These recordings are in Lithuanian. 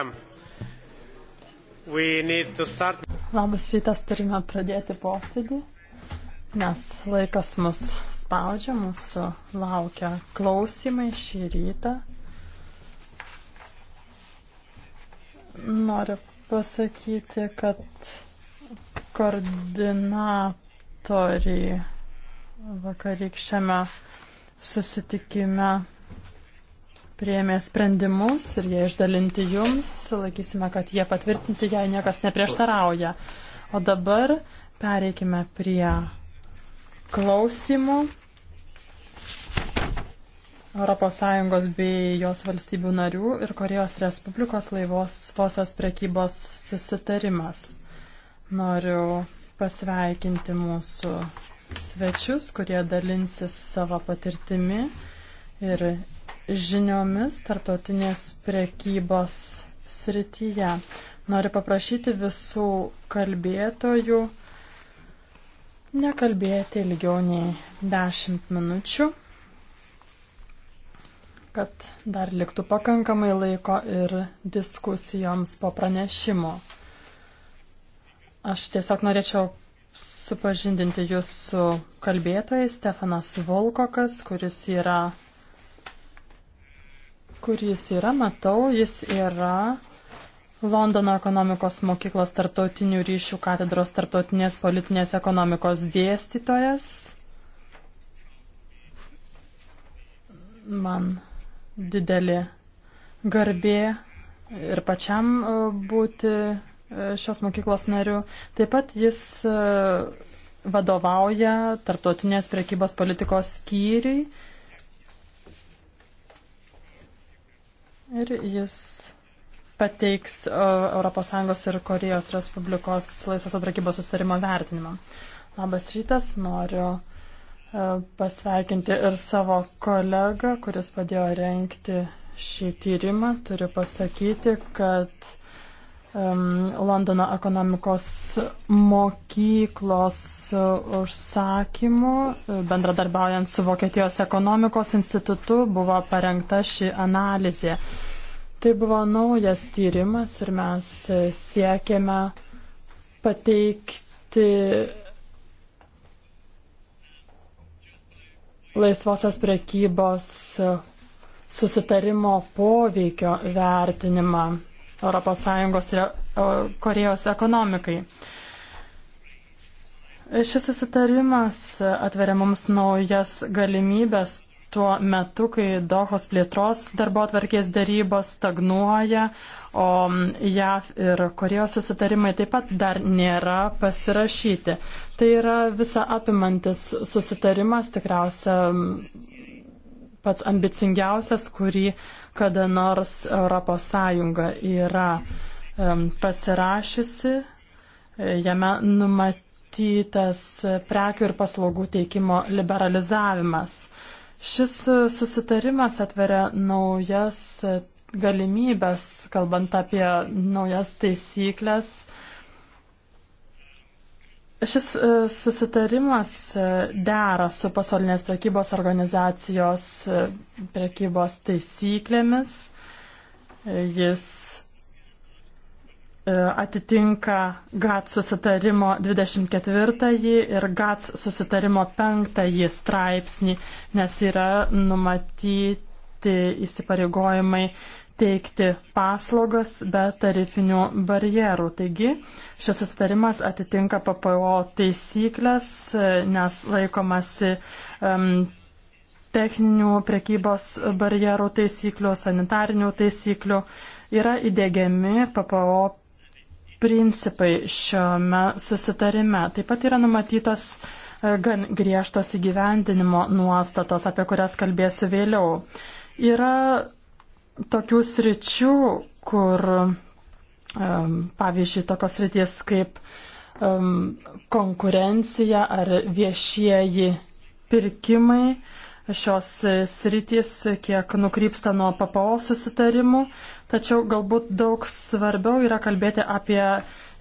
Um, start... Labas rytas, turime pradėti posėdį, nes laikas mus spaudžia, mūsų laukia klausimai šį rytą. Noriu pasakyti, kad koordinatoriai vakarykščiame susitikime prieėmė sprendimus ir jie išdalinti jums. Laikysime, kad jie patvirtinti, jei niekas neprieštarauja. O dabar pereikime prie klausimų. ES bei jos valstybių narių ir Korejos Respublikos laivosvosios prekybos susitarimas. Noriu pasveikinti mūsų svečius, kurie dalinsis savo patirtimi ir žiniomis tarptautinės prekybos srityje. Noriu paprašyti visų kalbėtojų nekalbėti ilgiau nei 10 minučių, kad dar liktų pakankamai laiko ir diskusijoms po pranešimo. Aš tiesiog norėčiau supažindinti jūs su kalbėtojais Stefanas Volkokas, kuris yra kur jis yra, matau, jis yra Londono ekonomikos mokyklos tarptautinių ryšių katedros tarptautinės politinės ekonomikos dėstytojas. Man didelė garbė ir pačiam e, būti e, šios mokyklos nariu. Taip pat jis e, vadovauja tarptautinės prekybos politikos skyriui Ir jis pateiks ES ir Korejos Respublikos laisvos atrakybos sustarimo vertinimą. Labas rytas, noriu e, pasveikinti ir savo kolegą, kuris padėjo renkti šį tyrimą. Turiu pasakyti, kad um, Londono ekonomikos mokyklos užsakymu, e, bendradarbiaujant su Vokietijos ekonomikos institutu, buvo parengta ši analizė. Uh, Tai buvo naujas tyrimas ir mes siekėme pateikti laisvosios prekybos susitarimo poveikio vertinimą ES ir e, Korejos ekonomikai. Šis susitarimas atveria mums naujas galimybės tuo metu, kai Dohos plėtros darbo atvarkės darybos stagnuoja, o JAV ir Korejos susitarimai taip pat dar nėra pasirašyti. Tai yra visa apimantis susitarimas, tikriausia pats ambicingiausias, kurį kada nors ES yra pasirašiusi. Jame numatytas prekių ir paslaugų teikimo liberalizavimas. Šis susitarimas atveria naujas galimybės, kalbant apie naujas taisyklės. Šis e, susitarimas e, dera su pasaulinės prekybos organizacijos e, prekybos taisyklėmis. Jis E, atitinka GATS susitarimo 24 ir GATS susitarimo 5 straipsnį, nes yra numatyti įsipareigojimai teikti paslaugas be tarifinių barjerų. Taigi šis sustarimas atitinka PPO taisyklės, e, nes laikomasi um, techninių prekybos barjerų taisyklių, sanitarinių taisyklių. Yra įdėgiami PPO principai šiame susitarime. Taip pat yra numatytos e, gan griežtos įgyvendinimo nuostatos, apie kurias kalbėsiu vėliau. Yra tokių sričių, kur, e, pavyzdžiui, tokios srities kaip e, konkurencija ar viešieji pirkimai, šios sritys kiek nukrypsta nuo PPO susitarimų, Tačiau galbūt daug svarbiau yra kalbėti apie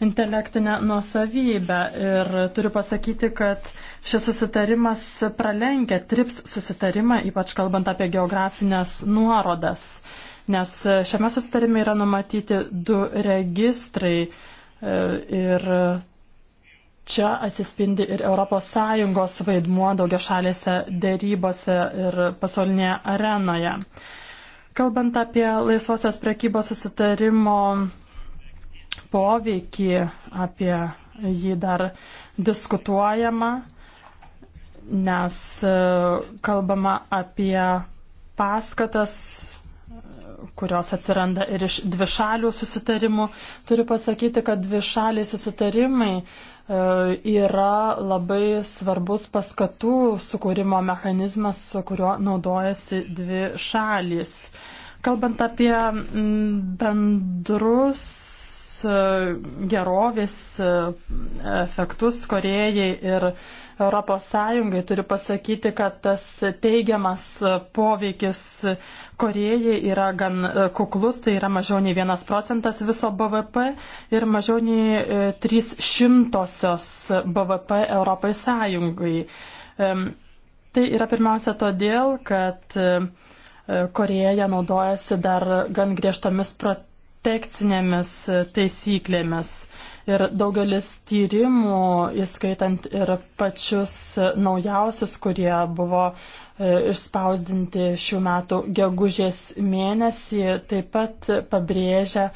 intelektinę nuosavybę. Ir turiu pasakyti, kad šis susitarimas pralenkia TRIPS susitarimą, ypač kalbant apie geografinės nuorodas. Nes šiame susitarime yra numatyti du registrai e, ir čia atsispindi ir ES vaidmuo daugia šalėse dėrybose ir pasaulinėje arenoje. Kalbant apie laisvosios prekybos susitarimo poveikį, apie jį dar diskutuojama, nes e, kalbama apie paskatas kurios atsiranda ir iš dvišalių susitarimų. Turiu pasakyti, kad dvišaliai susitarimai E, yra labai svarbus paskatų sukūrimo mechanizmas, kuriuo naudojasi dvi šalys. Kalbant apie bendrus E, gerovės e, efektus Korejai ir ES. Turiu pasakyti, kad tas teigiamas poveikis Korejai yra gan e, kuklus, tai yra mažiau nei vienas procentas viso BVP ir mažiau nei 300 BVP ES. Tai yra pirmiausia todėl, kad Koreja naudojasi dar gan griežtomis protestomis protekcinėmis taisyklėmis. Ir daugelis tyrimų, įskaitant ir pačius naujausius, kurie buvo e, išspausdinti šių metų gegužės mėnesį, taip pat pabrėžia e,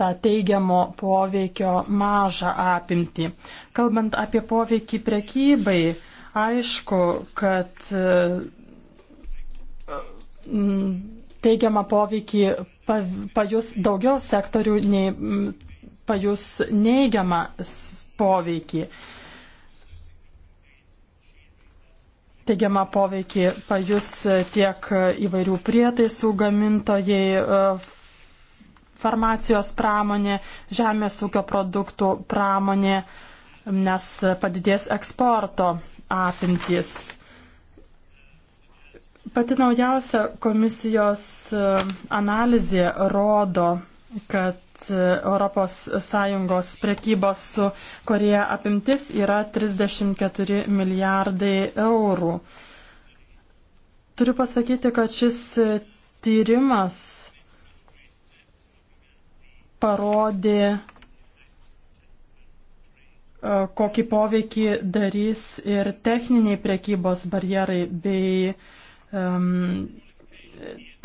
tą teigiamo poveikio mažą apimtį. Kalbant apie poveikį prekybai, aišku, kad e, teigiamą poveikį pajus daugiau sektorių, nei pajus neigiamą poveikį. Teigiamą poveikį pajus tiek įvairių prietaisų gamintojai, e, farmacijos pramonė, žemės ūkio produktų pramonė, nes padidės eksporto apimtys. Pati naujausia komisijos e, analizė rodo, kad ES prekybos su Koreja apimtis yra 34 milijardai eurų. Turiu pasakyti, kad šis e, tyrimas parodė, e, kokį poveikį darys ir techniniai prekybos barjerai bei uh, um,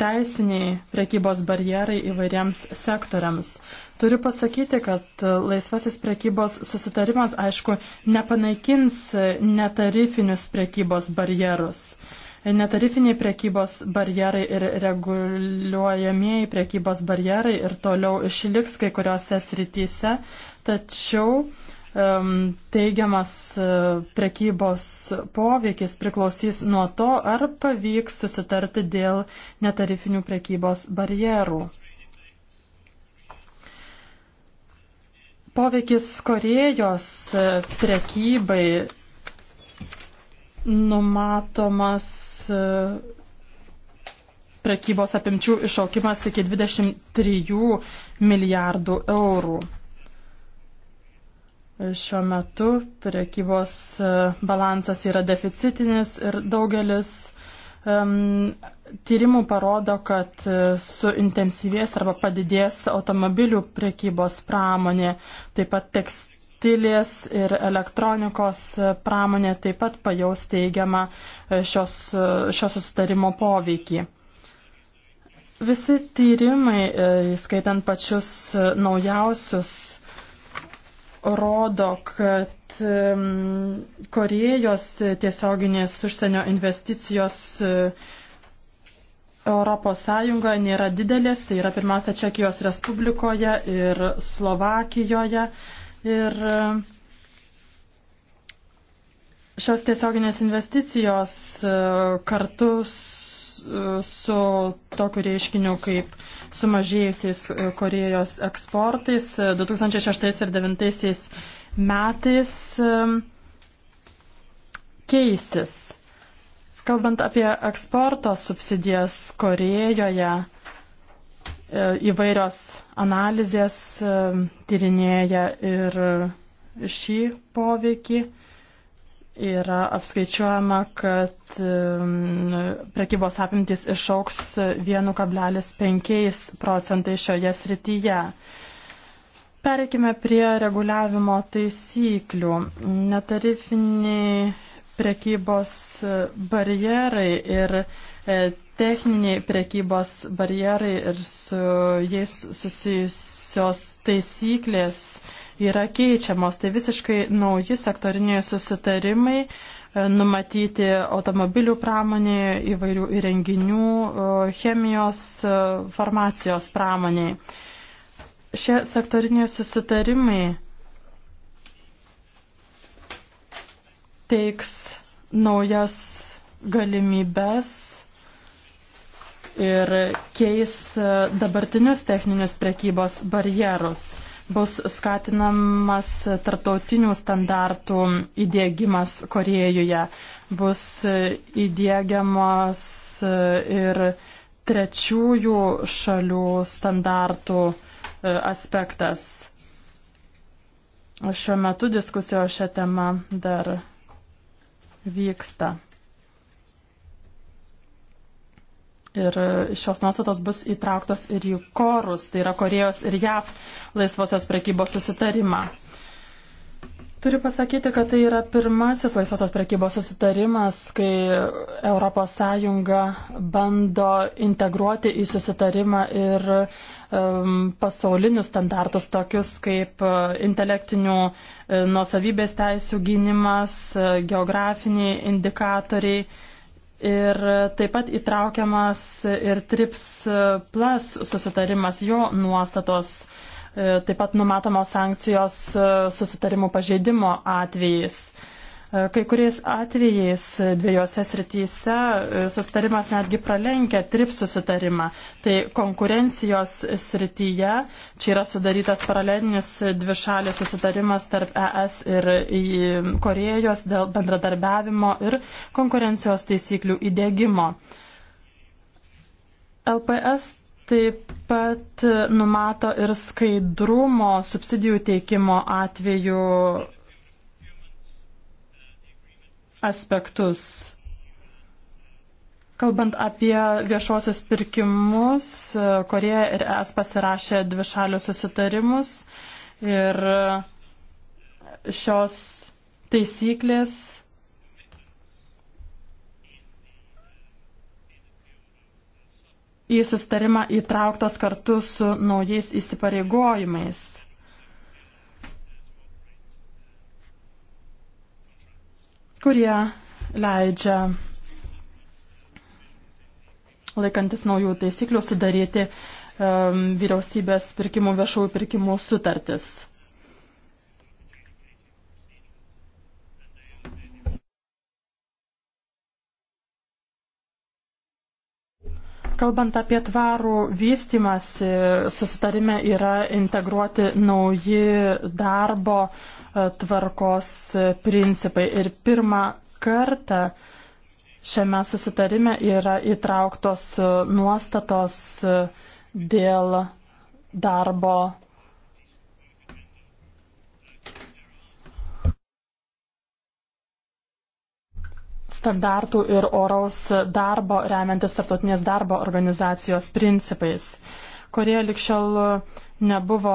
teisiniai prekybos barjerai įvairiems sektoriams. Turiu pasakyti, kad e, laisvasis prekybos susitarimas, aišku, nepanaikins e, netarifinius prekybos barjerus. Netarifiniai prekybos barjerai ir reguliuojamieji prekybos barjerai ir toliau išliks kai kuriuose srityse, tačiau teigiamas e, prekybos poveikis priklausys nuo to, ar pavyks susitarti dėl netarifinių prekybos barjerų. Poveikis Korejos e, prekybai numatomas e, prekybos apimčių išaukimas iki 23 milijardų eurų. Šiuo metu prekybos e, balansas yra deficitinis ir daugelis um, tyrimų parodo, kad e, suintensyvės arba padidės automobilių prekybos pramonė, taip pat tekstilės ir elektronikos e, pramonė taip pat pajaus teigiamą šios, šios sustarimo poveikį. Visi tyrimai, skaitant pačius naujausius, rodo, kad Korejos tiesioginės užsienio investicijos e, Europos Sąjungoje nėra didelės, tai yra pirmiausia Čekijos Respublikoje ir Slovakijoje. Ir e, šios tiesioginės investicijos e, kartu su tokiu reiškiniu kaip sumažėjusiais e, Korejos eksportais 2006 e, ir 2009 metais e, keisis. Kalbant apie eksporto subsidijas Korejoje, įvairios analizės tyrinėja ir šį poveikį yra apskaičiuojama, kad um, prekybos apimtys išauks 1,5 procentai šioje srityje. Pereikime prie reguliavimo taisyklių. Netarifiniai prekybos barjerai ir e, techniniai prekybos barjerai ir su jais susijusios taisyklės yra keičiamos. Tai visiškai nauji sektoriniai susitarimai e, numatyti automobilių pramonėje, įvairių įrenginių, e, chemijos, e, farmacijos pramonėje. Šie sektoriniai susitarimai teiks naujas galimybes ir keis dabartinius techninius prekybos barjerus bus skatinamas tarptautinių standartų įdėgymas Korejoje, bus įdėgiamas ir trečiųjų šalių standartų e, aspektas. Šiuo metu diskusijos šią temą dar vyksta. Ir šios nuostatos bus įtrauktos ir jų korus, tai yra Korejos ir JAV laisvosios prekybos susitarimą. Turiu pasakyti, kad tai yra pirmasis laisvosios prekybos susitarimas, kai ES bando integruoti į susitarimą ir um, pasaulinius standartus, tokius kaip uh, intelektinių uh, nuosavybės teisų gynimas, uh, geografiniai indikatoriai. Uh, Ir taip pat įtraukiamas ir TRIPS plus susitarimas, jo nuostatos, e, taip pat numatomos sankcijos e, susitarimų pažeidimo atvejais. Kai kuriais atvejais dviejose srityse e, sustarimas netgi pralenkia TRIP susitarimą. Tai konkurencijos srityje čia yra sudarytas paralelinis dvišalis susitarimas tarp ES ir Korejos dėl bendradarbiavimo ir konkurencijos taisyklių įdėgymo. LPS taip pat numato ir skaidrumo subsidijų teikimo atveju aspektus. Kalbant apie viešuosius pirkimus, Koreja ir ES pasirašė dvišalius susitarimus ir šios taisyklės į susitarimą įtrauktos kartu su naujais įsipareigojimais. kurie leidžia laikantis naujų taisyklių sudaryti um, vyriausybės pirkimų viešųjų pirkimų sutartis. Kalbant apie tvarų vystimąsi, susitarime yra integruoti nauji darbo e, tvarkos principai. Ir pirmą kartą šiame susitarime yra įtrauktos nuostatos e, dėl darbo standartų ir oraus darbo remiantis tarptautinės darbo organizacijos principais. Korėja likščiol nebuvo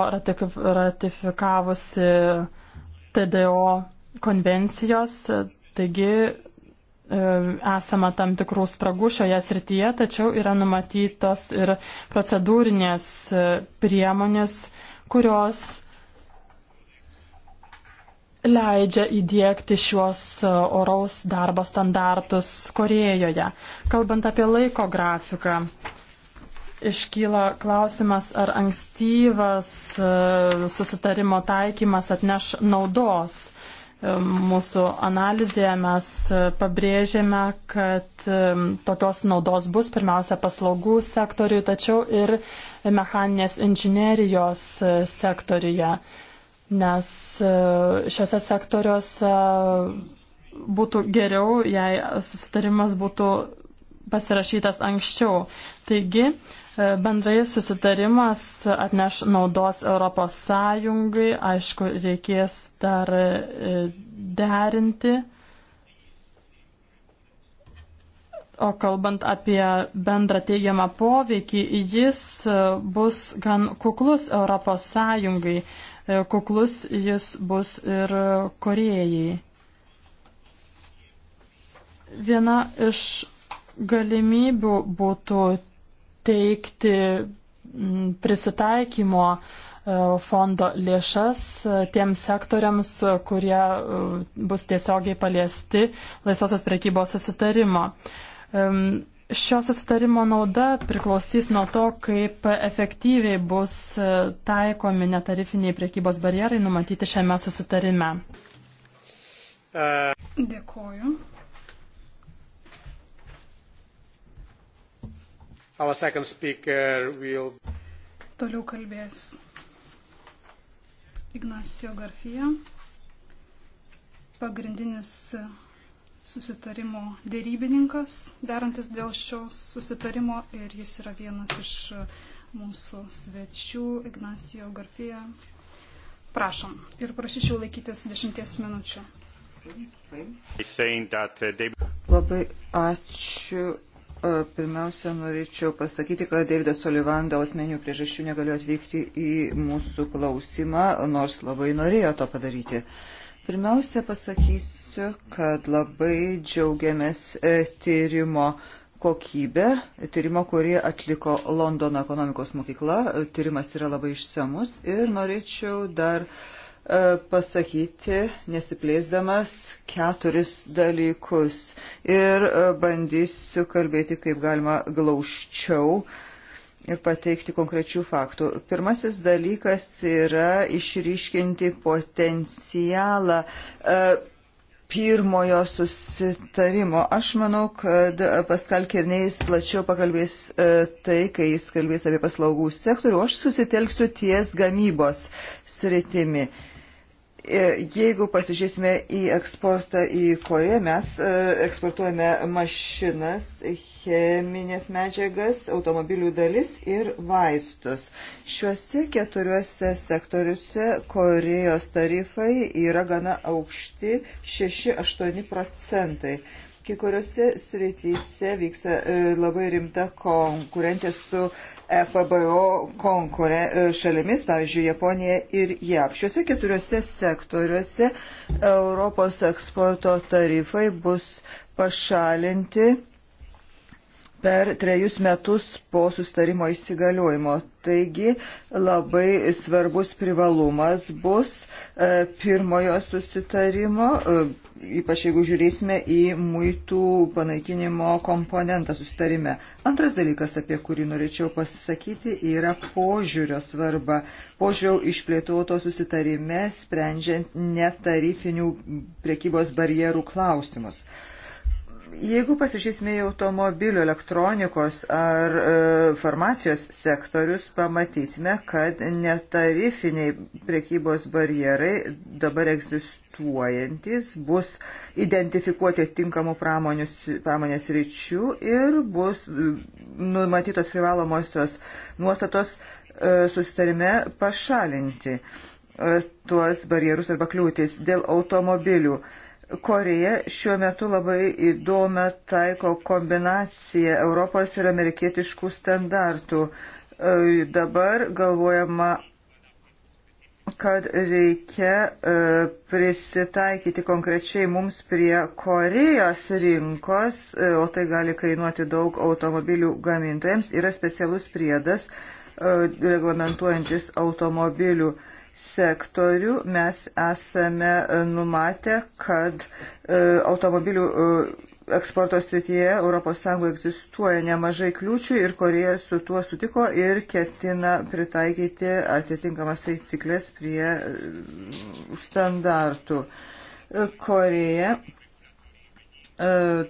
ratifikavusi TDO konvencijos, taigi e, esama tam tikrų spragų šioje srityje, tačiau yra numatytos ir procedūrinės e, priemonės, kurios leidžia įdėkti šiuos e, oraus darbo standartus Korejoje. Kalbant apie laiko grafiką, iškyla klausimas, ar ankstyvas e, susitarimo taikymas atneš naudos. E, mūsų analizėje mes pabrėžėme, kad tokios naudos bus pirmiausia paslaugų sektoriui, tačiau ir mechaninės inžinerijos sektoriuje nes e, šiuose sektoriuose būtų geriau, jei susitarimas būtų pasirašytas anksčiau. Taigi, e, bendrai susitarimas atneš naudos Europos Sąjungai, aišku, reikės dar e, derinti. O kalbant apie bendrą teigiamą poveikį, jis bus gan kuklus Europos Sąjungai. E, kuklus jis bus ir Korejai. Viena iš galimybių būtų teikti prisitaikymo e, fondo lėšas e, tiems sektoriams, kurie bus tiesiogiai paliesti laisvosios prekybos susitarimo. Šio susitarimo nauda priklausys nuo to, kaip efektyviai bus e, taikomi netarifiniai priekybos barjerai numatyti šiame susitarime. Dėkoju. Will... Toliau kalbės Ignacio Garfija, pagrindinis susitarimo dėrybininkas, derantis dėl šio susitarimo ir jis yra vienas iš mūsų svečių, Ignacijo Garfija. Prašom ir prašyčiau laikytis dešimties minučių. Labai ačiū. E, pirmiausia, norėčiau pasakyti, kad Davidas Olivan dėl asmenių priežasčių negalėjo atvykti į mūsų klausimą, nors labai norėjo to padaryti. Pirmiausia, pasakysiu pasakysiu, kad labai džiaugiamės e, tyrimo kokybę, tyrimo, kurį atliko Londono ekonomikos mokykla. E, tyrimas yra labai išsamus ir norėčiau dar e, pasakyti, nesiplėsdamas, keturis dalykus ir bandysiu kalbėti kaip galima glaučiau ir pateikti konkrečių faktų. Pirmasis dalykas yra išryškinti potencialą. Uh, pirmojo susitarimo. Aš manau, kad Paskal Kirneis plačiau pakalbės e, tai, kai jis kalbės apie paslaugų sektorių, aš susitelksiu ties gamybos sritimi. E, jeigu pasižiūrėsime į eksportą į Koreją, mes e, eksportuojame mašinas, cheminės medžiagas, automobilių dalis ir vaistus. Šiuose keturiuose sektoriuose Korejos tarifai yra gana aukšti 6-8 procentai. Kai kuriuose srityse vyksta e, labai rimta konkurencija su EPBO konkure, e, šalimis, pavyzdžiui, Japonija ir JAV. Šiuose keturiuose sektoriuose Europos eksporto tarifai bus pašalinti per trejus metus po sustarimo įsigaliojimo. Taigi labai svarbus privalumas bus e, pirmojo susitarimo, e, ypač jeigu žiūrėsime į muitų panaikinimo komponentą susitarime. Antras dalykas, apie kurį norėčiau pasisakyti, yra požiūrio svarba. Požiūrio išplėtoto susitarime sprendžiant netarifinių prekybos barjerų klausimus. Jeigu pasižiūrėsime į automobilių elektronikos ar e, farmacijos sektorius, pamatysime, kad netarifiniai priekybos barjerai dabar egzistuojantis bus identifikuoti tinkamų pramonius, pramonės ryčių ir bus numatytos privalomosios nuostatos e, susitarime pašalinti e, tuos barjerus arba kliūtis dėl automobilių. E, Koreja šiuo metu labai įdomią taiko kombinaciją Europos ir amerikietiškų standartų. E, dabar galvojama, kad reikia e, prisitaikyti konkrečiai mums prie Korejos rinkos, e, o tai gali kainuoti daug automobilių gamintojams. Yra specialus priedas reglamentuojantis automobilių sektorių mes esame e, numatę, kad e, automobilių e, eksporto srityje ES egzistuoja nemažai kliūčių ir Koreja su tuo sutiko ir ketina pritaikyti atitinkamas taisyklės prie standartų. Koreja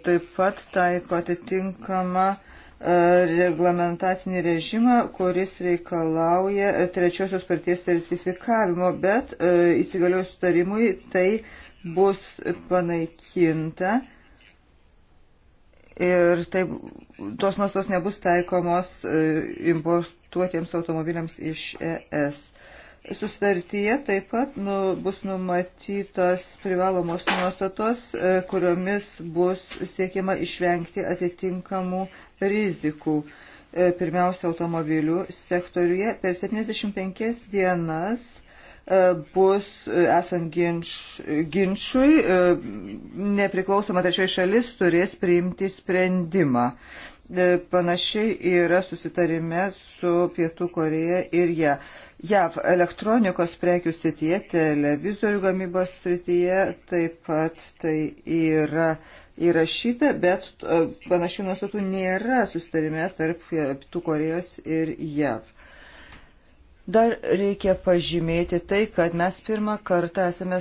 taip pat taiko atitinkamą reglamentacinį režimą, kuris reikalauja trečiosios parties sertifikavimo, bet e, įsigaliojus sutarimui tai bus panaikinta ir taip, tos nuostos nebus taikomos e, importuotiems automobiliams iš ES. Sustartyje taip pat nu, bus numatytos privalomos nuostatos, e, kuriomis bus siekiama išvengti atitinkamų rizikų. E, pirmiausia, automobilių sektoriuje per 75 dienas e, bus, e, esant ginč, ginčiui, nepriklausoma trečioji šalis turės priimti sprendimą. Panašiai yra susitarime su Pietų Koreja ir jie. JAV elektronikos prekių srityje, televizorių gamybos srityje taip pat tai yra įrašyta, bet e, panašių nuostatų nėra sustarime tarp Pietų Korejos ir JAV. Dar reikia pažymėti tai, kad mes pirmą kartą esame,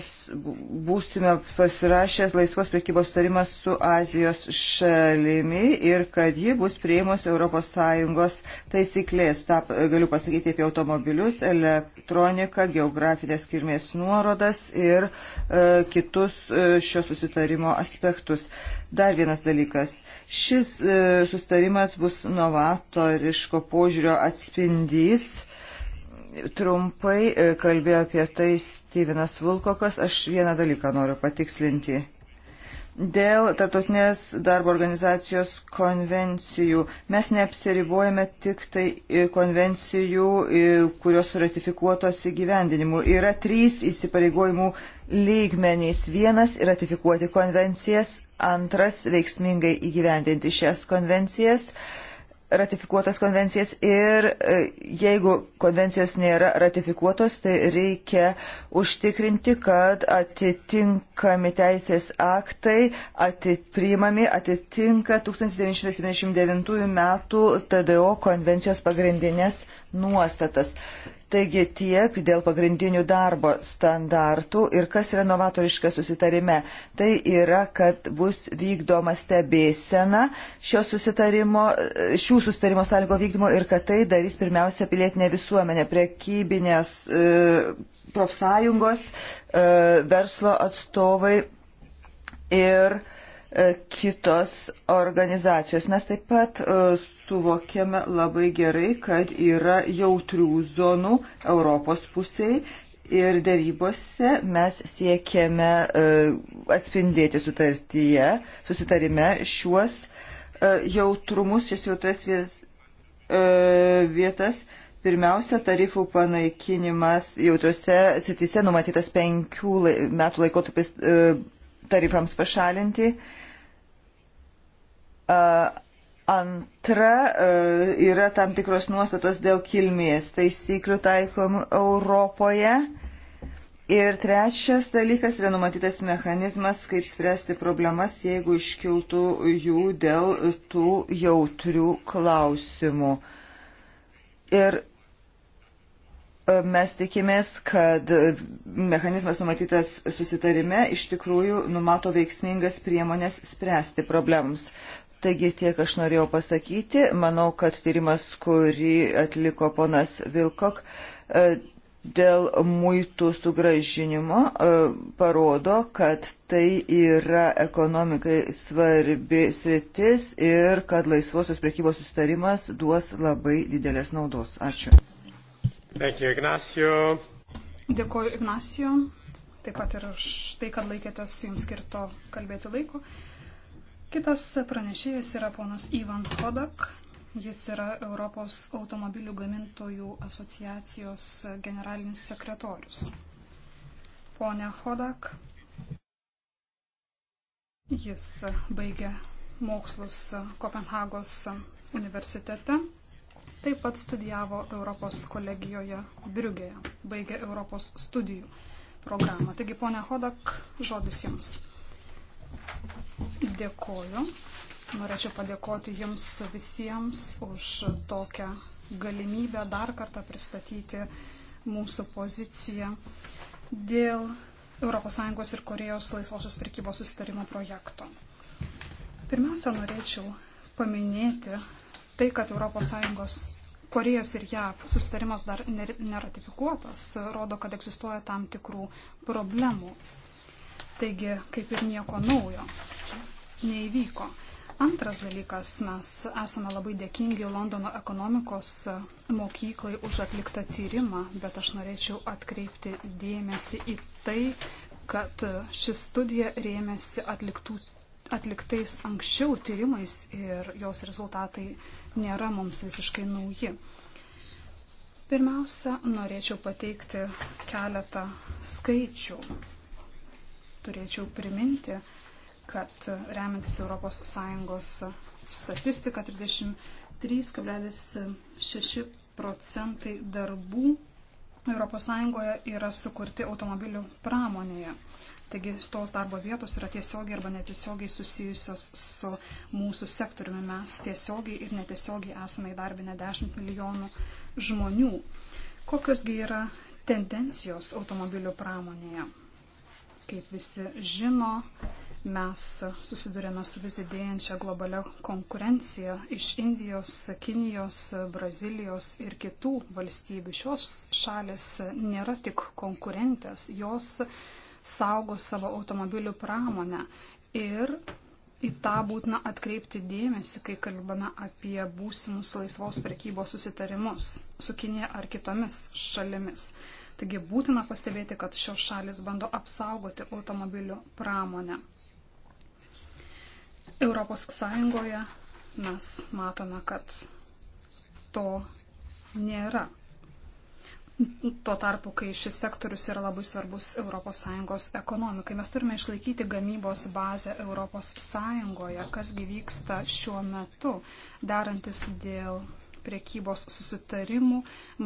būsime pasirašęs laisvos priekybos tarimas su Azijos šalimi ir kad ji bus prieimus ES taisyklės. Ta, galiu pasakyti apie automobilius, elektroniką, geografinės kirmės nuorodas ir e, kitus e, šio susitarimo aspektus. Dar vienas dalykas. Šis e, susitarimas bus novatoriško požiūrio atspindys Trumpai e, kalbėjo apie tai Stevenas Vulkokas. Aš vieną dalyką noriu patikslinti. Dėl tarptautinės darbo organizacijos konvencijų mes neapsiribuojame tik tai e, konvencijų, e, kurios ratifikuotos įgyvendinimu. Yra trys įsipareigojimų lygmenys. Vienas - ratifikuoti konvencijas, antras - veiksmingai įgyvendinti šias konvencijas. Uh, ratifikuotas konvencijas ir e, jeigu konvencijos nėra ratifikuotos, tai reikia užtikrinti, kad atitinkami teisės aktai atitpriimami atitinka 1979 m. TDO konvencijos pagrindinės nuostatas. Taigi tiek dėl pagrindinių darbo standartų ir kas yra novatoriška susitarime. Tai yra, kad bus vykdoma stebėsena susitarimo, šių susitarimo sąlygo vykdymo ir kad tai darys pirmiausia pilietinė visuomenė, prekybinės e, profsąjungos, e, verslo atstovai ir e, E, kitos organizacijos. Mes taip pat e, suvokėme labai gerai, kad yra jautrių zonų Europos pusiai ir darybose mes siekėme e, atspindėti sutartyje, susitarime šiuos jautrumus, šis jautras vietas. Pirmiausia, tarifų panaikinimas jautriuose sitise numatytas penkių metų laikotarpis tarifams pašalinti. Uh, Antra yra tam tikros nuostatos dėl kilmės taisyklių taikomų Europoje. Ir trečias dalykas yra numatytas mechanizmas, kaip spręsti problemas, jeigu iškiltų jų dėl tų jautrių klausimų. Ir mes tikimės, kad mechanizmas numatytas susitarime iš tikrųjų numato veiksmingas priemonės spręsti problemams. Taigi tiek aš norėjau pasakyti. Manau, kad tyrimas, kurį atliko ponas Vilkok e, dėl muitų sugražinimo, e, parodo, kad tai yra ekonomikai svarbi sritis ir kad laisvosios prekybos sustarimas duos labai didelės naudos. Ačiū. Thank you, Ignacio. Dėkuoju Ignacio, taip pat ir už tai, kad laikėtės jums skirto kalbėti laiko. Kitas pranešėjas yra ponas Ivan Kodak. Jis yra Europos automobilių gamintojų asociacijos generalinis sekretorius. Pone Kodak, jis baigė mokslus Kopenhagos universitete. Taip pat studijavo Europos kolegijoje Briugėje, baigė Europos studijų programą. Taigi, ponia Hodak, žodis jums. Dėkoju. Norėčiau padėkoti Jums visiems už tokią galimybę dar kartą pristatyti mūsų poziciją dėl ES ir Korejos laisvosios prekybos sustarimo projekto. Pirmiausia, norėčiau paminėti tai, kad ES Korejos ir JAV sustarimas dar neratifikuotas, rodo, kad egzistuoja tam tikrų problemų. Taigi, kaip ir nieko naujo neįvyko. Antras dalykas, mes esame labai dėkingi Londono ekonomikos mokyklai už atliktą tyrimą, bet aš norėčiau atkreipti dėmesį į tai, kad ši studija rėmėsi atliktų, atliktais anksčiau tyrimais ir jos rezultatai nėra mums visiškai nauji. Pirmiausia, norėčiau pateikti keletą skaičių turėčiau priminti, kad remiantis ES statistika 33,6 procentai darbų ES yra sukurti automobilių pramonėje. Taigi tos darbo vietos yra tiesiogiai arba netiesiogiai susijusios su mūsų sektoriumi. Mes tiesiogiai ir netiesiogiai esame įdarbinę 10 milijonų žmonių. Kokiosgi yra tendencijos automobilių pramonėje? Kaip visi žino, mes susidurėme su vis didėjančia globalia konkurencija iš Indijos, Kinijos, Brazilijos ir kitų valstybių. Šios šalis nėra tik konkurentės, jos saugo savo automobilių pramonę. Ir į tą būtina atkreipti dėmesį, kai kalbame apie būsimus laisvos prekybos susitarimus su Kinė ar kitomis šalimis. Taigi būtina pastebėti, kad šios šalis bando apsaugoti automobilių pramonę. Europos Sąjungoje mes matome, kad to nėra. Tuo tarpu, kai šis sektorius yra labai svarbus ES ekonomikai, mes turime išlaikyti gamybos bazę ES, kasgi vyksta šiuo metu, darantis dėl priekybos susitarimų.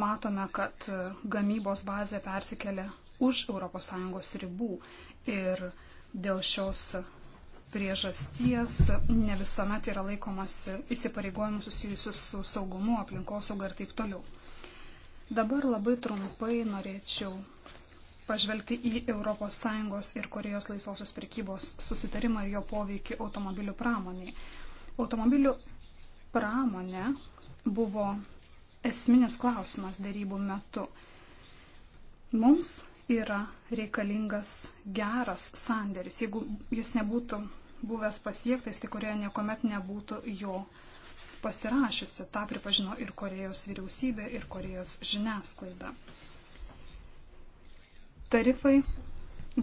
Matome, kad gamybos bazė persikelia už ES ribų ir dėl šios priežasties ne visuomet yra laikomas įsipareigojimų susijusių su saugumu, aplinkosauga ir taip toliau. Dabar labai trumpai norėčiau pažvelgti į ES ir Korejos laisvosios prekybos susitarimą ir jo poveikį automobilių pramoniai. Automobilių pramonė buvo esminis klausimas darybų metu. Mums yra reikalingas geras sanderis. Jeigu jis nebūtų buvęs pasiektas, tai Koreja niekuomet nebūtų jo pasirašiusi. Ta pripažino ir Korejos vyriausybė, ir Korejos žiniasklaida. Tarifai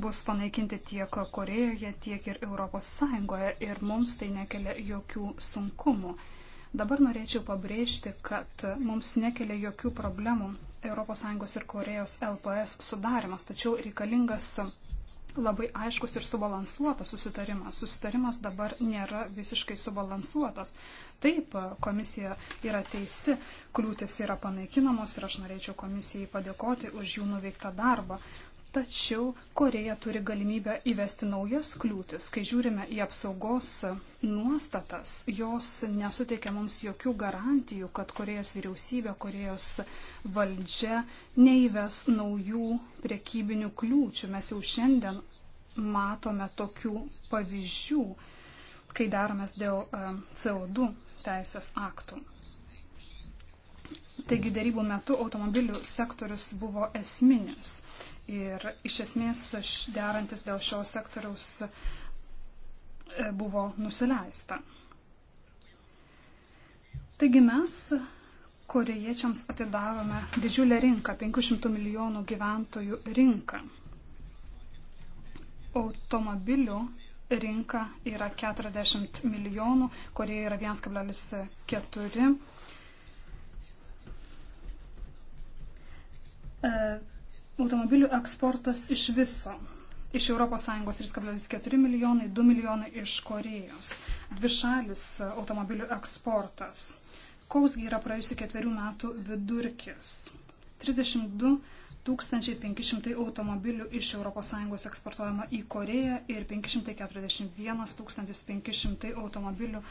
bus panaikinti tiek Korejoje, tiek ir ES ir mums tai nekelia jokių sunkumų. Dabar norėčiau pabrėžti, kad mums nekelia jokių problemų ES ir Korejos LPS sudarimas, tačiau reikalingas labai aiškus ir subalansuotas susitarimas. Susitarimas dabar nėra visiškai subalansuotas. Taip, komisija yra teisi, kliūtis yra panaikinamos ir aš norėčiau komisijai padėkoti už jų nuveiktą darbą. Tačiau Koreja turi galimybę įvesti naujas kliūtis. Kai žiūrime į apsaugos nuostatas, jos nesuteikia mums jokių garantijų, kad Korejos vyriausybė, Korejos valdžia neįves naujų priekybinių kliūčių. Mes jau šiandien matome tokių pavyzdžių, kai daromės dėl e, CO2 teisės aktų. Taigi darybų metu automobilių sektorius buvo esminis Ir iš esmės derantis dėl šio sektoriaus e, buvo nusileista. Taigi mes korejiečiams atidavome didžiulę rinką, 500 milijonų gyventojų rinką. Automobilių rinka yra 40 milijonų, kurie yra 1,4 automobilių eksportas iš viso. Iš ES 3,4 milijonai, 2 milijonai iš Korejos. Dvi šalis automobilių eksportas. Kausgi yra praėjusių ketverių metų vidurkis. 32 1500 automobilių iš ES eksportuojama į Koreją ir 541 500 automobilių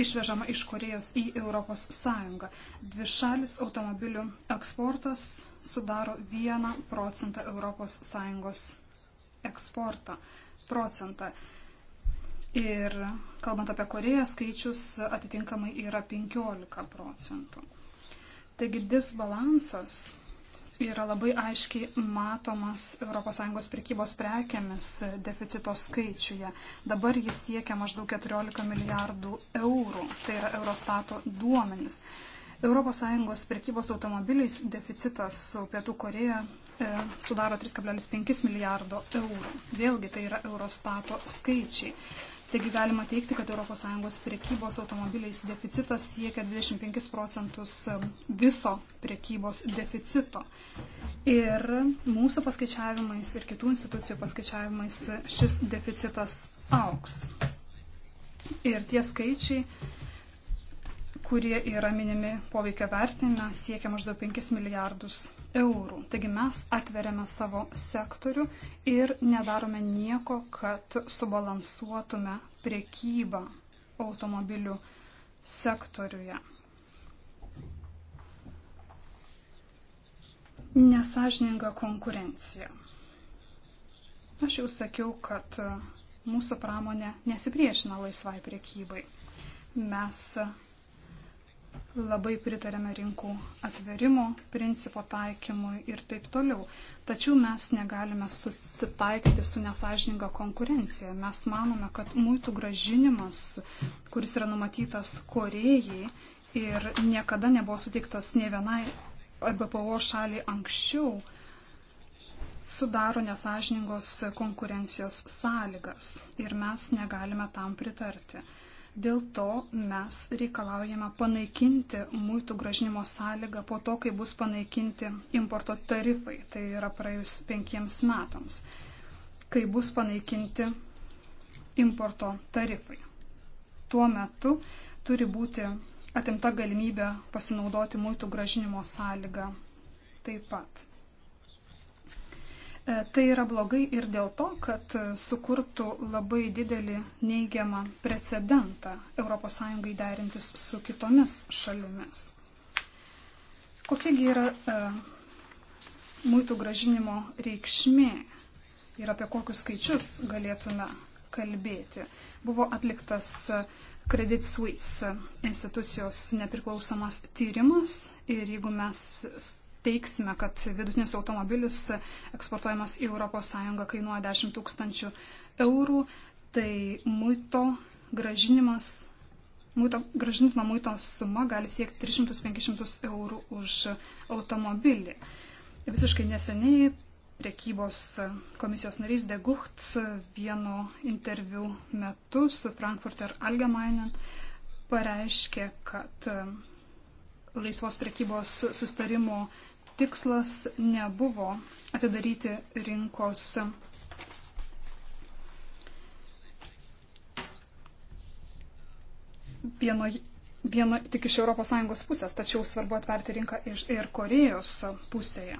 išvežama iš Korejos į Europos Sąjungą. Dvi šalis automobilių eksportas sudaro 1 procentą Europos Sąjungos eksportą. Procentą. Ir kalbant apie Koreją, skaičius atitinkamai yra 15 procentų. Taigi disbalansas yra labai aiškiai matomas ES prekybos prekiamis deficito skaičiuje. Dabar jis siekia maždaug 14 milijardų eurų, tai yra Eurostato duomenys. ES prekybos automobiliais deficitas su Pietų Koreja e, sudaro 3,5 milijardo eurų. Vėlgi tai yra Eurostato skaičiai. Taigi galima teikti, kad ES priekybos automobiliais deficitas siekia 25 procentus viso priekybos deficito. Ir mūsų paskaičiavimais ir kitų institucijų paskaičiavimais šis deficitas auks. Ir tie skaičiai, kurie yra minimi poveikia vertinime, siekia maždaug 5 milijardus eurų. Taigi mes atveriame savo sektorių ir nedarome nieko, kad subalansuotume priekybą automobilių sektoriuje. Nesažininga konkurencija. Aš jau sakiau, kad mūsų pramonė nesipriešina laisvai priekybai. Mes labai pritarėme rinkų atverimo principo taikymui ir taip toliau. Tačiau mes negalime susitaikyti su nesažininga konkurencija. Mes manome, kad muitų gražinimas, kuris yra numatytas Korejai ir niekada nebuvo suteiktas ne vienai BPO šaliai anksčiau, sudaro nesažiningos konkurencijos sąlygas ir mes negalime tam pritarti. Dėl to mes reikalaujame panaikinti muitų gražinimo sąlygą po to, kai bus panaikinti importo tarifai, tai yra praėjus penkiems metams, kai bus panaikinti importo tarifai. Tuo metu turi būti atimta galimybė pasinaudoti muitų gražinimo sąlygą taip pat. E, tai yra blogai ir dėl to, kad sukurtų labai didelį neigiamą precedentą ES derintis su kitomis šalimis. Kokiagi yra e, muitų gražinimo reikšmė ir apie kokius skaičius galėtume kalbėti? Buvo atliktas e, Credit Suisse institucijos nepriklausomas tyrimas ir jeigu mes teiksime, kad vidutinis automobilis eksportuojamas į ES kainuoja 10 tūkstančių eurų, tai muito gražinimas. Muito, gražintino muito suma gali siekti 300-500 eurų už automobilį. Visiškai neseniai priekybos komisijos narys Degucht vieno interviu metu su Frankfurter Allgemeinen pareiškė, kad laisvos priekybos sustarimo tikslas nebuvo atidaryti rinkos vieno, vieno tik iš ES pusės, tačiau svarbu atverti rinką iš, ir Korejos pusėje.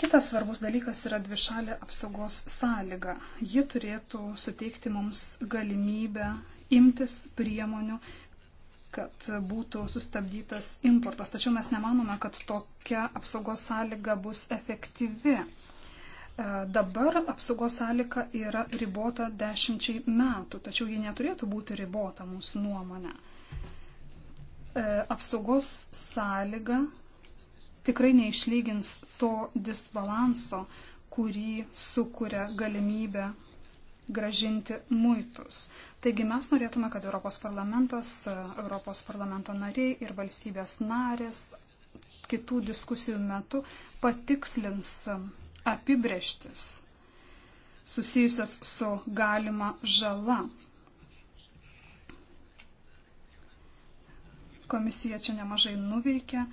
Kitas svarbus dalykas yra dvišalė apsaugos sąlyga. Ji turėtų suteikti mums galimybę imtis priemonių kad būtų sustabdytas importas. Tačiau mes nemanome, kad tokia apsaugos sąlyga bus efektyvi. E, dabar apsaugos sąlyga yra ribota dešimčiai metų, tačiau ji neturėtų būti ribota mūsų nuomonė. E, apsaugos sąlyga tikrai neišlygins to disbalanso, kurį sukuria galimybė gražinti muitus. Taigi mes norėtume, kad Europos parlamentas, Europos parlamento nariai ir valstybės narės kitų diskusijų metu patikslins apibrieštis susijusias su galima žala. Komisija čia nemažai nuveikė.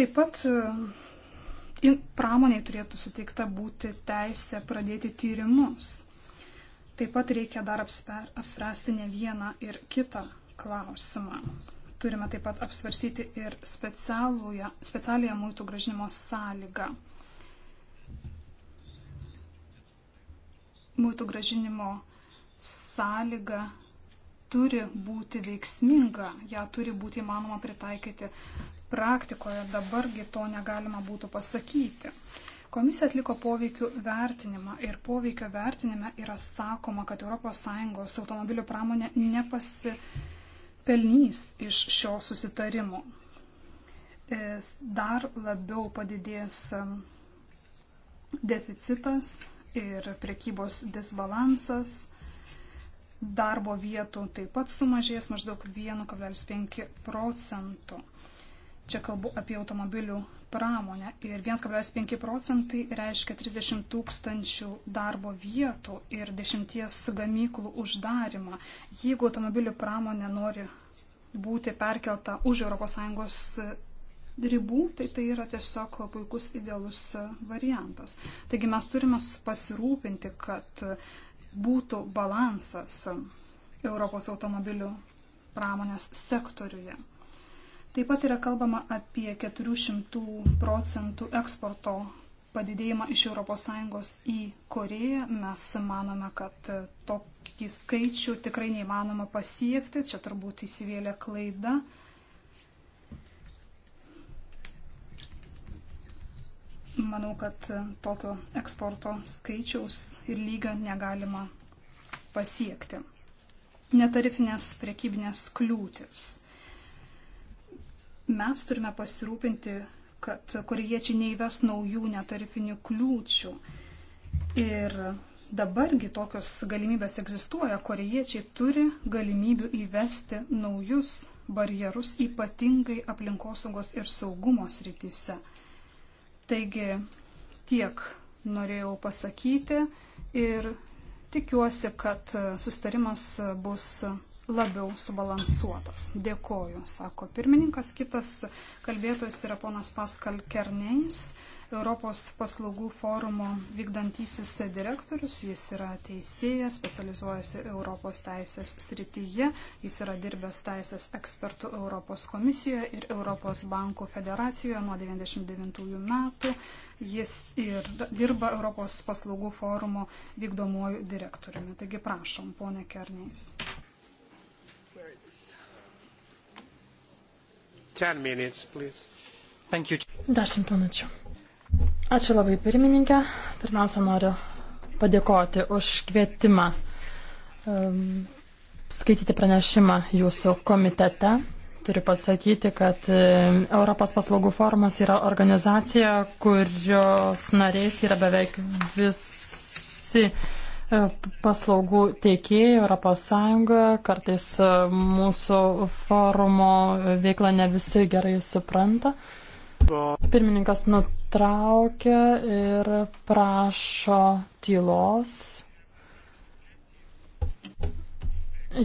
Taip pat e, pramoniai turėtų suteikta būti teisė pradėti tyrimus Taip pat reikia dar apspręsti ne vieną ir kitą klausimą. Turime taip pat apsvarsyti ir specialiąją muitų gražinimo sąlygą. Muitų gražinimo sąlyga turi būti veiksminga, ją turi būti įmanoma pritaikyti praktikoje, dabargi to negalima būtų pasakyti. Komisija atliko poveikių vertinimą ir poveikio vertinime yra sakoma, kad ES automobilių pramonė nepasipelnys iš šio susitarimo. E, dar labiau padidės e, deficitas ir prekybos disbalansas. Darbo vietų taip pat sumažės maždaug 1,5 procentų. Čia kalbu apie automobilių pramonę. Ir 1,5 procentai reiškia 30 tūkstančių darbo vietų ir dešimties gamyklų uždarimą. Jeigu automobilių pramonė nori būti perkelta už ES ribų, tai tai yra tiesiog puikus idealus variantas. Taigi mes turime pasirūpinti, kad būtų balansas Europos automobilių pramonės sektoriuje. Taip pat yra kalbama apie 400 procentų eksporto padidėjimą iš ES į Koreją. Mes manome, kad tokį skaičių tikrai neįmanoma pasiekti. Čia turbūt įsivėlė klaida. Manau, kad tokio eksporto skaičiaus ir lygio negalima pasiekti. Netarifinės priekybinės kliūtis Mes turime pasirūpinti, kad korejiečiai neįves naujų netarifinių kliūčių. Ir dabargi tokios galimybės egzistuoja, korejiečiai turi galimybių įvesti naujus barjerus, ypatingai aplinkosaugos ir saugumo srityse. Taigi tiek norėjau pasakyti ir tikiuosi, kad sustarimas bus labiau subalansuotas. Dėkoju, sako pirmininkas. Kitas kalbėtojas yra ponas Paskal Kerneis, Europos paslaugų forumo vykdantysis direktorius. Jis yra teisėjas, specializuojasi Europos teisės srityje. Jis yra dirbęs teisės ekspertų Europos komisijoje ir Europos bankų federacijoje nuo 1999 metų. Jis ir dirba Europos paslaugų forumo vykdomuoju direktoriumi. Taigi prašom, ponė Kerneis. 10 minutes, please. Thank you. 10 minučių. Ačiū labai pirmininkė. Pirmiausia, noriu padėkoti už kvietimą um, skaityti pranešimą jūsų komitete. Turiu pasakyti, kad um, Europos paslaugų forumas yra organizacija, kurios nariais yra beveik visi E, paslaugų teikėjų ES, kartais e, mūsų forumo veiklą ne visi gerai supranta. Pirmininkas nutraukia ir prašo tylos.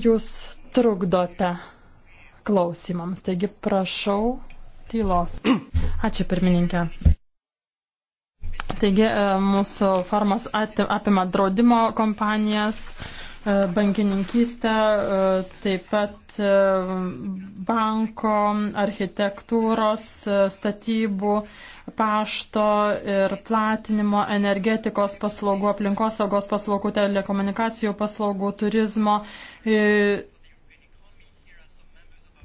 Jūs trukdote klausimams, taigi prašau tylos. Ačiū pirmininkė. Taigi e, mūsų formas apima draudimo kompanijas, e, bankininkystę, e, taip pat banko, architektūros, statybų, pašto ir platinimo, energetikos paslaugų, aplinkosaugos paslaugų, telekomunikacijų paslaugų, turizmo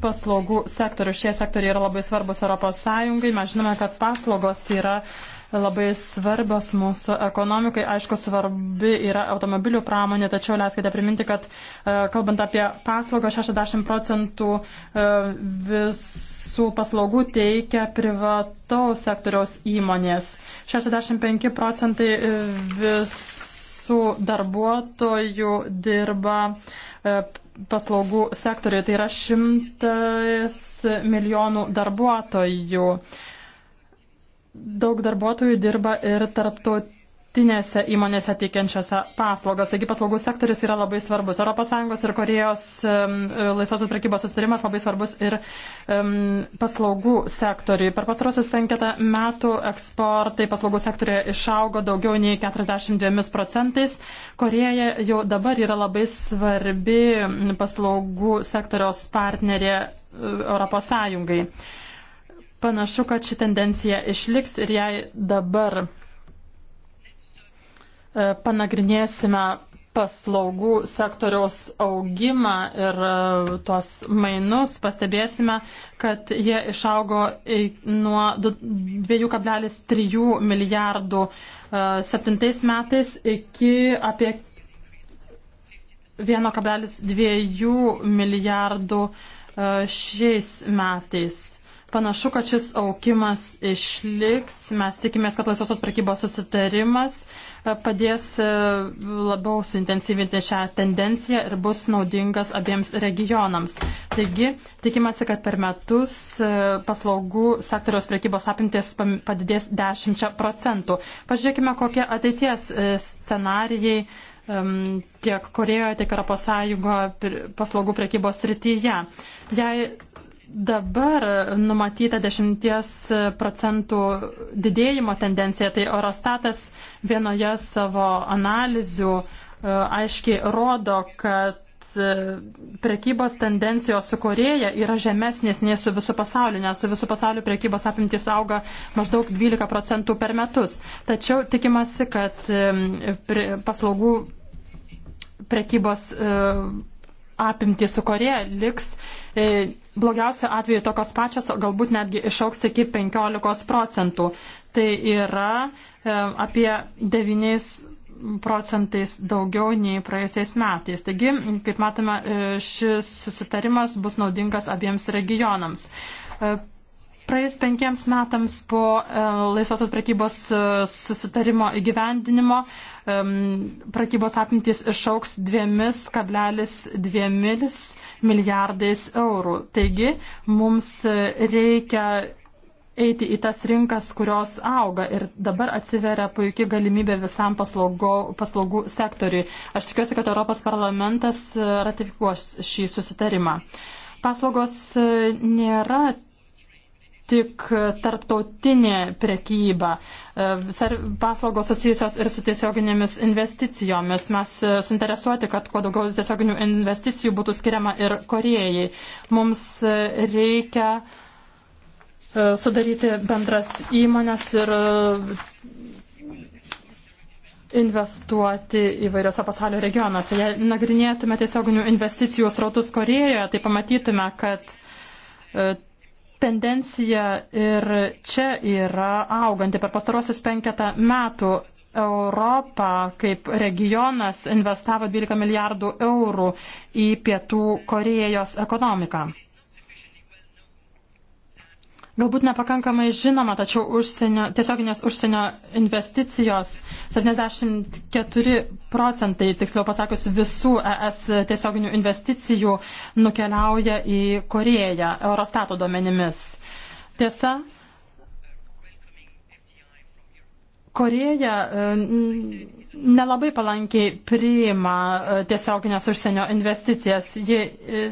paslaugų sektorių. Šie sektoriai yra labai svarbus Europos Sąjungai. Mes žinome, kad paslaugos yra uh, labai svarbios mūsų ekonomikai. Aišku, svarbi yra automobilių pramonė, tačiau leiskite priminti, kad e, kalbant apie paslaugą, 60 procentų e, visų paslaugų teikia privataus sektoriaus įmonės. 65 procentai e, visų darbuotojų dirba paslaugų sektoriai, tai yra šimtas milijonų darbuotojų daug darbuotojų dirba ir tarptautinėse įmonėse teikiančiose paslaugas. Taigi paslaugų sektorius yra labai svarbus. ES ir Korejos laisvosios prekybos sustarimas labai svarbus ir um, paslaugų sektoriui. Per pastarosius penketą metų eksportai paslaugų sektorioje išaugo daugiau nei 42 procentais. Koreja jau dabar yra labai svarbi paslaugų sektoriaus partnerė ES. Panašu, kad ši tendencija išliks ir jei dabar e, panagrinėsime paslaugų sektoriaus augimą ir e, tuos mainus, pastebėsime, kad jie išaugo nuo 2,3 milijardų e, septintais metais iki apie 1,2 milijardų šiais metais. Panašu, kad šis aukimas išliks. Mes tikimės, kad laisvosios prekybos susitarimas e, padės e, labiau suintensyvinti šią tendenciją ir bus naudingas abiems regionams. Taigi, tikimasi, kad per metus e, paslaugų sektoriaus prekybos apimties padidės 10 procentų. Pažiūrėkime, kokie ateities scenarijai tiek Korejoje, tiek Europos Sąjungoje paslaugų prekybos srityje. Jei dabar numatyta 10 procentų didėjimo tendencija, tai Eurostatas vienoje savo analizių e, aiškiai rodo, kad e, prekybos tendencijos su Koreja yra žemesnės nei su visu pasauliu, nes su visu pasauliu prekybos apimtis auga maždaug 12 procentų per metus. Tačiau tikimasi, kad e, paslaugų prekybos apimtis su Koreja liks blogiausiu atveju tokios pačios, galbūt netgi išauks iki 15 procentų. Tai yra e, apie 9 procentais daugiau nei praėjusiais metais. Taigi, kaip matome, e, šis susitarimas bus naudingas abiems regionams. E, Praėjus penkiems metams po e, laisvosios prekybos e, susitarimo įgyvendinimo e, prekybos apimtys išauks 2,2 milijardais eurų. Taigi mums reikia eiti į tas rinkas, kurios auga ir dabar atsiveria puikia galimybė visam paslaugo, paslaugų sektoriui. Aš tikiuosi, kad Europos parlamentas ratifikuos šį susitarimą. Paslaugos nėra tik tarptautinė prekyba, e, paslaugos susijusios ir su tiesioginėmis investicijomis. Mes e, suinteresuoti, kad kuo daugiau tiesioginių investicijų būtų skiriama ir Korejai. Mums e, reikia sudaryti bendras įmonės ir investuoti įvairiose pasaulio regionuose. Jei nagrinėtume tiesioginių investicijų srautus Korejoje, tai pamatytume, kad tendencija ir čia yra auganti. Per pastarosius penketą metų Europą kaip regionas investavo 12 milijardų eurų į pietų Korejos ekonomiką galbūt nepakankamai žinoma, tačiau užsienio, tiesioginės užsienio investicijos 74 procentai, tiksliau pasakius, visų ES tiesioginių investicijų nukeliauja į Koreją, Eurostato duomenimis. Tiesa, Koreja e, nelabai palankiai priima e, tiesioginės užsienio investicijas. Ji e,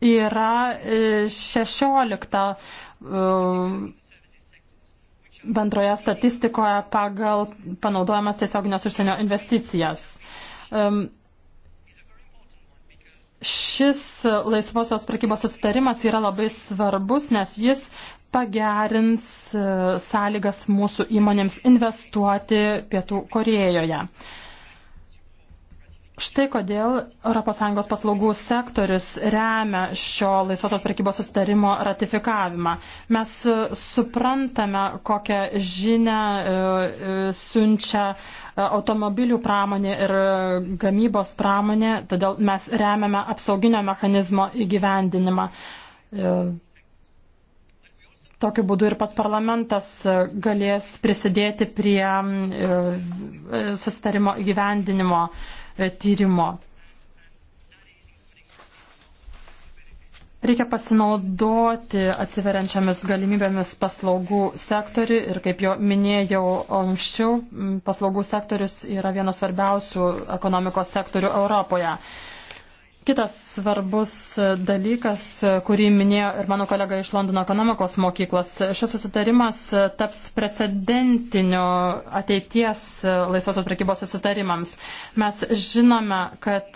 yra 16 e, e, bendroje statistikoje pagal panaudojamas tiesioginės užsienio investicijas. E, šis laisvosios prekybos susitarimas yra labai svarbus, nes jis pagerins sąlygas mūsų įmonėms investuoti Pietų Korejoje. Štai kodėl ES paslaugų sektorius remia šio laisvosios prekybos susitarimo ratifikavimą. Mes e, suprantame, kokią žinę e, e, siunčia automobilių pramonė ir gamybos pramonė, todėl mes remiame apsauginio mechanizmo įgyvendinimą. Tokiu būdu ir pats parlamentas galės prisidėti prie susitarimo įgyvendinimo. E, tyrimo. Reikia pasinaudoti atsiveriančiamis galimybėmis paslaugų sektoriui ir, kaip jau minėjau anksčiau, paslaugų sektorius yra vienas svarbiausių ekonomikos sektorių Europoje. Kitas svarbus dalykas, kurį minėjo ir mano kolega iš Londono ekonomikos mokyklos, šis susitarimas taps precedentiniu ateities laisvosios prekybos susitarimams. Mes žinome, kad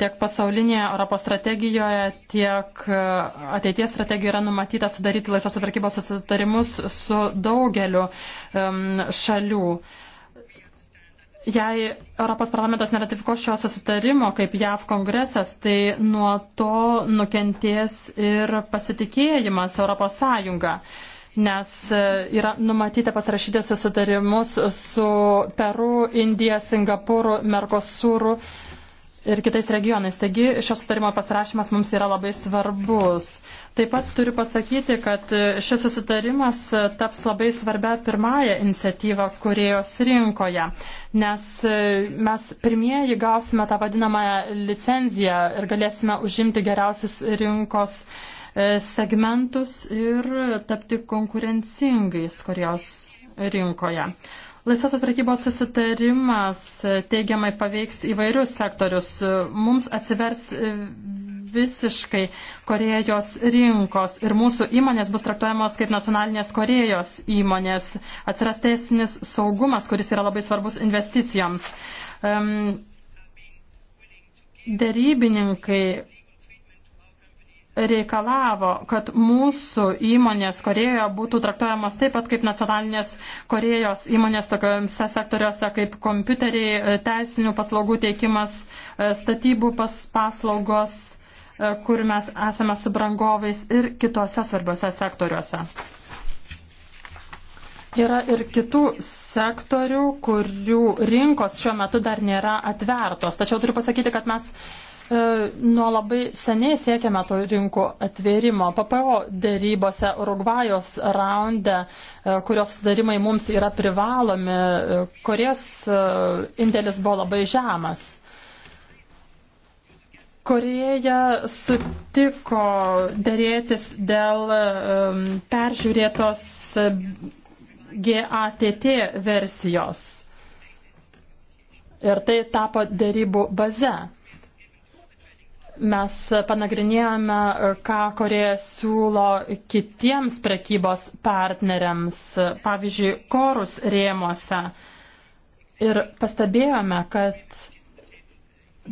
tiek pasaulinėje Europos strategijoje, tiek ateities strategijoje yra numatyta sudaryti laisvosios prekybos susitarimus su daugeliu um, šalių. Uh, Jei Europos parlamentas neratifiko šio susitarimo, kaip JAV kongresas, tai nuo to nukentės ir pasitikėjimas Europos Sąjunga, nes e, yra numatyta pasirašyti susitarimus su Peru, Indija, Singapūru, Merkosūru, ir kitais regionais. Taigi šio sutarimo pasirašymas mums yra labai svarbus. Taip pat turiu pasakyti, kad šis susitarimas taps labai svarbia pirmąją iniciatyvą Korejos rinkoje, nes mes pirmieji gausime tą vadinamąją licenciją ir galėsime užimti geriausius rinkos e, segmentus ir tapti konkurencingais Korejos rinkoje. Laisvosios prekybos susitarimas teigiamai paveiks įvairius sektorius. Mums atsivers e, visiškai Korejos rinkos ir mūsų įmonės bus traktuojamos kaip nacionalinės Korejos įmonės. Atsiras teisinis saugumas, kuris yra labai svarbus investicijoms. Um, Dėrybininkai reikalavo, kad mūsų įmonės Korejoje būtų traktuojamas taip pat kaip nacionalinės Korejos įmonės tokiuose sektoriuose kaip kompiuteriai, e, teisinių paslaugų teikimas, e, statybų pas paslaugos, e, kur mes esame su brangovais ir kitose svarbiose sektoriuose. Yra ir kitų sektorių, kurių rinkos šiuo metu dar nėra atvertos. Tačiau turiu pasakyti, kad mes E, nuo labai seniai siekiame to rinkų atvėrimo. PPO dėrybose Urugvajos raunde, e, kurios sudarimai mums yra privalomi, e, Korės indėlis buvo labai žemas. Koreja sutiko dėrėtis dėl um, peržiūrėtos GATT versijos. Ir tai tapo dėrybų baze. Mes panagrinėjome, ką Koreja siūlo kitiems prekybos partneriams, pavyzdžiui, korus rėmuose. Ir pastebėjome, kad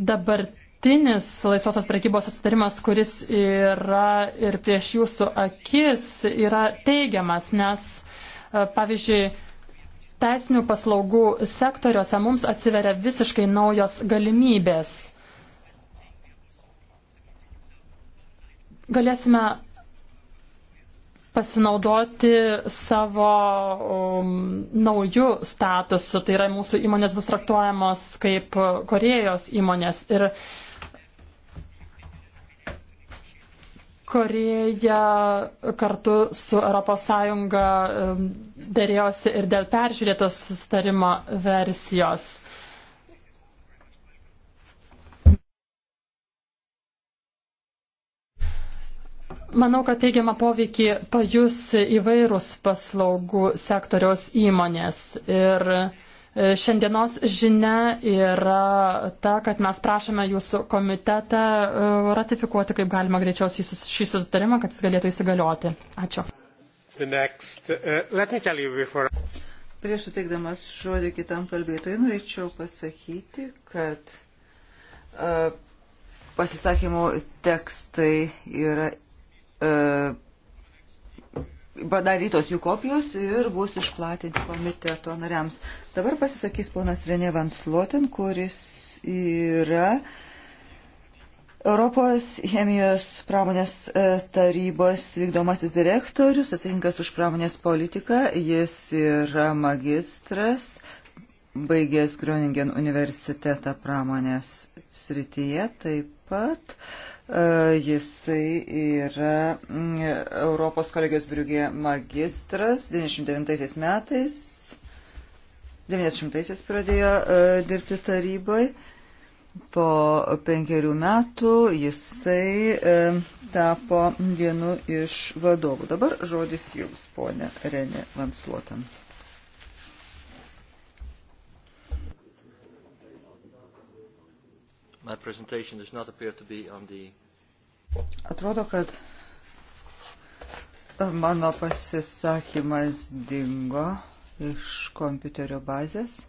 dabartinis laisvosios prekybos susitarimas, kuris yra ir prieš jūsų akis, yra teigiamas, nes, e, pavyzdžiui, teisinių paslaugų sektoriuose mums atsiveria visiškai naujos galimybės. galėsime pasinaudoti savo um, naujų statusu, tai yra mūsų įmonės bus traktuojamos kaip Korejos įmonės. Ir Koreja kartu su ES um, dėrėjosi ir dėl peržiūrėtos sustarimo versijos. Manau, kad teigiamą poveikį pajus įvairūs paslaugų sektoriaus įmonės. Ir e, šiandienos žinia yra ta, kad mes prašome jūsų komitetą e, ratifikuoti kaip galima greičiau šį susitarimą, kad jis galėtų įsigalioti. Ačiū. Next, uh, before... Prieš suteikdamas žodį kitam kalbėtojui, norėčiau pasakyti, kad uh, pasisakymų tekstai yra E, padarytos jų kopijos ir bus išplatinti komiteto nariams. Dabar pasisakys ponas Renė Vanslotin, kuris yra Europos chemijos pramonės e, tarybos vykdomasis direktorius, atsakingas už pramonės politiką. Jis yra magistras, baigęs Groningen universitetą pramonės srityje taip pat. Uh, E, jisai yra mm, Europos kolegijos briugė magistras 99 metais, 90-aisiais pradėjo e, dirbti taryboje. Po penkerių metų jisai e, tapo vienu iš vadovų. Dabar žodis jums, ponė Renė Vanslotan. My presentation does not appear to be on the... Atrodo, kad e, mano pasisakymas dingo iš kompiuterio bazės.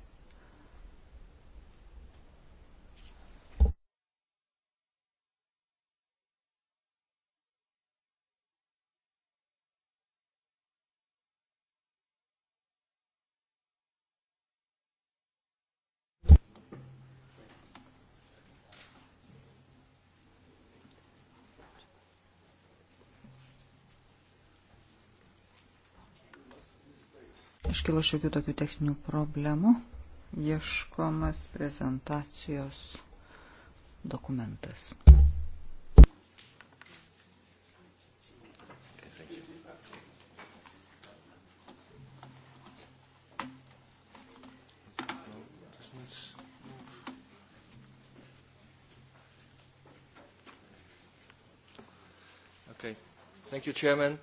iškilo šiokių tokių techninių problemų. Ieškomas prezentacijos dokumentas. Okay. Thank you, Chairman.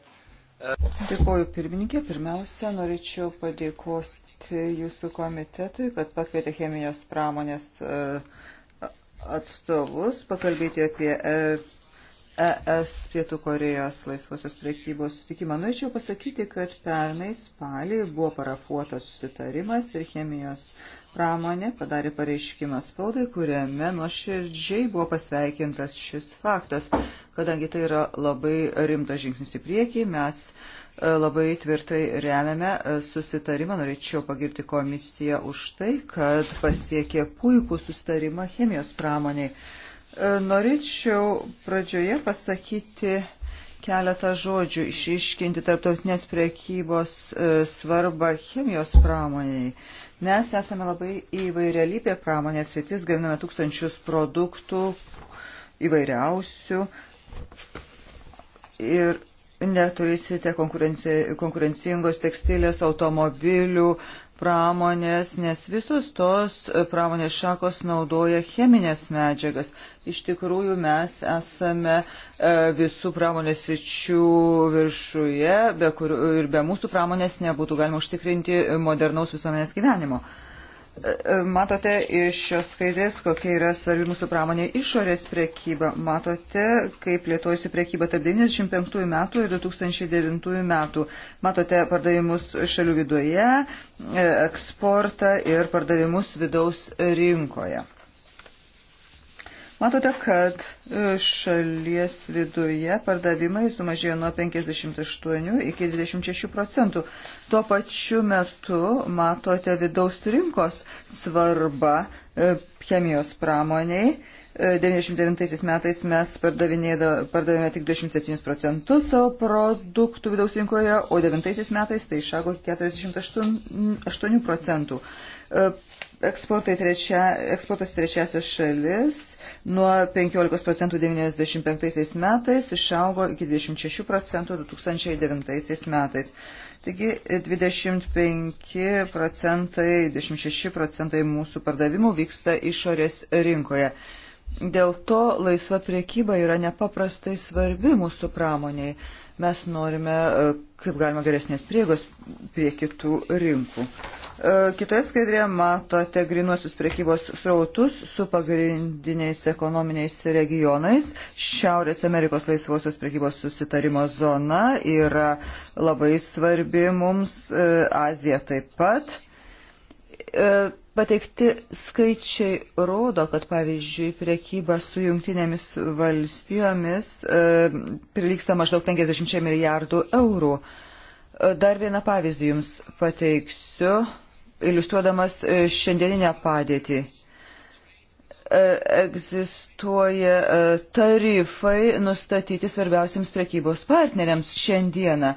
Dėkuoju pirmininkė. Pirmiausia, norėčiau padėkoti jūsų komitetui, kad pakvietė chemijos pramonės e, atstovus pakalbėti apie e, ES Pietų Korejos laisvosios priekybos sustikimą. Norėčiau pasakyti, kad pernai spalį buvo parafuotas susitarimas ir chemijos pramonė padarė pareiškimą spaudai, kuriame nuoširdžiai buvo pasveikintas šis faktas. Kadangi tai yra labai rimtas žingsnis į priekį, mes e, labai tvirtai remiame e, susitarimą. Norėčiau pagirti komisiją už tai, kad pasiekė puikų susitarimą chemijos pramoniai. E, norėčiau pradžioje pasakyti keletą žodžių, išiškinti tarptautinės priekybos e, svarbą chemijos pramoniai. Mes esame labai įvairialybė pramonės rytis, gaminame tūkstančius produktų įvairiausių ir neturėsite konkurencingos tekstilės, automobilių, pramonės, nes visos tos e, pramonės šakos naudoja cheminės medžiagas. Iš tikrųjų mes esame e, visų pramonės ryčių viršuje, be kur, ir be mūsų pramonės nebūtų galima užtikrinti modernaus visuomenės gyvenimo. Uh, E, matote iš šios skaidrės, kokia yra svarbi mūsų pramonė išorės prekyba. Matote, kaip lietuojasi prekyba tarp 1995 metų ir 2009 metų. Matote pardavimus šalių viduje, e, eksportą ir pardavimus vidaus rinkoje. Matote, kad e, šalies viduje pardavimai sumažėjo nuo 58 iki 26 procentų. Tuo pačiu metu matote vidaus rinkos svarbą e, chemijos pramoniai. 99 e, metais mes pardavėme tik 27 procentus savo produktų vidaus rinkoje, o 9 metais tai išaugo 48 procentų trečia, eksportas trečiasias šalis nuo 15 procentų 95 metais išaugo iki 26 procentų 2009 metais. Taigi 25 procentai, 26 procentai mūsų pardavimų vyksta išorės rinkoje. Dėl to laisva priekyba yra nepaprastai svarbi mūsų pramoniai. Mes norime, e, kaip galima, geresnės priegos prie kitų rinkų. E, kitoje skaidrėje matote grinuosius prekybos srautus su pagrindiniais ekonominiais regionais. Šiaurės Amerikos laisvosios prekybos susitarimo zona yra labai svarbi mums, e, Azija taip pat. E, pateikti skaičiai rodo, kad pavyzdžiui prekyba su jungtinėmis valstijomis prilyksta maždaug 50 milijardų eurų. Dar vieną pavyzdį jums pateiksiu iliustruodamas e, šiandieninę padėtį. E, egzistuoja e, tarifai nustatyti svarbiausiams prekybos partneriams šiandieną.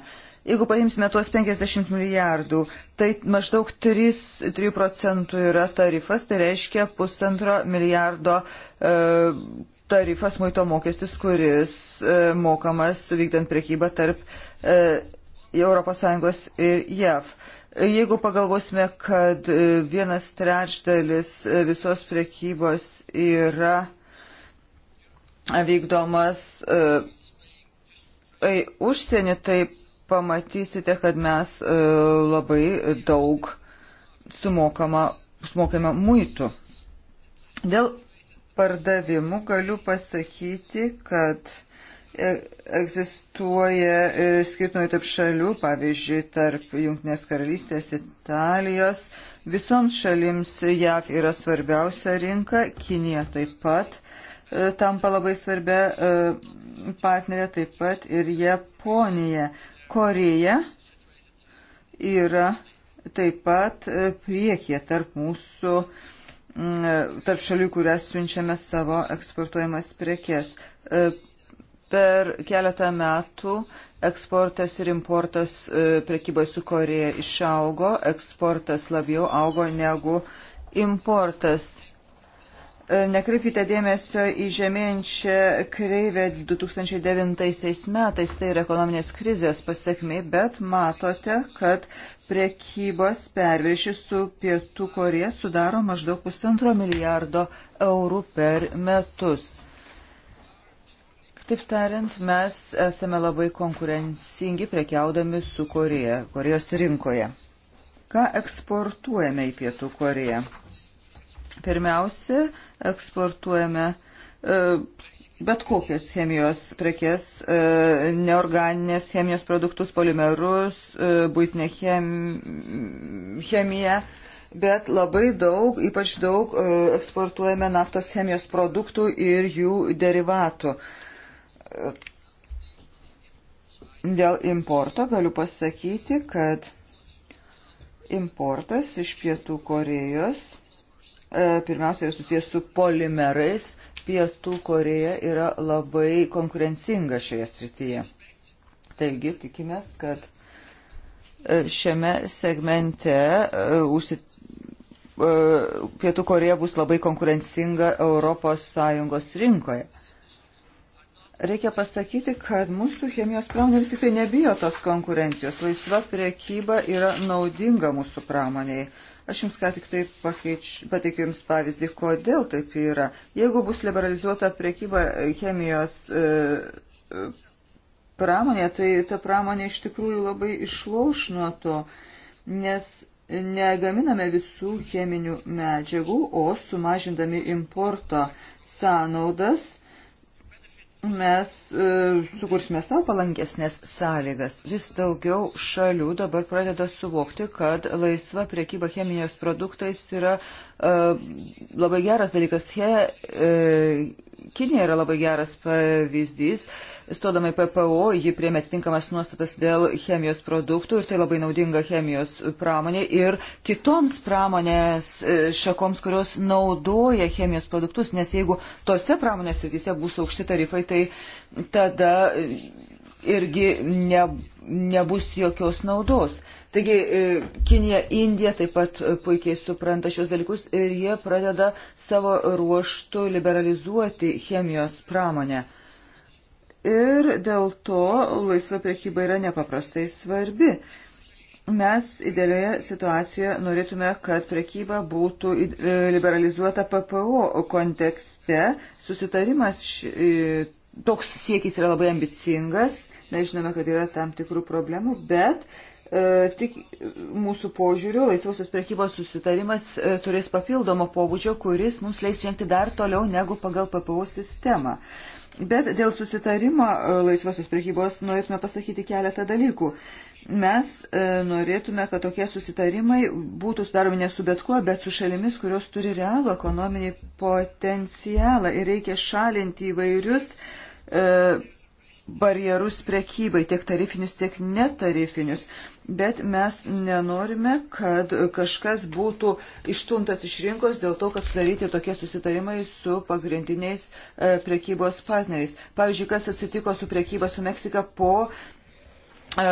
Jeigu paimsime tuos 50 milijardų, tai maždaug 3, 3 procentų yra tarifas, tai reiškia pusantro milijardo e, tarifas muito mokestis, kuris e, mokamas vykdant prekybą tarp e, ES ir JAV. E, Jeigu pagalvosime, kad e, vienas trečdalis e, visos prekybos yra vykdomas e, užsienį, tai pamatysite, kad mes e, labai daug sumokama, sumokame muitų. Dėl pardavimų galiu pasakyti, kad E, egzistuoja e, skirtumai tarp šalių, pavyzdžiui, tarp Junktinės karalystės, Italijos. Visoms šalims JAV yra svarbiausia rinka, Kinija taip pat e, tampa labai svarbia partnerė, taip pat ir Japonija. Koreja yra taip pat priekyje tarp mūsų, tarp šalių, kurias siunčiame savo eksportuojamas prekes. Per keletą metų eksportas ir importas e, prekyboje su Koreja išaugo, eksportas labiau augo negu importas. E, nekreipkite dėmesio į žemėjančią kreivę 2009 metais, tai yra ekonominės krizės pasiekmė, bet matote, kad priekybos perviršis su Pietų Korėja sudaro maždaug pusantro milijardo eurų per metus. Taip tariant, mes esame labai konkurencingi prekiaudami su Koreja, Korejos rinkoje. Ką eksportuojame į Pietų Koreją? Pirmiausia, eksportuojame e, bet kokias chemijos prekes, e, neorganinės chemijos produktus, polimerus, e, būtinę chem, chemiją, bet labai daug, ypač daug e, eksportuojame naftos chemijos produktų ir jų derivatų. E, Dėl importo galiu pasakyti, kad importas iš Pietų Korejos e, pirmiausia yra susijęs su polimerais. Pietų Koreja yra labai konkurencinga šioje srityje. Taigi tikimės, kad e, šiame segmente e, Pietų Koreja bus labai konkurencinga ES rinkoje. Reikia pasakyti, kad mūsų chemijos pramonė vis tik tai nebijo tos konkurencijos. Laisva priekyba yra naudinga mūsų pramoniai. Aš jums ką tik tai pateikiu jums pavyzdį, kodėl taip yra. Jeigu bus liberalizuota priekyba chemijos e, e pramonė, tai ta pramonė iš tikrųjų labai išlauš nuo to, nes negaminame visų cheminių medžiagų, o sumažindami importo sąnaudas mes e, sukursime savo palankesnės sąlygas. Vis daugiau šalių dabar pradeda suvokti, kad laisva priekyba chemijos produktais yra e, labai geras dalykas. He, e, Kinija yra labai geras pavyzdys. Stodama į PPO, ji priemė atitinkamas nuostatas dėl chemijos produktų ir tai labai naudinga chemijos pramonė ir kitoms pramonės e, šakoms, kurios naudoja chemijos produktus, nes jeigu tose pramonės srityse bus aukšti tarifai, tai tada e, irgi ne, nebus jokios naudos. Taigi e, Kinija, Indija taip pat e, puikiai supranta šios dalykus ir jie pradeda savo ruoštų liberalizuoti chemijos pramonę. Ir dėl to laisva priekyba yra nepaprastai svarbi mes idealioje situacijoje norėtume, kad prekyba būtų e, liberalizuota PPO kontekste. Susitarimas, š... toks siekis yra labai ambicingas, mes žinome, kad yra tam tikrų problemų, bet uh, E, tik mūsų požiūriu laisvosios prekybos susitarimas e, turės papildomą pobūdžio, kuris mums leis žengti dar toliau negu pagal PPO sistemą. Bet dėl susitarimo e, laisvosios priekybos norėtume pasakyti keletą dalykų. Mes norėtume, kad tokie susitarimai būtų sudaromi ne su bet kuo, bet su šalimis, kurios turi realų ekonominį potencialą ir reikia šalinti įvairius barjerus prekybai, tiek tarifinius, tiek netarifinius bet mes nenorime, kad kažkas būtų išstumtas iš rinkos dėl to, kad sudaryti tokie susitarimai su pagrindiniais e, prekybos partneriais. Pavyzdžiui, kas atsitiko su prekyba su Meksika po e,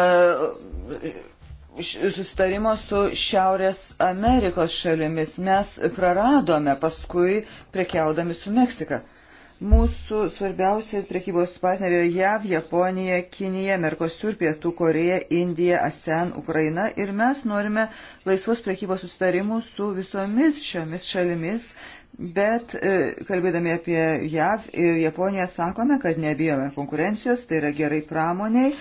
susitarimo su Šiaurės Amerikos šalimis. Mes praradome paskui prekiaudami su Meksika. E, Mūsų svarbiausi prekybos partneriai yra JAV, Japonija, Kinija, Merkosur, Pietų Koreja, Indija, ASEAN, Ukraina ir mes norime laisvos prekybos sustarimų su visomis šiomis šalimis, bet e, kalbėdami apie JAV ir Japoniją sakome, kad nebijome konkurencijos, tai yra gerai pramoniai,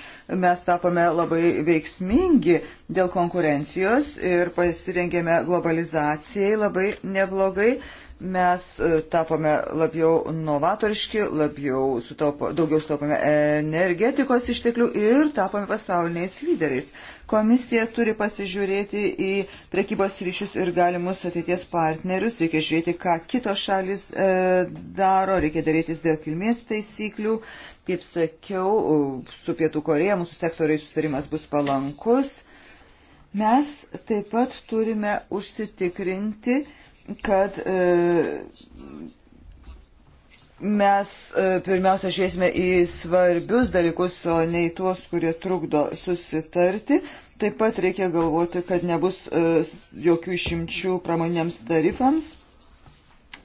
mes tapome labai veiksmingi dėl konkurencijos ir pasirengėme globalizacijai labai neblogai Mes e, tapome labiau novatoriški, labiau sutaupo, daugiau sutaupome energetikos išteklių ir tapome pasauliniais lyderiais. Komisija turi pasižiūrėti į prekybos ryšius ir galimus ateities partnerius, reikia žiūrėti, ką kitos šalis e, daro, reikia darytis dėl kilmės taisyklių. Kaip sakiau, su Pietų Koreja mūsų sektoriai sustarimas bus palankus. Mes taip pat turime užsitikrinti, kad e, mes e, pirmiausia žiūrėsime į svarbius dalykus, o ne į tuos, kurie trukdo susitarti. Taip pat reikia galvoti, kad nebus e, jokių išimčių pramonėms tarifams.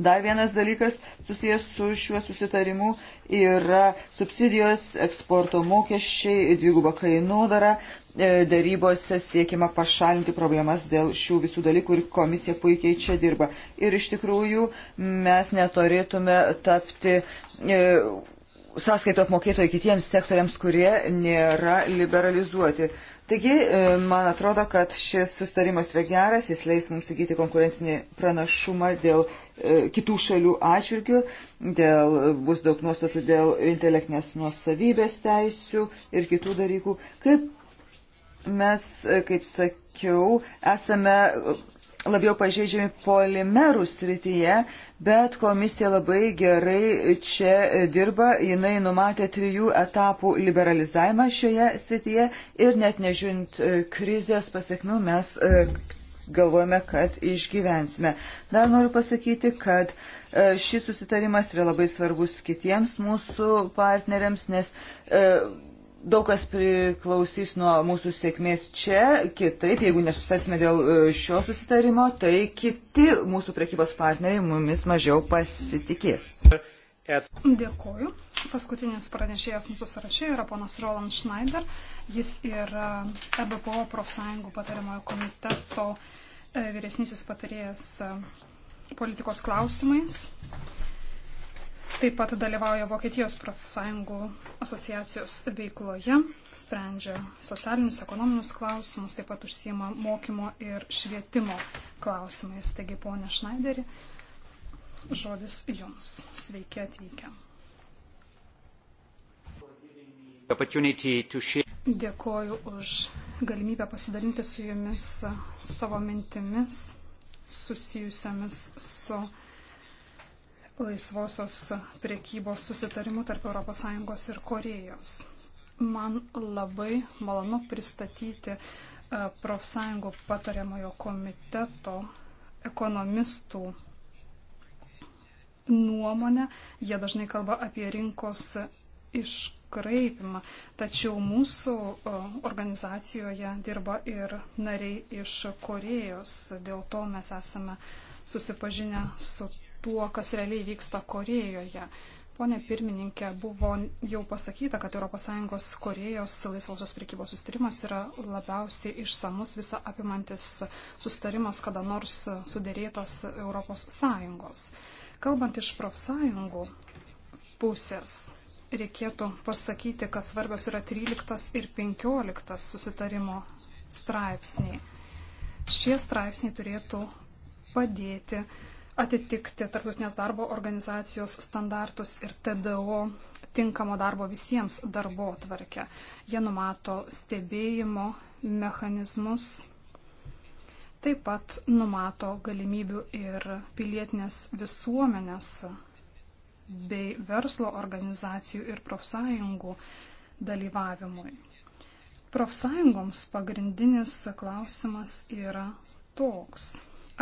Dar vienas dalykas susijęs su šiuo susitarimu yra subsidijos, eksporto mokesčiai, dviguba kainodara. E, darybose siekiama pašalinti problemas dėl šių visų dalykų ir komisija puikiai čia dirba. Ir iš tikrųjų mes neturėtume tapti e, sąskaitų apmokėtojai kitiems sektoriams, kurie nėra liberalizuoti. Taigi, e, man atrodo, kad šis sustarimas yra geras, jis leis mums įgyti konkurencinį pranašumą dėl kitų šalių atžvilgių, dėl, bus daug nuostatų dėl intelektinės nuosavybės teisių ir kitų dalykų. Kaip mes, e, kaip sakiau, esame labiau pažeidžiami polimerų srityje, bet komisija labai gerai čia dirba, jinai numatė trijų etapų liberalizavimą šioje srityje ir net nežiūrint e, krizės pasiekmių mes e, galvojame, kad išgyvensime. Dar noriu pasakyti, kad šis susitarimas yra labai svarbus kitiems mūsų partneriams, nes daug kas priklausys nuo mūsų sėkmės čia, kitaip, jeigu nesusasime dėl e, šio susitarimo, tai kiti mūsų prekybos partneriai mumis mažiau pasitikės. Dėkuoju. Paskutinis pranešėjas mūsų sąraše yra ponas Roland Schneider. Jis yra EBPO profsąjungų patariamojo komiteto e, vyresnysis patarėjas e, politikos klausimais. Taip pat dalyvauja Vokietijos profsąjungų asociacijos veikloje, sprendžia socialinius, ekonominius klausimus, taip pat užsima mokymo ir švietimo klausimais. Taigi, ponė Šnaideri, žodis jums. Sveiki atvykę. Dėkoju už galimybę pasidalinti su jumis savo mintimis susijusiamis su laisvosios priekybos susitarimu tarp ES ir Korejos. Man labai malonu pristatyti e, profsąjungų patariamojo komiteto ekonomistų nuomonę. Jie dažnai kalba apie rinkos iškraipimą. Tačiau mūsų e, organizacijoje dirba ir nariai iš Korejos. Dėl to mes esame susipažinę su tuo, kas realiai vyksta Korejoje. Pone pirmininkė, buvo jau pasakyta, kad ES Korejos laisvosios prekybos sustarimas yra labiausiai išsamus visą apimantis sustarimas kada nors sudėrėtas ES. Kalbant iš profsąjungų pusės, reikėtų pasakyti, kad svarbios yra 13 ir 15 susitarimo straipsniai. Šie straipsniai turėtų padėti atitikti Tarptautinės darbo organizacijos standartus ir TDO tinkamo darbo visiems darbo tvarkę. Jie numato stebėjimo mechanizmus, taip pat numato galimybių ir pilietinės visuomenės bei verslo organizacijų ir profsąjungų dalyvavimui. Profsąjungoms pagrindinis klausimas yra toks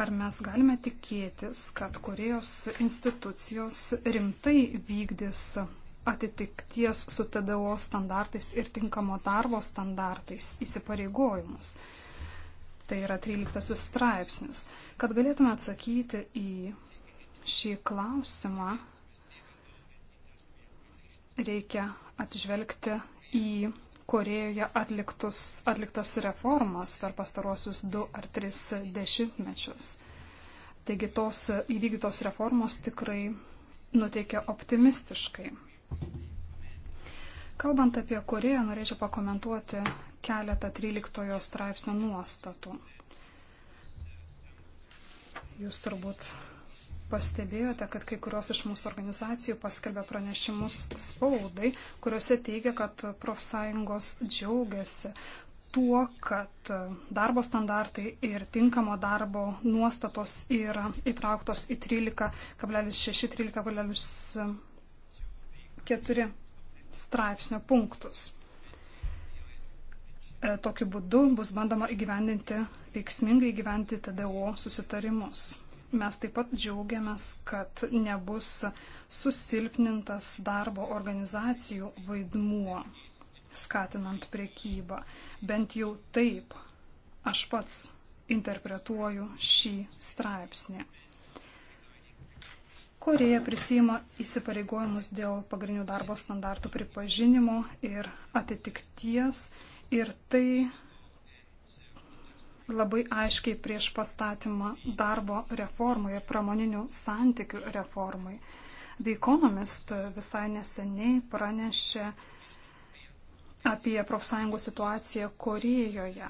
ar mes galime tikėtis, kad Korejos institucijos rimtai vykdys atitikties su TDO standartais ir tinkamo darbo standartais įsipareigojimus. Tai yra 13 straipsnis. Kad galėtume atsakyti į šį klausimą, reikia atžvelgti į Korejoje atliktus, atliktas reformas per pastaruosius du ar tris dešimtmečius. Taigi tos įvykdytos reformos tikrai nuteikia optimistiškai. Kalbant apie Koreją, norėčiau pakomentuoti keletą 13 straipsnio nuostatų. Jūs turbūt pastebėjote, kad kai kurios iš mūsų organizacijų paskelbė pranešimus spaudai, kuriuose teigia, kad profsąjungos džiaugiasi tuo, kad darbo standartai ir tinkamo darbo nuostatos yra įtrauktos į 13,6-13,4 straipsnio punktus. E, tokiu būdu bus bandoma įgyvendinti, veiksmingai įgyvendinti TDO susitarimus. Mes taip pat džiaugiamės, kad nebus susilpnintas darbo organizacijų vaidmuo, skatinant priekybą. Bent jau taip aš pats interpretuoju šį straipsnį. Koreja prisima įsipareigojimus dėl pagrindinių darbo standartų pripažinimo ir atitikties ir tai labai aiškiai prieš pastatymą darbo reformai ir pramoninių santykių reformai. The Economist visai neseniai pranešė apie profsąjungų situaciją Korejoje.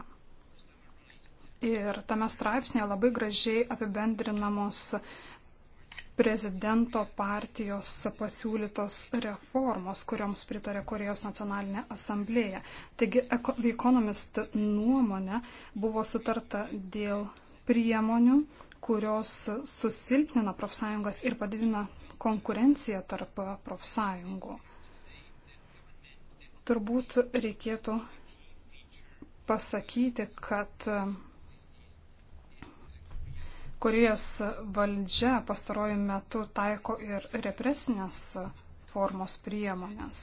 Ir tame straipsnėje labai gražiai apibendrinamos uh, prezidento partijos pasiūlytos reformos, kurioms pritarė Korejos nacionalinė asamblėja. Taigi, The Economist nuomonė buvo sutarta dėl priemonių, kurios susilpnina profsąjungas ir padidina konkurenciją tarp profsąjungų. Turbūt reikėtų pasakyti, kad Korejos valdžia pastarojų metų taiko ir represinės formos priemonės.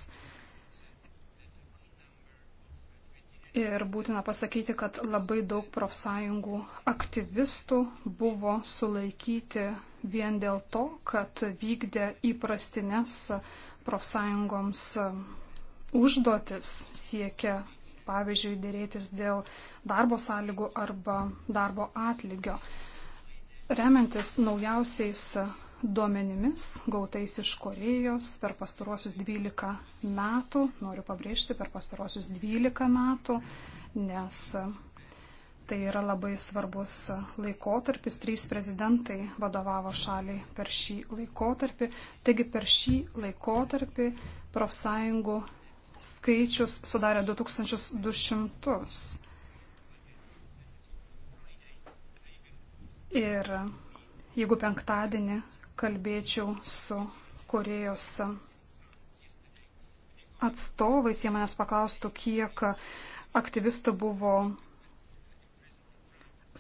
Ir būtina pasakyti, kad labai daug profsąjungų aktyvistų buvo sulaikyti vien dėl to, kad vykdė įprastinės profsąjungoms užduotis siekia, pavyzdžiui, dėrėtis dėl darbo sąlygų arba darbo atlygio. Remiantis naujausiais duomenimis gautais iš Korejos per pastaruosius 12 metų, noriu pabrėžti, per pastaruosius 12 metų, nes tai yra labai svarbus laikotarpis, trys prezidentai vadovavo šaliai per šį laikotarpį, taigi per šį laikotarpį profsąjungų skaičius sudarė 2200. Ir jeigu penktadienį kalbėčiau su Korejos atstovais, jie manęs paklaustų, kiek aktyvistų buvo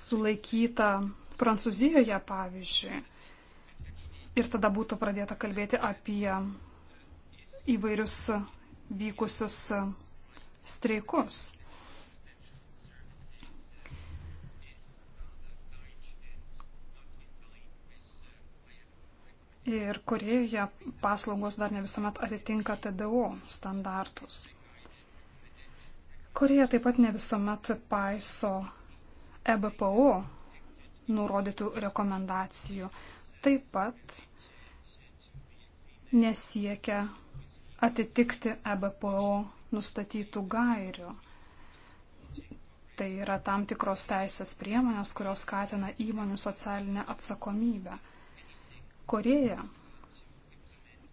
sulaikyta Prancūzijoje, pavyzdžiui. Ir tada būtų pradėta kalbėti apie įvairius vykusius streikus. ir kurioje paslaugos dar ne visuomet atitinka TDO standartus. Korėja taip pat ne visuomet paiso EBPO nurodytų rekomendacijų. Taip pat nesiekia atitikti EBPO nustatytų gairių. Tai yra tam tikros teisės priemonės, kurios skatina įmonių socialinę atsakomybę. Koreja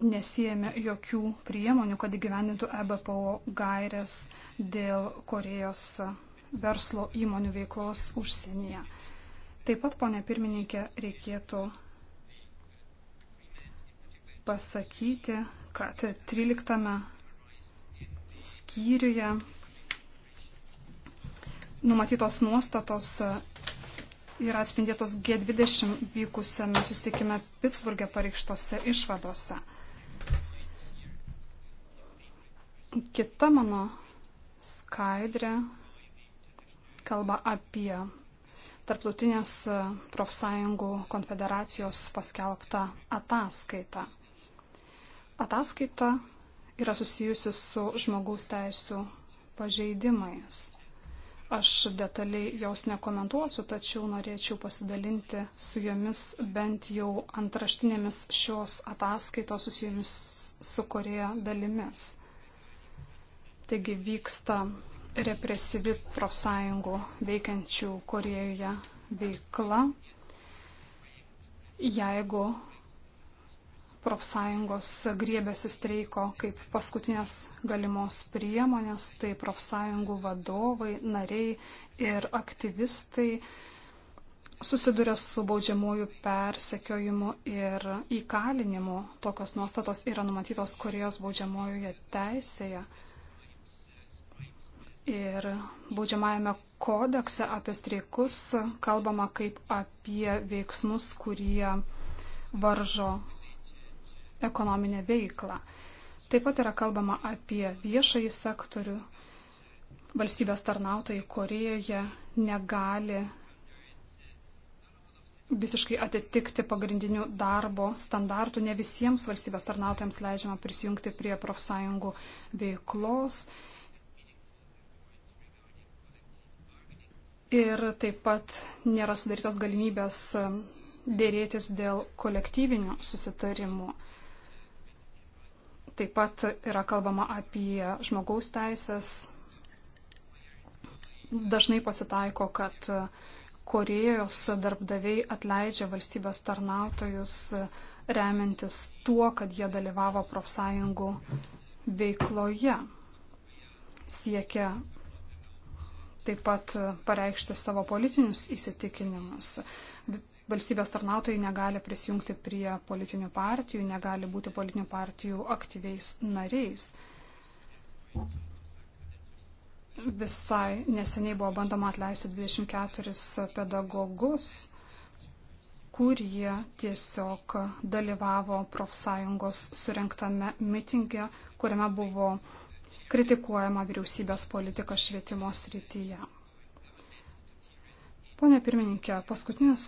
nesijėmė jokių priemonių, kad įgyvendintų EBPO gairias dėl Korejos verslo įmonių veiklos užsienyje. Taip pat, ponė pirmininkė, reikėtų pasakyti, kad 13 skyriuje numatytos nuostatos yra atspindėtos G20 vykusiame susitikime Pittsburgė pareikštose išvadose. Kita mano skaidrė kalba apie Tarptautinės profsąjungų konfederacijos paskelbtą ataskaitą. Ataskaita yra susijusi su žmogaus teisų pažeidimais. Aš detaliai jos nekomentuosiu, tačiau norėčiau pasidalinti su jomis bent jau antraštinėmis šios ataskaitos susijomis su Koreja dalimis. Taigi vyksta represyvi profsąjungų veikiančių Korejoje veikla. Jeigu profsąjungos griebėsi streiko kaip paskutinės galimos priemonės, tai profsąjungų vadovai, nariai ir aktyvistai susiduria su baudžiamųjų persekiojimu ir įkalinimu. Tokios nuostatos yra numatytos Korejos baudžiamojoje teisėje. Ir baudžiamajame kodekse apie streikus kalbama kaip apie veiksmus, kurie varžo ekonominę veiklą. Taip pat yra kalbama apie viešąjį sektorių. Valstybės tarnautojai Korejoje negali visiškai atitikti pagrindinių darbo standartų. Ne visiems valstybės tarnautojams leidžiama prisijungti prie profsąjungų veiklos. Ir taip pat nėra sudarytos galimybės dėrėtis dėl kolektyvinių susitarimų. Taip pat yra kalbama apie žmogaus teisės. Dažnai pasitaiko, kad Korejos darbdaviai atleidžia valstybės tarnautojus remiantis tuo, kad jie dalyvavo profsąjungų veikloje. Siekia taip pat pareikšti savo politinius įsitikinimus valstybės tarnautojai negali prisijungti prie politinių partijų, negali būti politinių partijų aktyviais nariais. Visai neseniai buvo bandoma atleisti 24 pedagogus, kurie tiesiog dalyvavo profsąjungos surinktame mitinge, kuriame buvo kritikuojama vyriausybės politika švietimo srityje. Pone pirmininkė, paskutinis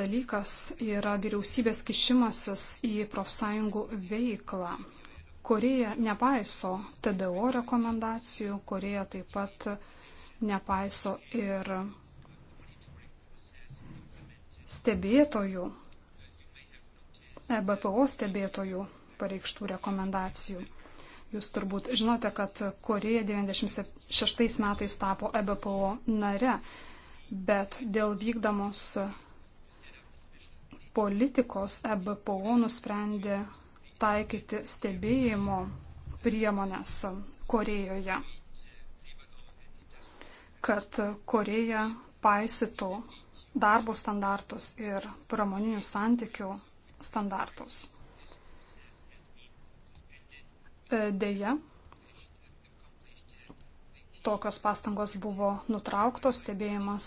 dalykas yra vyriausybės kišimasis į profsąjungų veiklą. Koreja nepaiso TDO rekomendacijų, Koreja taip pat nepaiso ir stebėtojų, e BPO stebėtojų pareikštų rekomendacijų. Jūs turbūt žinote, kad Koreja 96 metais tapo EBPO nare bet dėl vykdomos politikos EBPO nusprendė taikyti stebėjimo priemonės Korejoje, kad Koreja paisytų darbo standartus ir pramoninių santykių standartus. Deja, tokios pastangos buvo nutrauktos, stebėjimas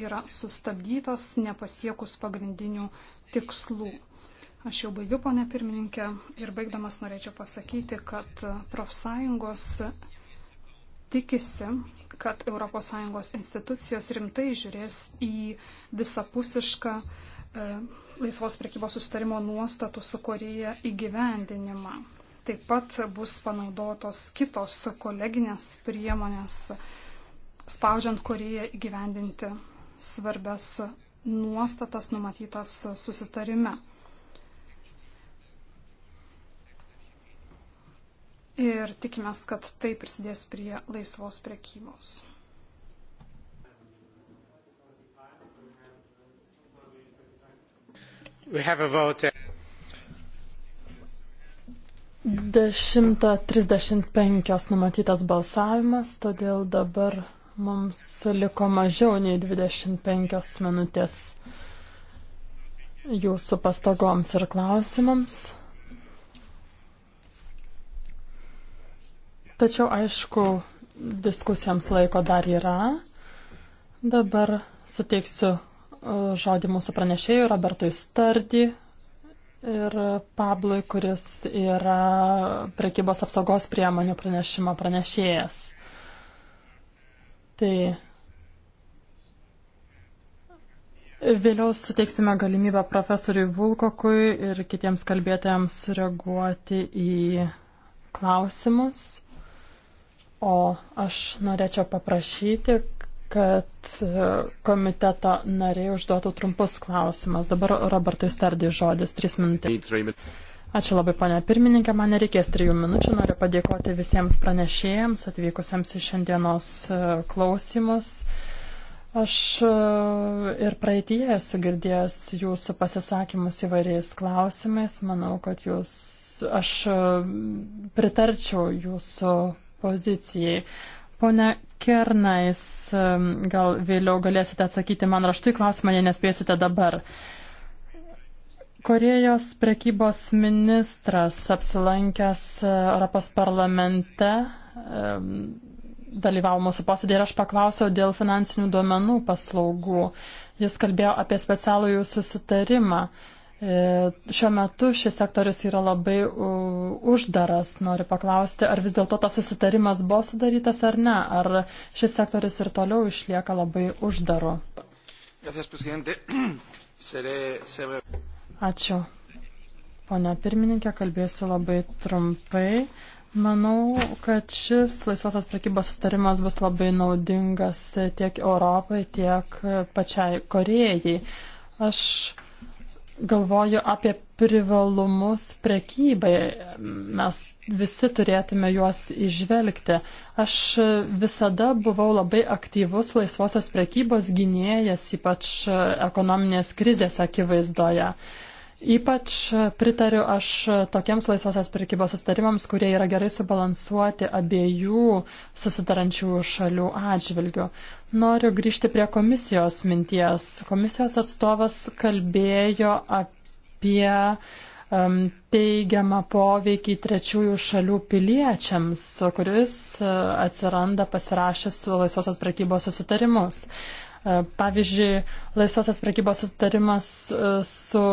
yra sustabdytas, nepasiekus pagrindinių tikslų. Aš jau baigiu, ponė pirmininkė, ir baigdamas norėčiau pasakyti, kad profsąjungos tikisi, kad ES institucijos rimtai žiūrės į visapusišką e, laisvos prekybos sustarimo nuostatų su Koreja įgyvendinimą. Taip pat bus panaudotos kitos koleginės priemonės, spaudžiant Koreją įgyvendinti svarbias nuostatas numatytas susitarime. Ir tikimės, kad tai prisidės prie laisvos prekybos. We have a vote. 10.35 numatytas balsavimas, todėl dabar mums liko mažiau nei 25 minutės jūsų pastagoms ir klausimams. Tačiau, aišku, diskusijams laiko dar yra. Dabar suteiksiu uh, žodį mūsų pranešėjui Robertui Stardį, ir Pablui, kuris yra prekybos apsaugos priemonių pranešimo pranešėjas. Tai Vėliau suteiksime galimybę profesoriui Vulkokui ir kitiems kalbėtojams sureaguoti į klausimus. O aš norėčiau paprašyti, kad e, komiteto nariai užduotų trumpus klausimas. Dabar Robertui Stardį žodis, trys minutės. Ačiū labai, ponia pirmininkė, man nereikės trijų minučių. Noriu padėkoti visiems pranešėjams atvykusiems į šiandienos e, klausimus. Aš e, ir praeitie esu girdėjęs jūsų pasisakymus įvairiais klausimais. Manau, kad jūs, aš pritarčiau jūsų pozicijai. Pone Kernais, gal vėliau galėsite atsakyti man raštu į klausimą, jei nespėsite dabar. Korejos prekybos ministras apsilankęs e, Europos parlamente dalyvavo mūsų posėdėje ir aš paklausiau dėl finansinių duomenų paslaugų. Jis kalbėjo apie specialųjų susitarimą. E, šiuo metu šis sektorius yra labai uždaras. Noriu paklausti, ar vis dėlto tas susitarimas buvo sudarytas ar ne, ar šis sektorius ir toliau išlieka labai uždaru. Ačiū. Pone pirmininkė, kalbėsiu labai trumpai. Manau, kad šis laisvosios prekybos sustarimas bus labai naudingas tiek Europai, tiek pačiai Korejai. Aš galvoju apie privalumus prekybai. Mes visi turėtume juos išvelgti. Aš visada buvau labai aktyvus laisvosios prekybos gynėjas, ypač ekonominės krizės akivaizdoje. Ypač pritariu aš tokiems laisvosios prekybos sustarimams, kurie yra gerai subalansuoti abiejų susitarančių šalių atžvilgių. Noriu grįžti prie komisijos minties. Komisijos atstovas kalbėjo apie um, teigiamą poveikį trečiųjų šalių piliečiams, kuris uh, atsiranda pasirašęs laisvosios prekybos susitarimus. Uh, pavyzdžiui, laisvosios prekybos susitarimas uh, su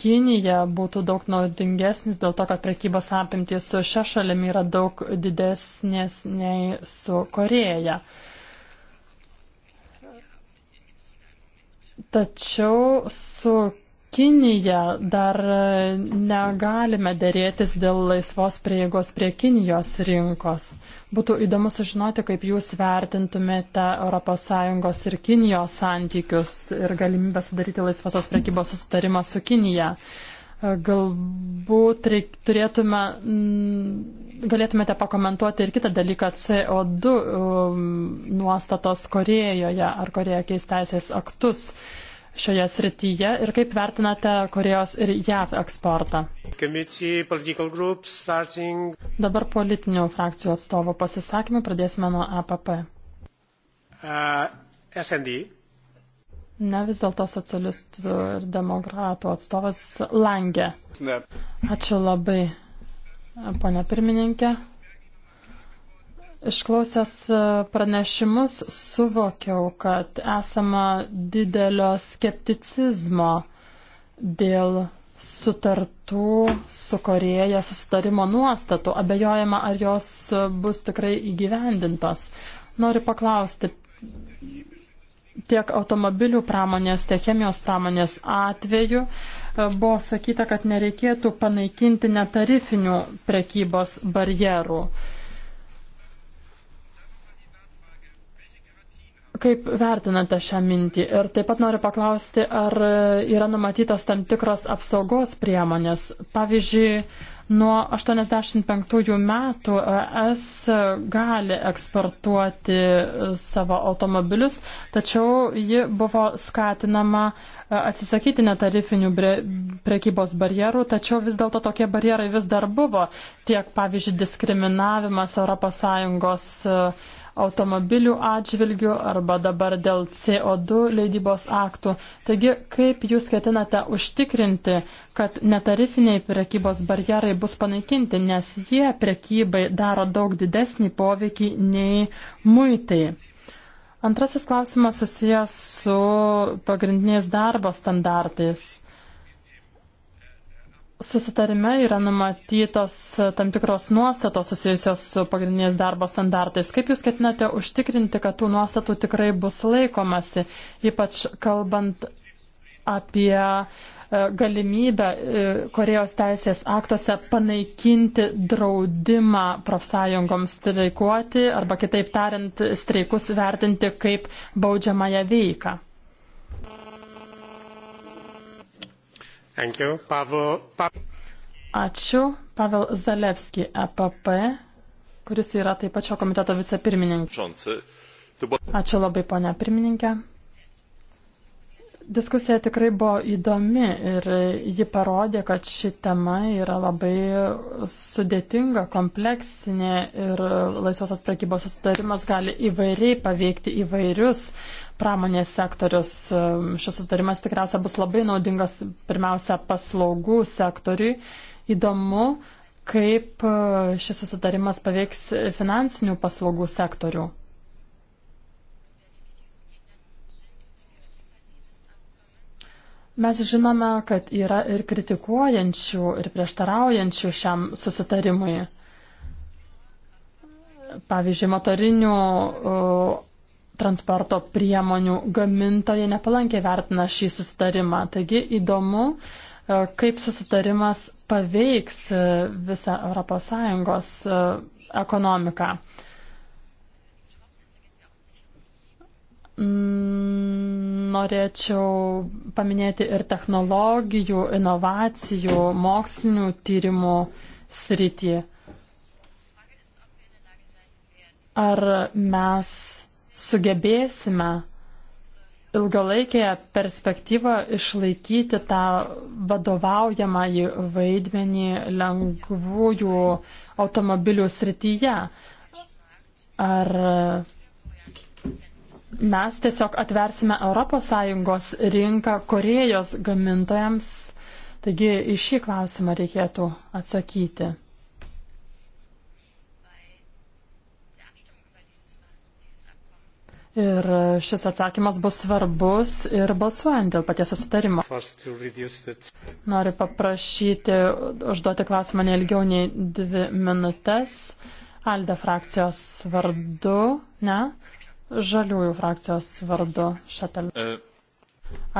Kinija būtų daug naudingesnis dėl to, kad prekybos apimtys su šia šalimi yra daug didesnės nei su Koreja. Tačiau su Kinija dar negalime dėrėtis dėl laisvos prieigos prie Kinijos rinkos. Būtų įdomu sužinoti, kaip Jūs vertintumėte ES ir Kinijos santykius ir galimybę sudaryti laisvosios prekybos susitarimą su Kinija. Galbūt reik, turėtume, galėtumėte pakomentuoti ir kitą dalyką CO2 um, nuostatos Korejoje, ar Koreja keis teisės aktus. Uh, šioje srityje ir kaip vertinate Korejos ir JAV eksportą? Groups, starting... Dabar politinių frakcijų atstovų pasisakymų pradėsime nuo APP. Uh, SND. Ne vis dėlto socialistų ir demokratų atstovas Langė. Ačiū labai, ponia pirmininkė. Išklausęs e, pranešimus suvokiau, kad esama didelio skepticizmo dėl sutartų su Koreja sustarimo nuostatų. Abejojama, ar jos bus tikrai įgyvendintos. Noriu paklausti, tiek automobilių pramonės, tiek chemijos pramonės atveju e, buvo sakyta, kad nereikėtų panaikinti netarifinių prekybos barjerų. Kaip vertinate šią mintį? Ir taip pat noriu paklausti, ar yra numatytos tam tikros apsaugos priemonės. Pavyzdžiui, nuo 85 metų ES gali eksportuoti savo automobilius, tačiau ji buvo skatinama atsisakyti netarifinių prekybos barjerų, tačiau vis dėlto tokie barjerai vis dar buvo, tiek pavyzdžiui diskriminavimas ES automobilių atžvilgių arba dabar dėl CO2 leidybos aktų. Taigi, kaip jūs ketinate užtikrinti, kad netarifiniai prekybos barjerai bus panaikinti, nes jie prekybai daro daug didesnį poveikį nei muitai. Antrasis klausimas susijęs su pagrindiniais darbo standartais. Susitarime yra numatytos e, tam tikros nuostatos susijusios su pagrindiniais darbo standartais. Kaip Jūs ketinate užtikrinti, kad tų nuostatų tikrai bus laikomasi, ypač kalbant apie e, galimybę e, Korejos teisės aktuose panaikinti draudimą profsąjungoms streikuoti arba kitaip tariant streikus vertinti kaip baudžiamąją veiką? Thank you. Pavel, pa... Ačiū. Pavel Zalewski, EPP, kuris yra taip pat šio komiteto vicepirmininkas. Ačiū labai, ponia pirmininkė. Diskusija tikrai buvo įdomi ir ji parodė, kad ši tema yra labai sudėtinga, kompleksinė ir laisvosios prekybos susitarimas gali įvairiai paveikti įvairius pramonės sektorius. Šis sutarimas tikriausia bus labai naudingas pirmiausia paslaugų sektoriui. Įdomu, kaip e, šis susitarimas paveiks finansinių paslaugų sektorių. Mes žinome, kad yra ir kritikuojančių, ir prieštaraujančių šiam susitarimui. Pavyzdžiui, motorinių transporto priemonių gamintojai nepalankiai vertina šį susitarimą. Taigi įdomu, e, kaip susitarimas paveiks e, visą ES e, ekonomiką. Mm, norėčiau paminėti ir technologijų, inovacijų, mokslinių tyrimų sritį. Ar mes sugebėsime ilgalaikėje perspektyvoje išlaikyti tą vadovaujamąjį vaidmenį lengvųjų automobilių srityje. Ar mes tiesiog atversime ES rinką Korejos gamintojams? Taigi į šį klausimą reikėtų atsakyti. Ir šis atsakymas bus svarbus ir balsuojant dėl paties susitarimo. Noriu paprašyti užduoti klausimą neilgiau nei dvi minutės. Alde frakcijos vardu, ne? Žaliųjų frakcijos vardu Šatel. E.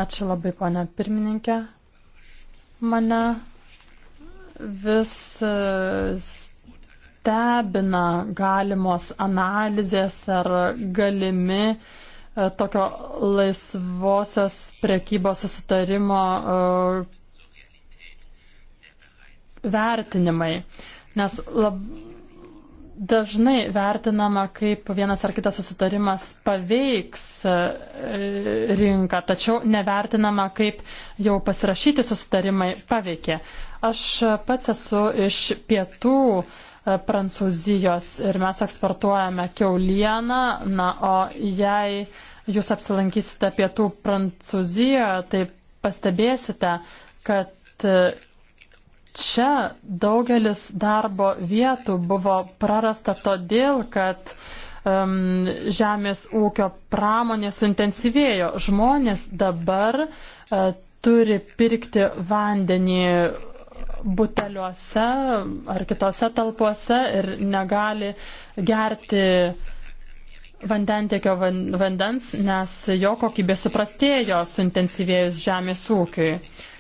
Ačiū labai, ponia pirmininkė. Mane vis stebina galimos analizės ar galimi e, tokio laisvosios prekybos susitarimo e, vertinimai. Nes lab, dažnai vertinama, kaip vienas ar kitas susitarimas paveiks e, rinką, tačiau nevertinama, kaip jau pasirašyti susitarimai paveikė. Aš pats esu iš pietų E, Prancūzijos ir mes eksportuojame keulieną, na, o jei jūs apsilankysite pietų Prancūzijoje, tai pastebėsite, kad e, čia daugelis darbo vietų buvo prarasta todėl, kad um, žemės ūkio pramonė suintensyvėjo. Žmonės dabar uh, turi pirkti vandenį buteliuose ar kitose talpuose ir negali gerti vandentiekio vandens, nes jo kokybė suprastėjo suintensyvėjus žemės ūkiui.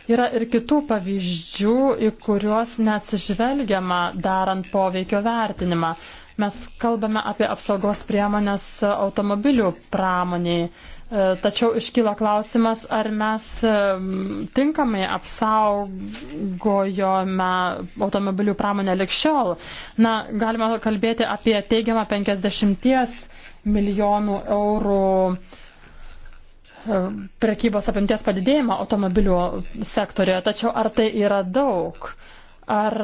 Yra ir kitų pavyzdžių, į kuriuos neatsižvelgiama darant poveikio vertinimą. Mes kalbame apie apsaugos priemonės automobilių pramoniai. E, tačiau iškyla klausimas, ar mes e, tinkamai apsaugojome automobilių pramonę likščiol. Na, galima kalbėti apie teigiamą 50 milijonų eurų e, prekybos apimties padidėjimą automobilių sektorioje, tačiau ar tai yra daug? Ar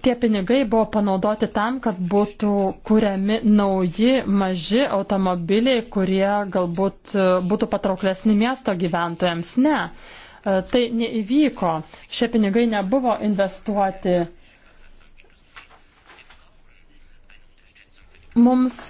tie pinigai buvo panaudoti tam, kad būtų kuriami nauji maži automobiliai, kurie galbūt e, būtų patrauklesni miesto gyventojams. Ne, e, tai neįvyko. Šie pinigai nebuvo investuoti. Mums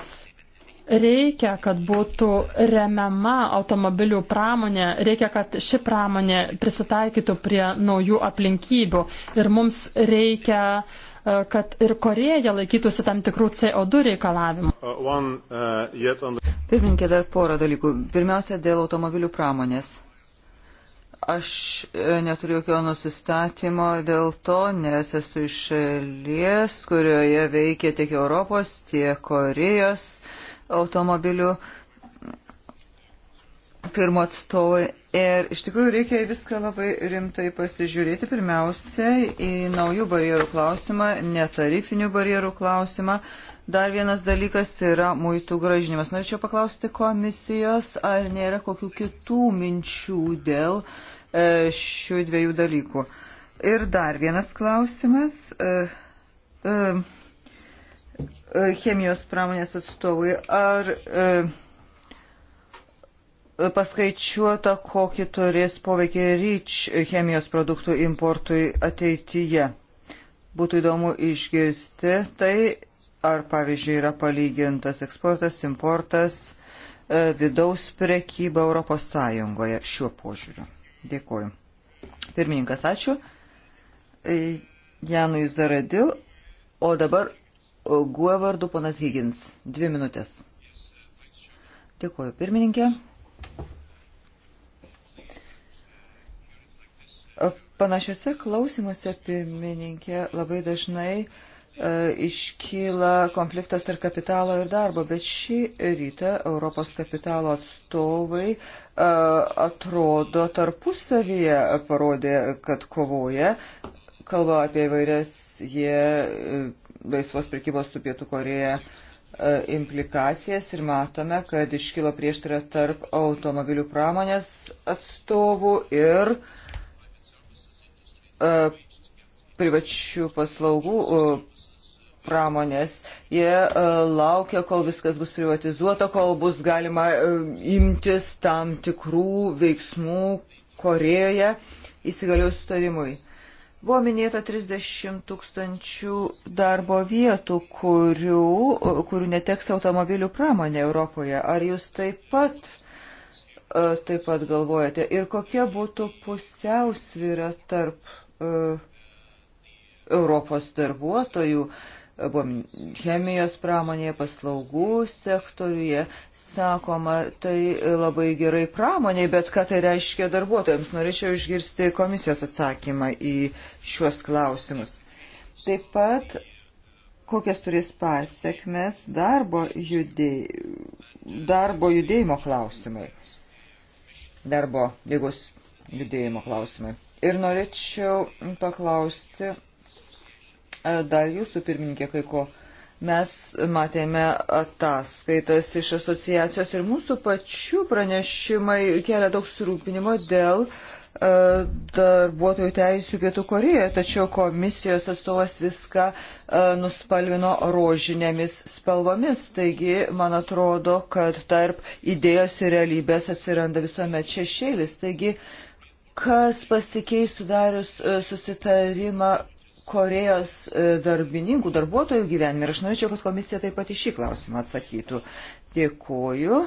Reikia, kad būtų remiama automobilių pramonė, reikia, kad ši pramonė prisitaikytų prie naujų aplinkybių ir mums reikia, e, kad ir Koreja laikytųsi tam tikrų CO2 reikalavimų. Uh, uh, Pirminkė, dar porą dalykų. Pirmiausia, dėl automobilių pramonės aš e, neturiu jokio nusistatymo dėl to, nes esu iš šalies, kurioje veikia tiek Europos, tiek Korejos automobilių firmo atstovai. Ir iš tikrųjų reikia viską labai rimtai pasižiūrėti. Pirmiausia, į naujų barjerų klausimą, netarifinių barjerų klausimą. Dar vienas dalykas yra muitų gražinimas. Norėčiau paklausti komisijos, ar nėra kokių kitų minčių dėl e, šių dviejų dalykų. Ir dar vienas klausimas. E, e, E, chemijos pramonės atstovui, ar e, paskaičiuota, kokį turės poveikį ryč chemijos produktų importui ateityje. Būtų įdomu išgirsti tai, ar pavyzdžiui yra palygintas eksportas, importas, e, vidaus prekyba Europos Sąjungoje šiuo požiūriu. Dėkuoju. Pirmininkas, ačiū. Janui Zaradil. O dabar Guo vardu ponas Higgins. Dvi minutės. Dėkuoju pirmininkė. Panašiuose klausimuose pirmininkė labai dažnai e, iškyla konfliktas tarp kapitalo ir darbo, bet šį rytą Europos kapitalo atstovai e, atrodo tarpusavyje parodė, kad kovoja, kalba apie vairias jie e, laisvos prekybos su Pietų Koreja e, implikacijas ir matome, kad iškilo prieštarą tarp automobilių pramonės atstovų ir e, privačių paslaugų e, pramonės. Jie laukia, kol viskas bus privatizuota, kol bus galima imtis tam tikrų veiksmų Korejoje įsigaliaus sutarimui. Buvo minėta 30 tūkstančių darbo vietų, kurių, kurių neteks automobilių pramonė Europoje. Ar jūs taip pat, e, taip pat galvojate? Ir kokia būtų pusiausvyra tarp uh, Europos darbuotojų buvom chemijos pramonėje, paslaugų sektoriuje. Sakoma, tai labai gerai pramoniai, bet ką tai reiškia darbuotojams? Norėčiau išgirsti komisijos atsakymą į šiuos klausimus. Taip pat, kokias turės pasiekmes darbo, judėj... darbo judėjimo klausimai. Darbo jėgos judėjimo klausimai. Ir norėčiau paklausti E, dar jūsų pirmininkė kai ko. Mes matėme ataskaitas iš asociacijos ir mūsų pačių pranešimai kelia daug surūpinimo dėl e, darbuotojų teisų Pietų Korejoje, tačiau komisijos atstovas viską e, nuspalvino rožinėmis spalvomis. Taigi, man atrodo, kad tarp idėjos ir realybės atsiranda visuomet šešėlis. Taigi, kas pasikeis sudarius susitarimą Korejos e, darbininkų, darbuotojų gyvenime. Ir aš norėčiau, kad komisija taip pat į šį klausimą atsakytų. Dėkuoju.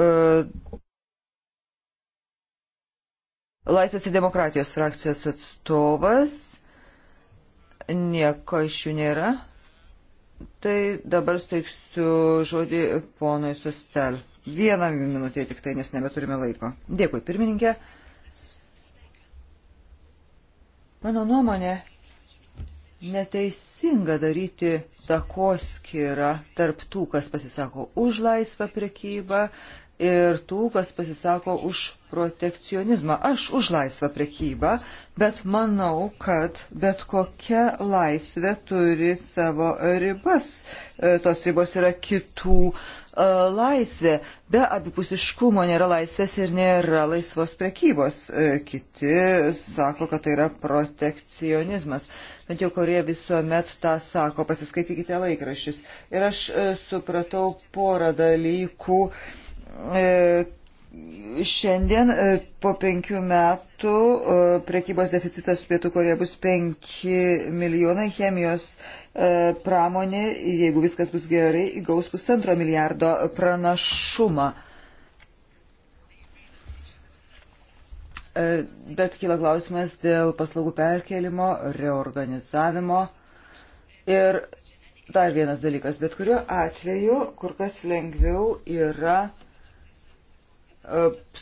E, Laisvės ir demokratijos frakcijos atstovas. Nieko iš jų nėra. Tai dabar steiksiu žodį ponui Sustel. Vieną minutę tik tai, nes nebeturime laiko. Dėkui, pirmininkė. Mano nuomonė, neteisinga daryti takoskirą tarp tų, kas pasisako už laisvą prekybą ir tų, kas pasisako už protekcionizmą. Aš už laisvą prekybą, bet manau, kad bet kokia laisvė turi savo ribas. E, tos ribos yra kitų e, laisvė. Be abipusiškumo nėra laisvės ir nėra laisvos prekybos. E, kiti sako, kad tai yra protekcionizmas. Bent jau Korėja visuomet tą sako. Pasiskaitykite laikraščius. Ir aš supratau porą dalykų. Uh, E, šiandien e, po penkių metų e, prekybos deficitas Pietų Korėje bus 5 milijonai chemijos pramonė, jeigu viskas bus gerai, įgaus pusantro milijardo pranašumą. Bet kyla klausimas dėl paslaugų perkelimo, reorganizavimo ir dar vienas dalykas, bet kuriuo atveju kur kas lengviau yra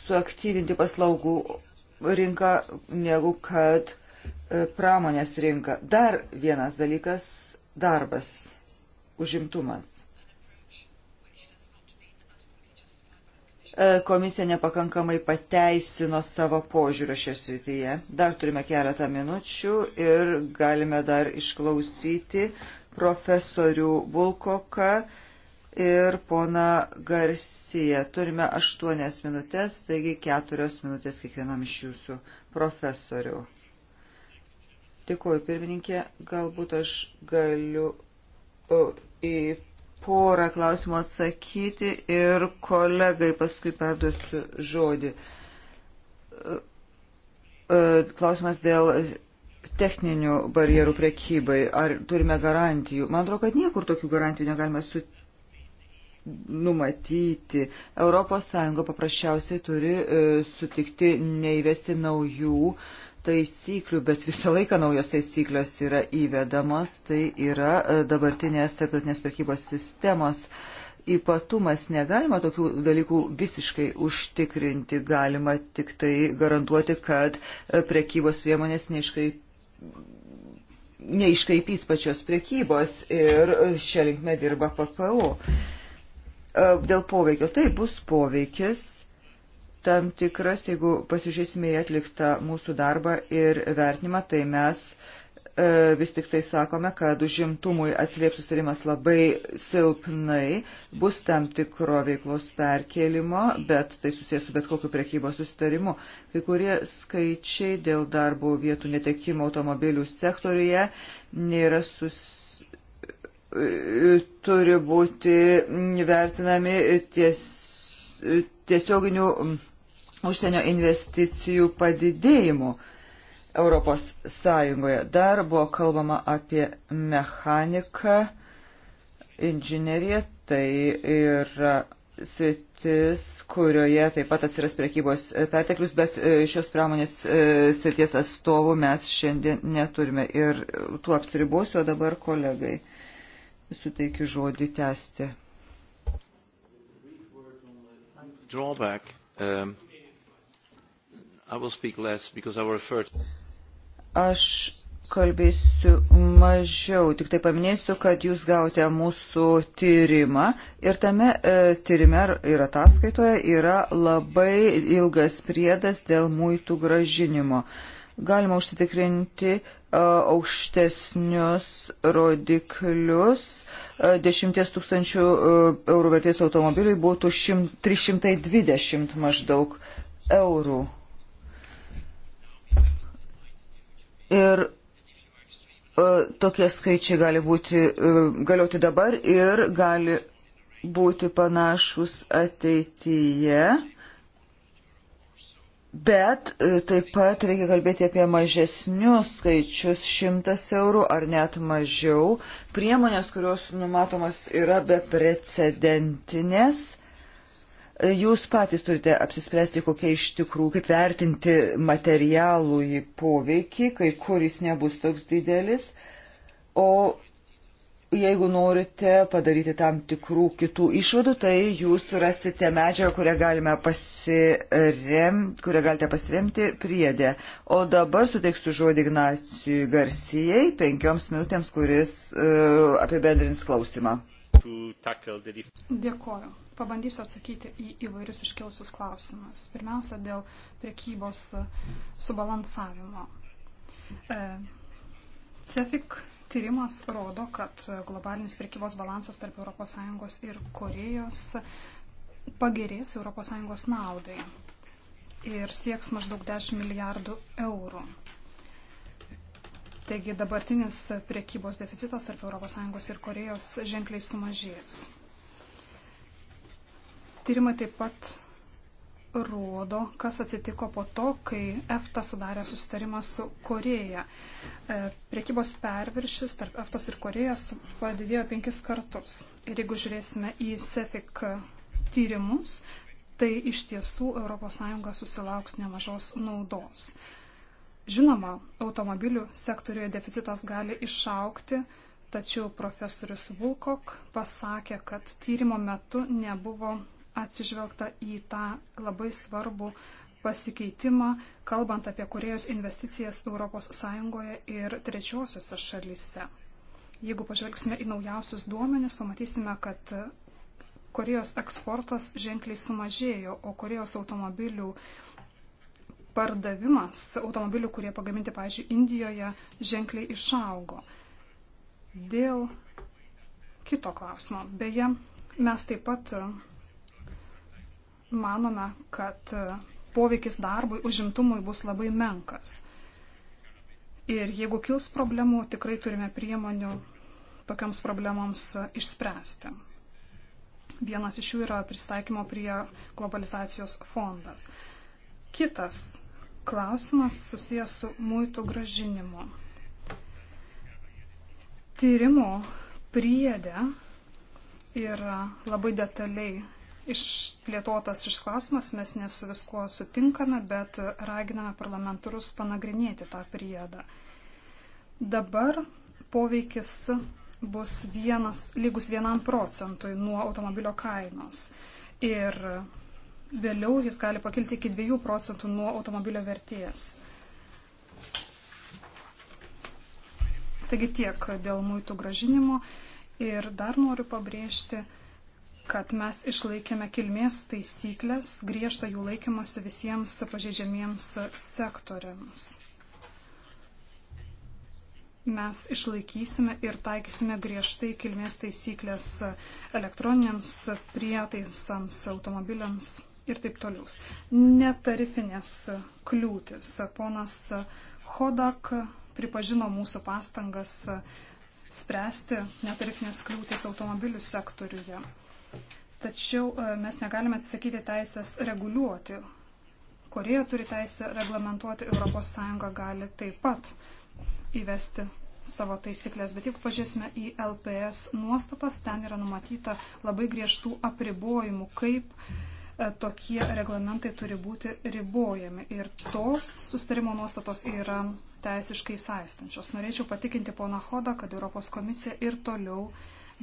suaktyvinti paslaugų rinką negu kad e, pramonės rinka. Dar vienas dalykas - darbas, užimtumas. E, komisija nepakankamai pateisino savo požiūrio šioje srityje. Dar turime keletą minučių ir galime dar išklausyti profesorių Bulkoką ir pona Garcija. Turime aštuonias minutės, taigi keturios minutės kiekvienam iš jūsų profesorių. Dėkuoju, pirmininkė. Galbūt aš galiu uh, į porą klausimų atsakyti ir kolegai paskui perduosiu žodį. Uh, uh, klausimas dėl techninių barjerų prekybai, ar turime garantijų. Man atrodo, kad niekur tokių garantijų negalime sutikti numatyti. ES paprasčiausiai turi e, sutikti neįvesti naujų taisyklių, bet visą laiką naujos taisyklės yra įvedamos. Tai yra e, dabartinės tarptautinės prekybos sistemos ypatumas negalima tokių dalykų visiškai užtikrinti, galima tik tai garantuoti, kad e, prekybos priemonės neiškaip neiškaipys pačios prekybos ir šią linkmę dirba PPO. E, dėl poveikio. Tai bus poveikis tam tikras, jeigu pasižiūrėsime į atliktą mūsų darbą ir vertinimą, tai mes e, vis tik tai sakome, kad užimtumui atsilieps susitarimas labai silpnai, bus tam tikro veiklos perkelimo, bet tai susijęs su bet kokiu priekybos susitarimu. Kai kurie skaičiai dėl darbo vietų netekimo automobilių sektoriuje nėra susijęs turi būti vertinami ties, tiesioginių užsienio investicijų padidėjimu Europos Sąjungoje. Dar buvo kalbama apie mechaniką, inžineriją, tai yra sritis, kurioje taip pat atsiras prekybos perteklius, bet e, šios pramonės e, srities atstovų mes šiandien neturime ir tuo apsiribosiu, o dabar kolegai suteikiu žodį tęsti. Drawback. Um, I will speak less because I referred. Aš kalbėsiu mažiau, tik tai paminėsiu, kad jūs gaute mūsų tyrimą ir tame e, tyrime ir ataskaitoje yra labai ilgas priedas dėl muitų gražinimo. Galima užsitikrinti, aukštesnius rodiklius. 10 tūkstančių eurų vertės automobiliui būtų 320 maždaug eurų. Ir tokie skaičiai gali būti galioti dabar ir gali būti panašus ateityje Bet e, taip pat reikia kalbėti apie mažesnius skaičius, šimtas eurų ar net mažiau. Priemonės, kurios numatomas yra beprecedentinės. E, jūs patys turite apsispręsti, kokie iš tikrųjų, kaip vertinti materialų į poveikį, kai kuris nebus toks didelis. O Jeigu norite padaryti tam tikrų kitų išvadų, tai jūs rasite medžiagą, kurią, pasirem, kurią galite pasiremti priedė. O dabar suteiksiu žodį Ignacijui Garcijai penkioms minutėms, kuris uh, apibendrins klausimą. Dėkoju. Pabandysiu atsakyti į įvairius iškilusius klausimus. Pirmiausia, dėl priekybos subalansavimo. E, CEFIC Tyrimas rodo, kad globalinis prekybos balansas tarp ES ir Korejos pagerės ES naudai ir sieks maždaug 10 milijardų eurų. Taigi dabartinis priekybos deficitas tarp ES ir Korejos ženkliai sumažės. Tyrimai taip pat rodo, kas atsitiko po to, kai EFTA sudarė susitarimą su Koreja. E, priekybos perviršis tarp EFTOS ir Korejos padidėjo penkis kartus. Ir jeigu žiūrėsime į SEFIC tyrimus, tai iš tiesų ES susilauks nemažos naudos. Žinoma, automobilių sektoriuje deficitas gali išaukti, tačiau profesorius Vulkok pasakė, kad tyrimo metu nebuvo atsižvelgta į tą labai svarbų pasikeitimą, kalbant apie Korejos investicijas ES ir trečiosiuose šalyse. Jeigu pažvelgsime į naujausius duomenis, pamatysime, kad Korejos eksportas ženkliai sumažėjo, o Korejos automobilių pardavimas, automobilių, kurie pagaminti, pavyzdžiui, Indijoje, ženkliai išaugo. Dėl kito klausimo. Beje, mes taip pat manome, kad poveikis darbui, užimtumui bus labai menkas. Ir jeigu kils problemų, tikrai turime priemonių tokiams problemams išspręsti. Vienas iš jų yra pristaikymo prie globalizacijos fondas. Kitas klausimas susijęs su muitų gražinimu. Tyrimo priedė yra labai detaliai išplėtotas šis klausimas, mes nesu viskuo sutinkame, bet raginame parlamentarus panagrinėti tą priedą. Dabar poveikis bus vienas, lygus vienam procentui nuo automobilio kainos. Ir vėliau jis gali pakilti iki 2 procentų nuo automobilio vertės. Taigi tiek dėl muitų gražinimo. Ir dar noriu pabrėžti, kad mes išlaikėme kilmės taisyklės, griežtą jų laikymasi visiems pažeidžiamiems sektoriams. Mes išlaikysime ir taikysime griežtai kilmės taisyklės elektroniniams prietaisams, automobiliams ir taip toliau. Netarifinės kliūtis. Ponas Hodak pripažino mūsų pastangas spręsti netarifinės kliūtis automobilių sektoriuje. Tačiau e, mes negalime atsisakyti teisės reguliuoti. Korėja turi teisę reglamentuoti, ES gali taip pat įvesti savo taisyklės. Bet jeigu pažiūrėsime į LPS nuostatas, ten yra numatyta labai griežtų apribojimų, kaip e, tokie reglamentai turi būti ribojami. Ir tos sustarimo nuostatos yra teisiškai saistančios. Norėčiau patikinti poną Hodą, kad Europos komisija ir toliau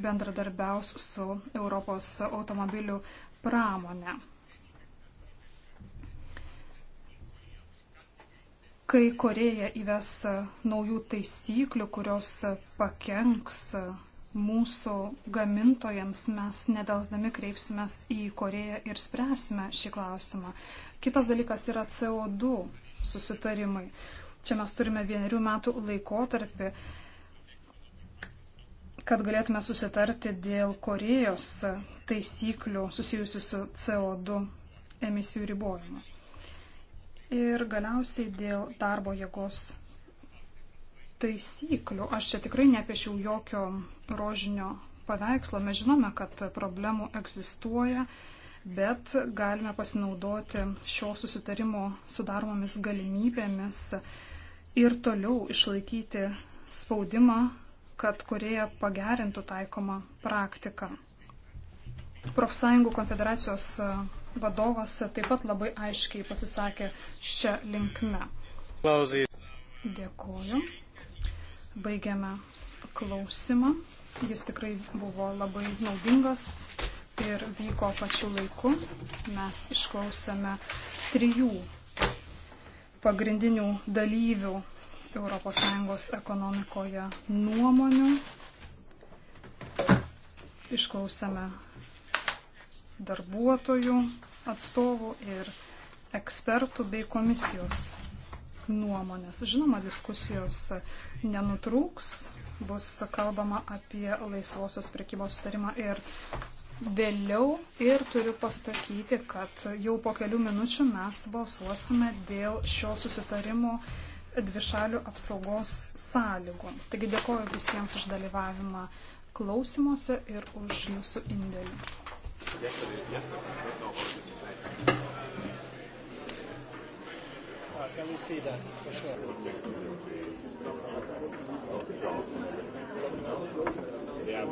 bendradarbiaus su Europos automobilių pramonė. Kai Koreja įves naujų taisyklių, kurios pakenks mūsų gamintojams mes nedelsdami kreipsimės į Koreją ir spręsime šį klausimą. Kitas dalykas yra CO2 susitarimai. Čia mes turime vienerių metų laikotarpį, kad galėtume susitarti dėl Korejos taisyklių susijusių su CO2 emisijų ribojimu. Ir galiausiai dėl darbo jėgos taisyklių. Aš čia tikrai nepiešiau jokio rožinio paveikslo. Mes žinome, kad problemų egzistuoja, bet galime pasinaudoti šio susitarimo sudaromomis galimybėmis ir toliau išlaikyti spaudimą kad Koreja pagerintų taikomą praktiką. Profsąjungų konfederacijos e, vadovas taip pat labai aiškiai pasisakė šią linkmę. Dėkuoju. Baigiame klausimą. Jis tikrai buvo labai naudingas ir vyko pačiu laiku. Mes išklausėme trijų pagrindinių dalyvių ES ekonomikoje nuomonių. Išklausėme darbuotojų atstovų ir ekspertų bei komisijos nuomonės. Žinoma, diskusijos nenutrūks, bus kalbama apie laisvosios prekybos sutarimą ir vėliau ir turiu pasakyti, kad jau po kelių minučių mes balsuosime dėl šio susitarimo dvišalių apsaugos sąlygų. Taigi dėkoju visiems už dalyvavimą klausimuose ir už jūsų indėlį. Can we see that for sure? They have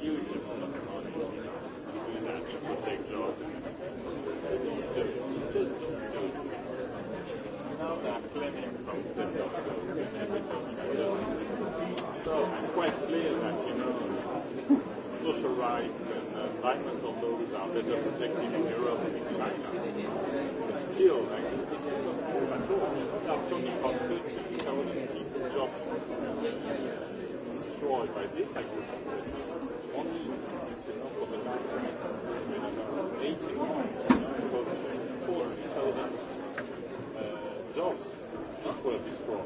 huge amount of money in that to protect all the So I'm quite clear that, you know, social rights and uh, environment of those are better protected in Europe than in China. But still, I don't think we don't prove at all. We are talking about 30,000 people jobs uh, destroyed by this agriculture. Only you know, for the last you know, 18 months, you know, it was 40,000 uh, jobs This work is for.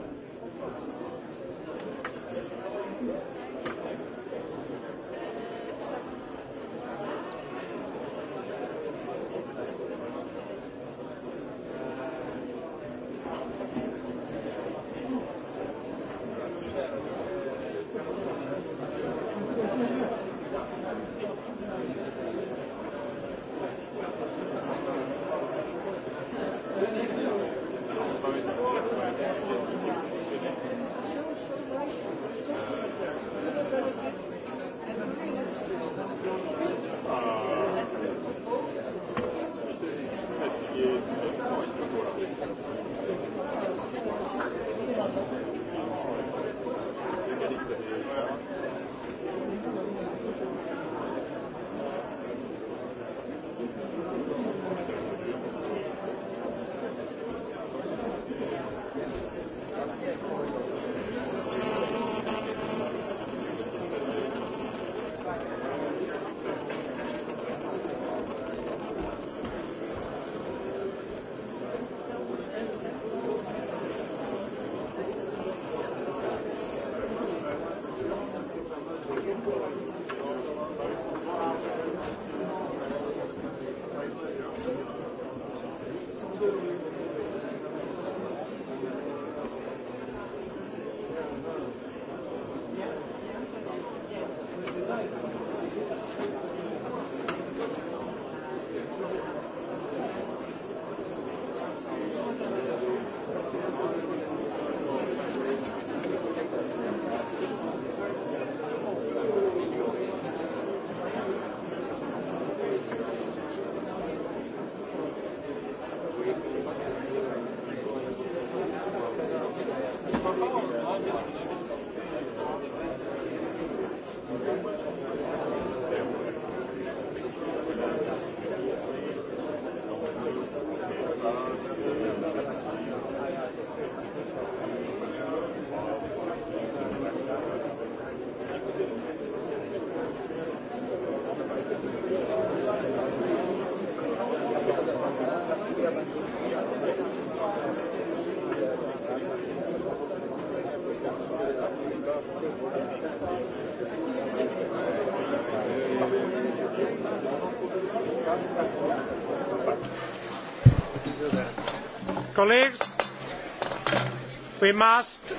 We must,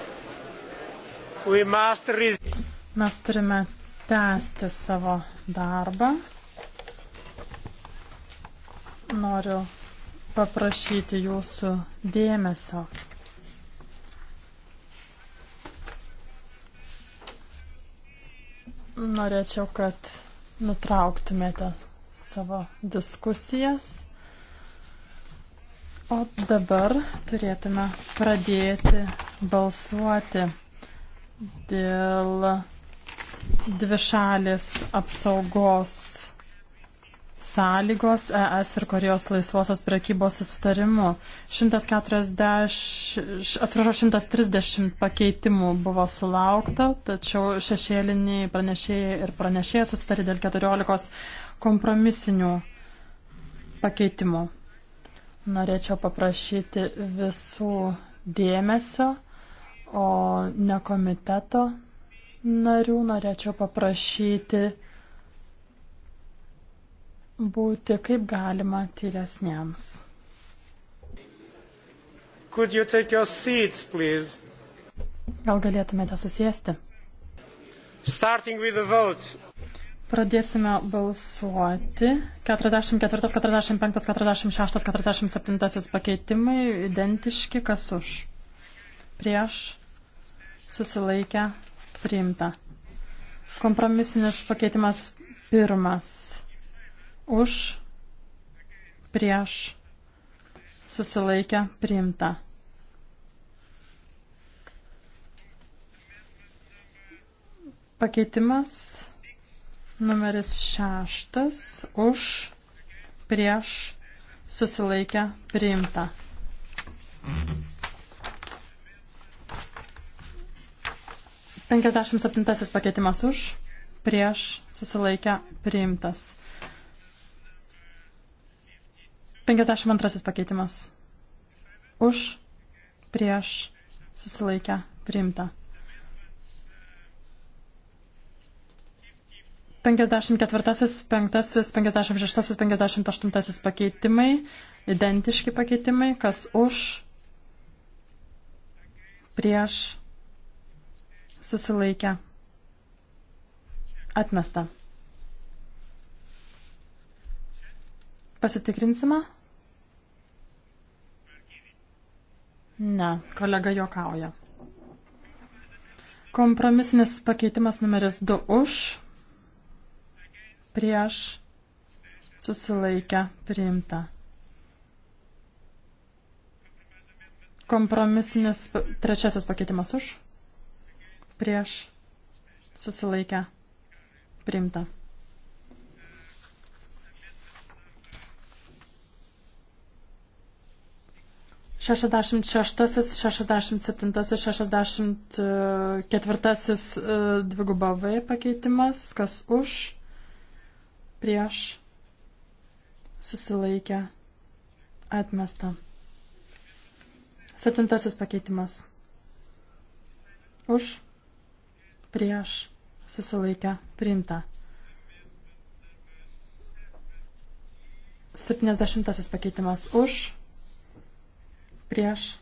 we must Mes turime tęsti savo darbą. Noriu paprašyti jūsų dėmesio. Norėčiau, kad nutrauktumėte savo diskusijas. O dabar turėtume pradėti balsuoti dėl dvišalės apsaugos sąlygos ES ir Korejos laisvosios prekybos susitarimu. 140, atsiprašau, 130 pakeitimų buvo sulaukta, tačiau šešėliniai pranešėjai ir pranešėjai susitarė dėl 14 kompromisinių pakeitimų. Norėčiau paprašyti visų dėmesio, o ne komiteto narių norėčiau paprašyti būti kaip galima tyresniems. Could you take your seats, please? Gal galėtumėte susėsti? Starting with the votes. Pradėsime balsuoti. 44, 45, 46, 47 pakeitimai identiški, kas už. Prieš susilaikę priimta. Kompromisinis pakeitimas pirmas. Už prieš susilaikę priimta. Pakeitimas Numeris šeštas už prieš susilaikę priimta. Penkiasdešimt septintasis pakeitimas už prieš susilaikę priimtas. 52 pakeitimas. Už, prieš, susilaikę, priimta. 54, 5, 56, 58 pakeitimai, identiški pakeitimai, kas už, prieš, susilaikę, atmesta. Pasitikrinsime? Ne, kolega juokauja. Kompromisinis pakeitimas numeris 2 už, prieš susilaikę priimta. Kompromisinis trečiasis pakeitimas už prieš susilaikę priimta. Šešiasdešimt šeštasis, šešiasdešimt septintasis, šešiasdešimt e, ketvirtasis e, dviguba V pakeitimas, kas už prieš susilaikę atmesta. Septintasis pakeitimas. Už prieš susilaikę priimta. Septyniasdešimtasis pakeitimas už prieš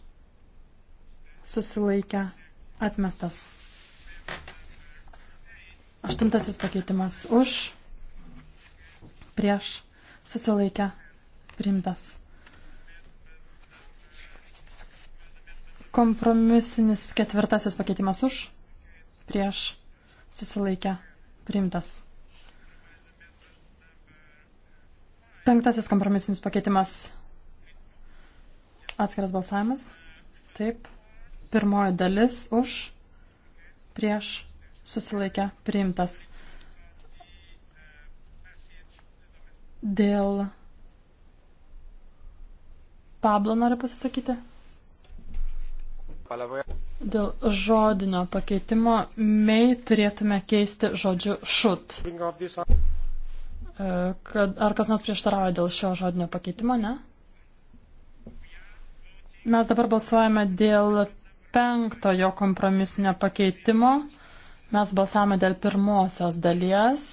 susilaikę atmestas. Aštuntasis pakeitimas už prieš susilaikę priimtas. Kompromisinis ketvirtasis pakeitimas už prieš susilaikę priimtas. Penktasis kompromisinis pakeitimas atskiras balsavimas. Taip. Pirmoji dalis už prieš susilaikę priimtas. Dėl Pablo nori pasisakyti? Dėl žodinio pakeitimo mei turėtume keisti žodžiu šut. E, kad, ar kas nors prieštarauja dėl šio žodinio pakeitimo, ne? Mes dabar balsuojame dėl penktojo kompromisinio pakeitimo. Mes balsavome dėl pirmosios dalies.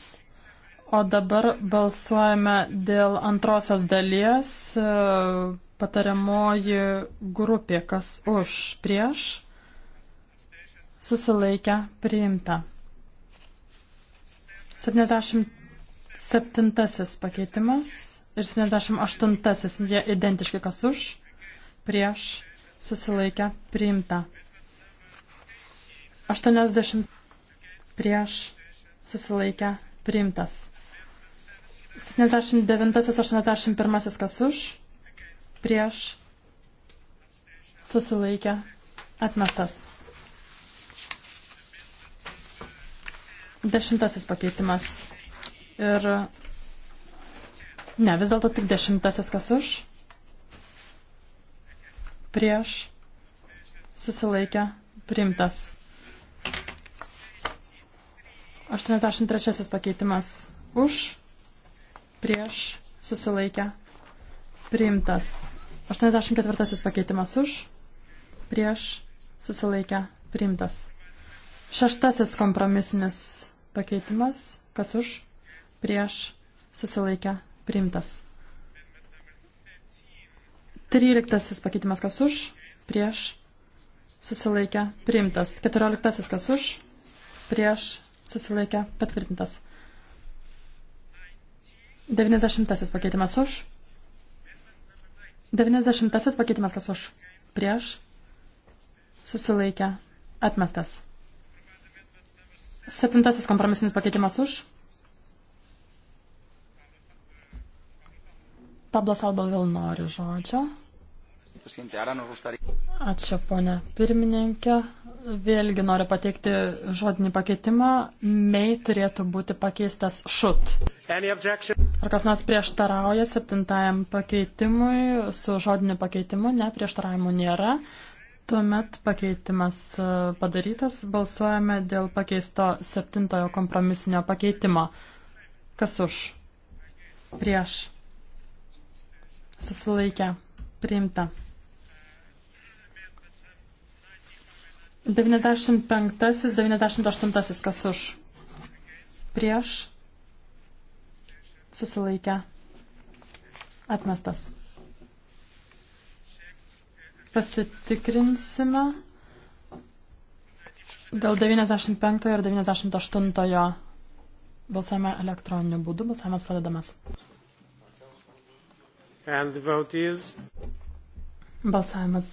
O dabar balsuojame dėl antrosios dalies. E, patariamoji grupė, kas už, prieš, susilaikę, priimta. 77 pakeitimas ir 78, jie identiški, kas už, prieš, susilaikę, priimta. 80 prieš, susilaikę, priimtas. 79-81 kas už, prieš, susilaikė, atmetas. Dešimtasis pakeitimas. Ir ne, vis dėlto tik dešimtasis kas už, prieš, susilaikė, priimtas. 83 pakeitimas už prieš susilaikę priimtas. 84 pakeitimas už, prieš susilaikę priimtas. Šeštasis kompromisinis pakeitimas, kas už, prieš susilaikę priimtas. Tryliktasis pakeitimas, kas už, prieš susilaikę priimtas. Keturioliktasis, kas už, prieš susilaikę patvirtintas. 90 pakeitimas už. 90 pakeitimas kas už. Prieš. Susilaikę. Atmestas. Septintasis kompromisinis pakeitimas už. Pablas Alba vėl nori žodžio. Ačiū, ponė pirmininkė. Vėlgi noriu pateikti žodinį pakeitimą. Mei turėtų būti pakeistas šut. Ar kas nors prieštarauja septintajam pakeitimui su žodiniu pakeitimu? Ne, prieštaravimų nėra. Tuomet pakeitimas e, padarytas. Balsuojame dėl pakeisto septintojo kompromisinio pakeitimo. Kas už? Prieš. Susilaikę. Priimta. 95, 98, kas už? Prieš? Susilaikę. Atmestas. Pasitikrinsime dėl 95 ir 98 balsavime elektroniniu būdu. Balsavimas pradedamas. And the vote is... Balsavimas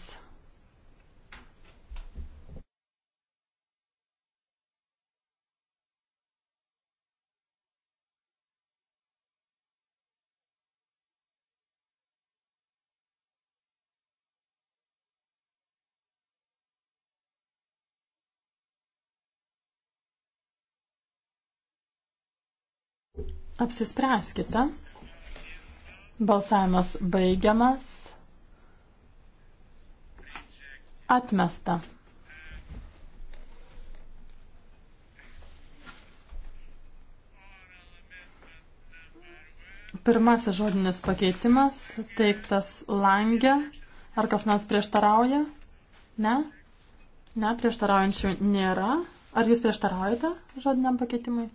Apsispręskite. Balsavimas baigiamas. Atmesta. Pirmasis žodinis pakeitimas teiktas langė. Ar kas nors prieštarauja? Ne? Ne, prieštaraujančių nėra. Ar jūs prieštaraujate žodiniam pakeitimui?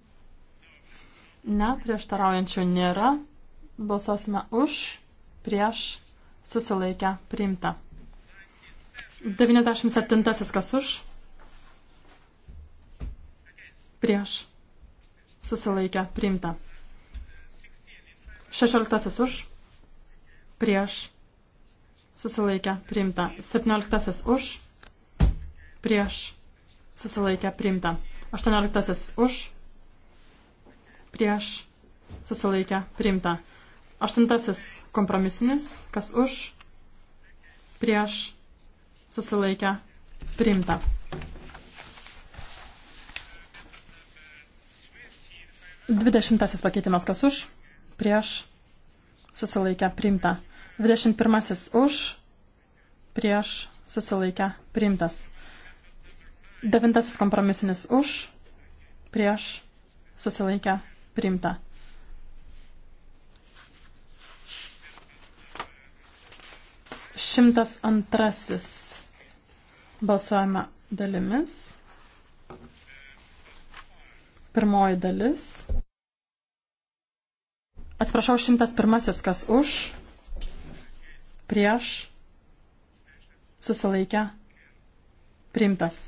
Ne, prieštaraujančių nėra. Balsuosime už, prieš, susilaikę, priimta. 97 kas už, prieš, susilaikę, priimta. 16 už, prieš, susilaikę, priimta. 17 už, prieš, susilaikę, priimta. 18 už, prieš susilaikę priimta. Aštuntasis kompromisinis, kas už, prieš susilaikę priimta. Dvidešimtasis pakeitimas, kas už, prieš susilaikę priimta. Dvidešimt pirmasis už, prieš susilaikę priimtas. Devintasis kompromisinis už, prieš susilaikę Primta. Šimtas antrasis. Balsuojame dalimis. Pirmoji dalis. Atsiprašau, šimtas pirmasis, kas už, prieš, susilaikę, primtas.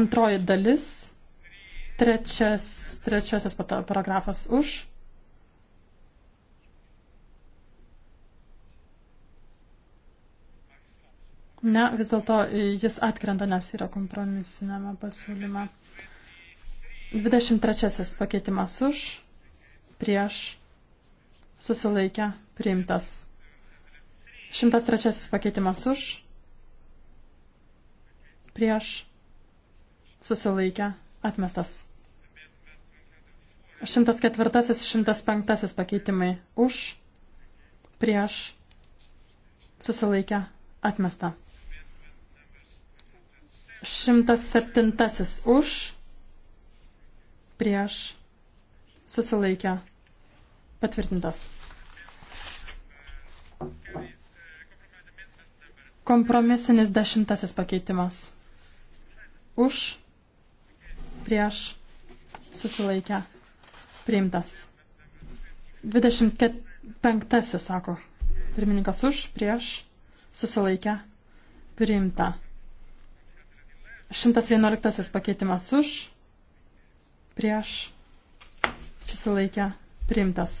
Antroji dalis Trečias, trečiasis paragrafas už. Ne, vis dėlto jis atkrenta, nes yra kompromisinėme pasiūlyme. 23 pakeitimas už, prieš, susilaikę, priimtas. 103 pakeitimas už, prieš, susilaikę, atmestas. 104, 105 pakeitimai už, prieš, susilaikę, atmesta. 107 už, prieš, susilaikę, patvirtintas. Kompromisinis dešimtasis pakeitimas. Už, prieš, susilaikę, priimtas. 25 sako pirmininkas už, prieš, susilaikę, priimta. 111 pakeitimas už, prieš, susilaikę, priimtas.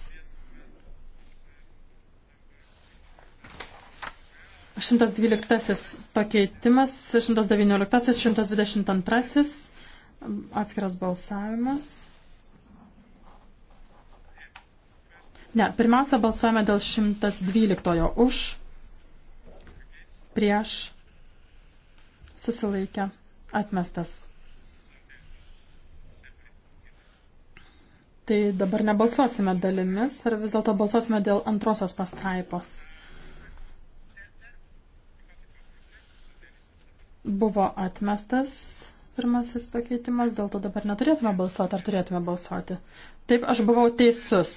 112 pakeitimas, 119, 122 atskiras balsavimas. Ne, pirmiausia balsuojame dėl 112 už, prieš, susilaikę, atmestas. Tai dabar nebalsuosime dalimis, ar vis dėlto balsuosime dėl antrosios pastraipos. Buvo atmestas pirmasis pakeitimas, dėl to dabar neturėtume balsuoti, ar turėtume balsuoti. Taip, aš buvau teisus.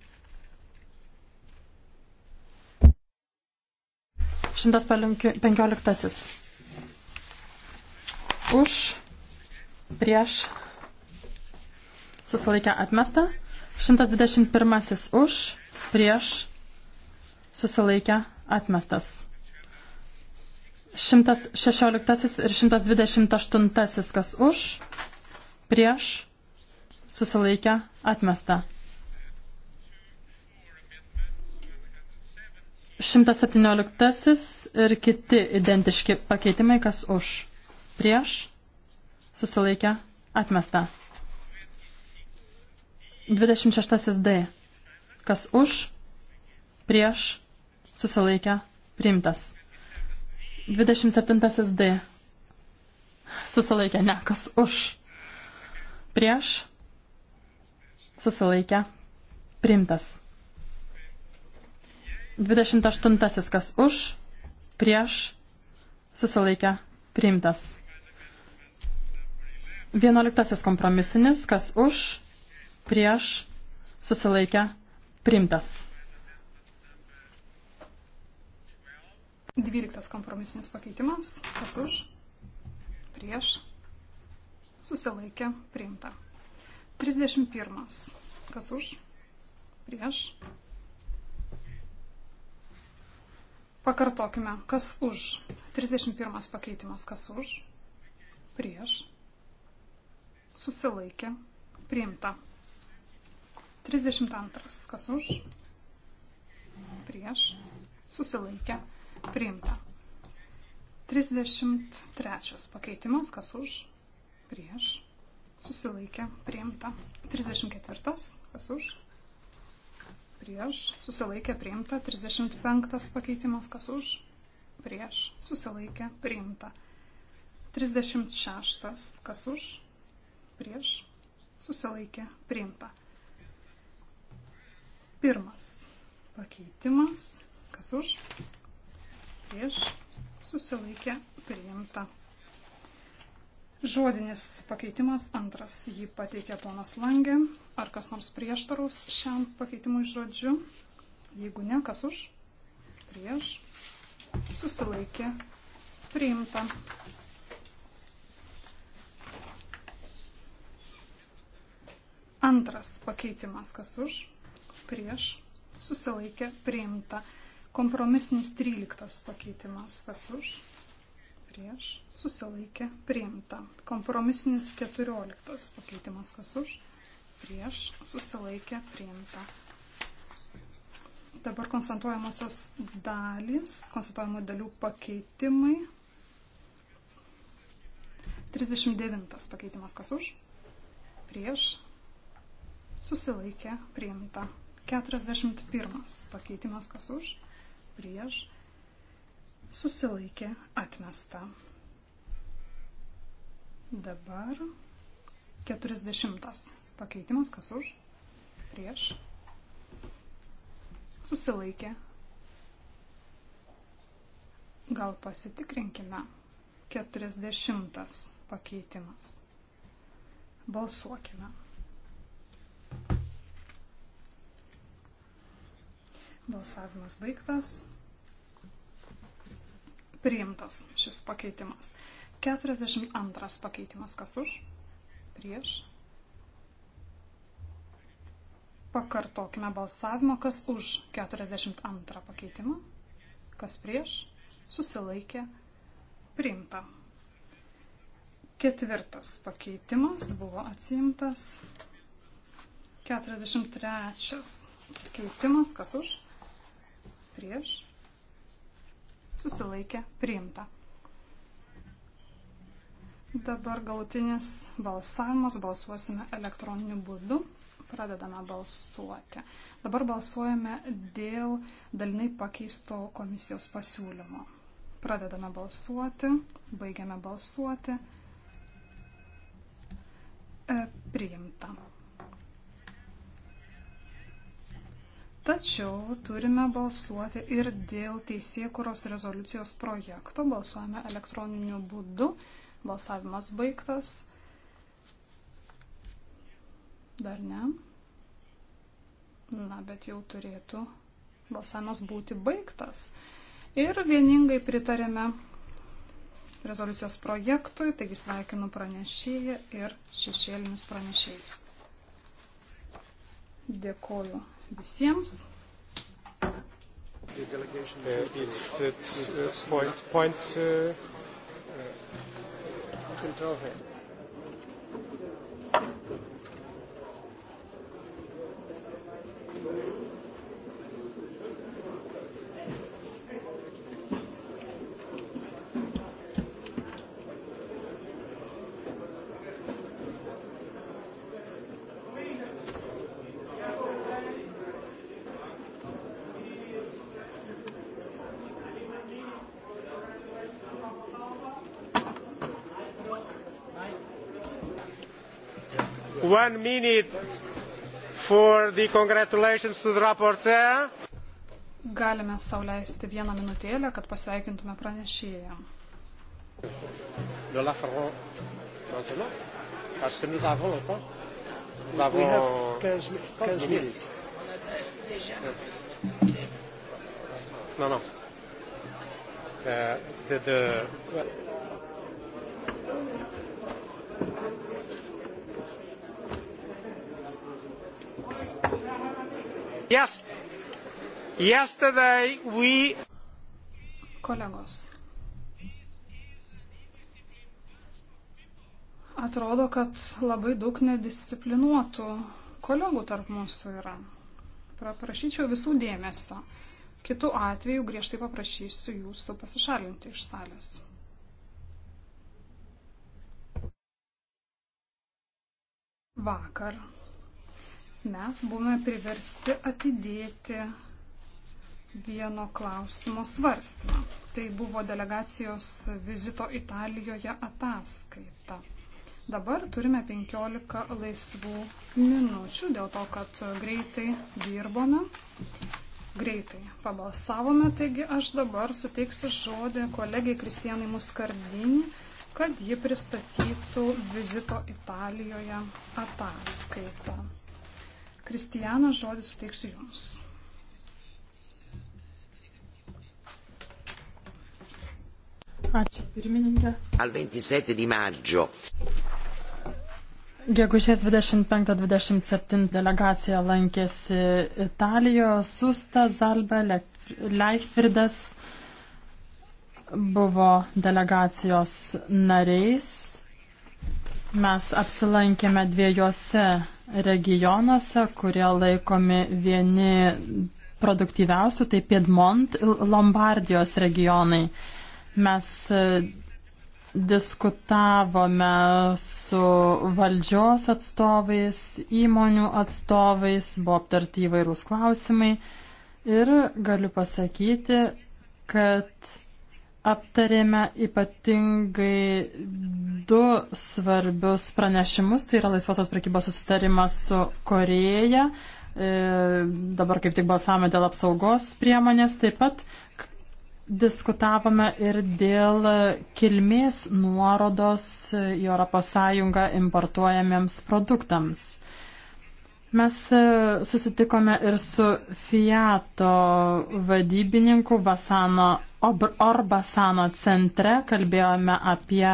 115. Už, prieš, susilaikę atmestą. 121. Už, prieš, susilaikę atmestas. 116 ir 128 kas už, prieš, susilaikę, atmesta. 117 ir kiti identiški pakeitimai, kas už, prieš, susilaikę, atmesta. 26 D, kas už, prieš, susilaikę, priimtas. 27 D, susilaikę, ne, kas už, prieš, susilaikę, priimtas. 28 kas už, prieš, susilaikę, priimtas. 11 kompromisinis kas už, prieš, susilaikę, priimtas. 12 kompromisinis pakeitimas kas už, prieš, susilaikę, priimta. 31 kas už, prieš, Pakartokime, kas už. 31 pakeitimas, kas už. Prieš. Susilaikė. Priimta. 32, kas už. Prieš. Susilaikė. Priimta. 33 pakeitimas, kas už. Prieš. Susilaikė. Priimta. 34, kas už prieš, susilaikė priimta, 35 pakeitimas, kas už, prieš, susilaikė priimta, 36 kas už, prieš, susilaikė priimta. Pirmas pakeitimas, kas už, prieš, susilaikė priimta. Žodinis pakeitimas antras jį pateikė ponas Langė. Ar kas nors prieštaraus šiam pakeitimui žodžiu? Jeigu ne, kas už? Prieš. Susilaikė. Priimta. Antras pakeitimas, kas už? Prieš. Susilaikė. Priimta. Kompromisinis 13 pakeitimas, kas už? prieš, susilaikė, priimta. Kompromisinis 14 pakeitimas kas už, prieš, susilaikė, priimta. Dabar konstantuojamosios dalys, konstantuojamų dalių pakeitimai. 39 pakeitimas kas už, prieš, susilaikė, priimta. 41 pakeitimas kas už, prieš, susilaikė atmesta. Dabar 40 pakeitimas, kas už, prieš, susilaikė. Gal pasitikrinkime 40 pakeitimas. Balsuokime. Balsavimas baigtas priimtas šis pakeitimas. 42 pakeitimas kas už? Prieš. Pakartokime balsavimą, kas už 42 pakeitimą, kas prieš, susilaikė, priimta. Ketvirtas pakeitimas buvo atsiimtas. 43 pakeitimas, kas už, prieš, susilaikė priimta. Dabar galutinis balsavimas, balsuosime elektroniniu būdu, pradedame balsuoti. Dabar balsuojame dėl dalinai pakeisto komisijos pasiūlymo. Pradedame balsuoti, baigiame balsuoti. E, priimta. Tačiau turime balsuoti ir dėl teisėkuros rezoliucijos projekto. Balsuojame elektroniniu būdu. Balsavimas baigtas. Dar ne. Na, bet jau turėtų balsavimas būti baigtas. Ir vieningai pritarėme rezoliucijos projektui, taigi sveikinu pranešėją ir šešėlinius pranešėjus. Dėkoju visiems. Uh, it's at uh, uh, point, point uh, you uh, can tell him. Thank you. one minute for the congratulations to the rapporteur. Galime sauliaisti vieną minutėlę, kad pasveikintume pranešėją. Lola Ferrand, maintenant, parce que nous avons le temps. Nous avons 15, 15 minutes. Non, non. Euh, de, de... Yes. Yesterday we. Kolegos. Atrodo, kad labai daug nedisciplinuotų kolegų tarp mūsų yra. Praprašyčiau visų dėmesio. Kitu atveju griežtai paprašysiu jūsų pasišalinti iš salės. Vakar mes buvome priversti atidėti vieno klausimo svarstymą. Tai buvo delegacijos vizito Italijoje ataskaita. Dabar turime 15 laisvų minučių dėl to, kad greitai dirbome, greitai pabalsavome. Taigi aš dabar suteiksiu žodį kolegiai Kristijanai Muskardinį kad ji pristatytų vizito Italijoje ataskaitą. Kristijanas, žodį suteiksiu Jums. Ačiū, pirmininkė. Al 27 di maggio. Gegužės 25-27 delegacija lankėsi Italijoje, Susta, Zalba, Leichtvirdas buvo delegacijos nariais. Mes apsilankėme dviejose regionuose, kurie laikomi vieni produktyviausių, tai Piedmont ir Lombardijos regionai. Mes e, diskutavome su valdžios atstovais, įmonių atstovais, buvo aptarti įvairūs klausimai ir galiu pasakyti, kad aptarėme ypatingai du svarbius pranešimus, tai yra laisvosios prekybos susitarimas su Koreja, e, dabar kaip tik balsavome dėl apsaugos priemonės, taip pat diskutavome ir dėl kilmės nuorodos į ES importuojamiems produktams. Mes e, susitikome ir su Fiato vadybininku Basano Orbasano centre, kalbėjome apie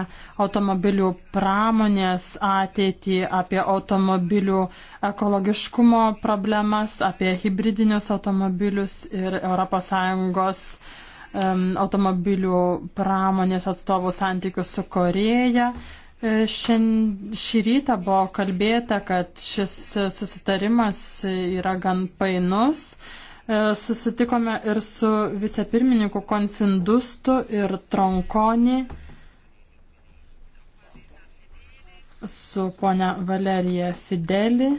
automobilių pramonės ateitį, apie automobilių ekologiškumo problemas, apie hybridinius automobilius ir ES um, automobilių pramonės atstovų santykius su Koreja. E, Šiandien šį rytą buvo kalbėta, kad šis susitarimas yra gan painus. E, susitikome ir su vicepirmininku Konfindustu ir Tronkoni, su ponia Valerija Fideli.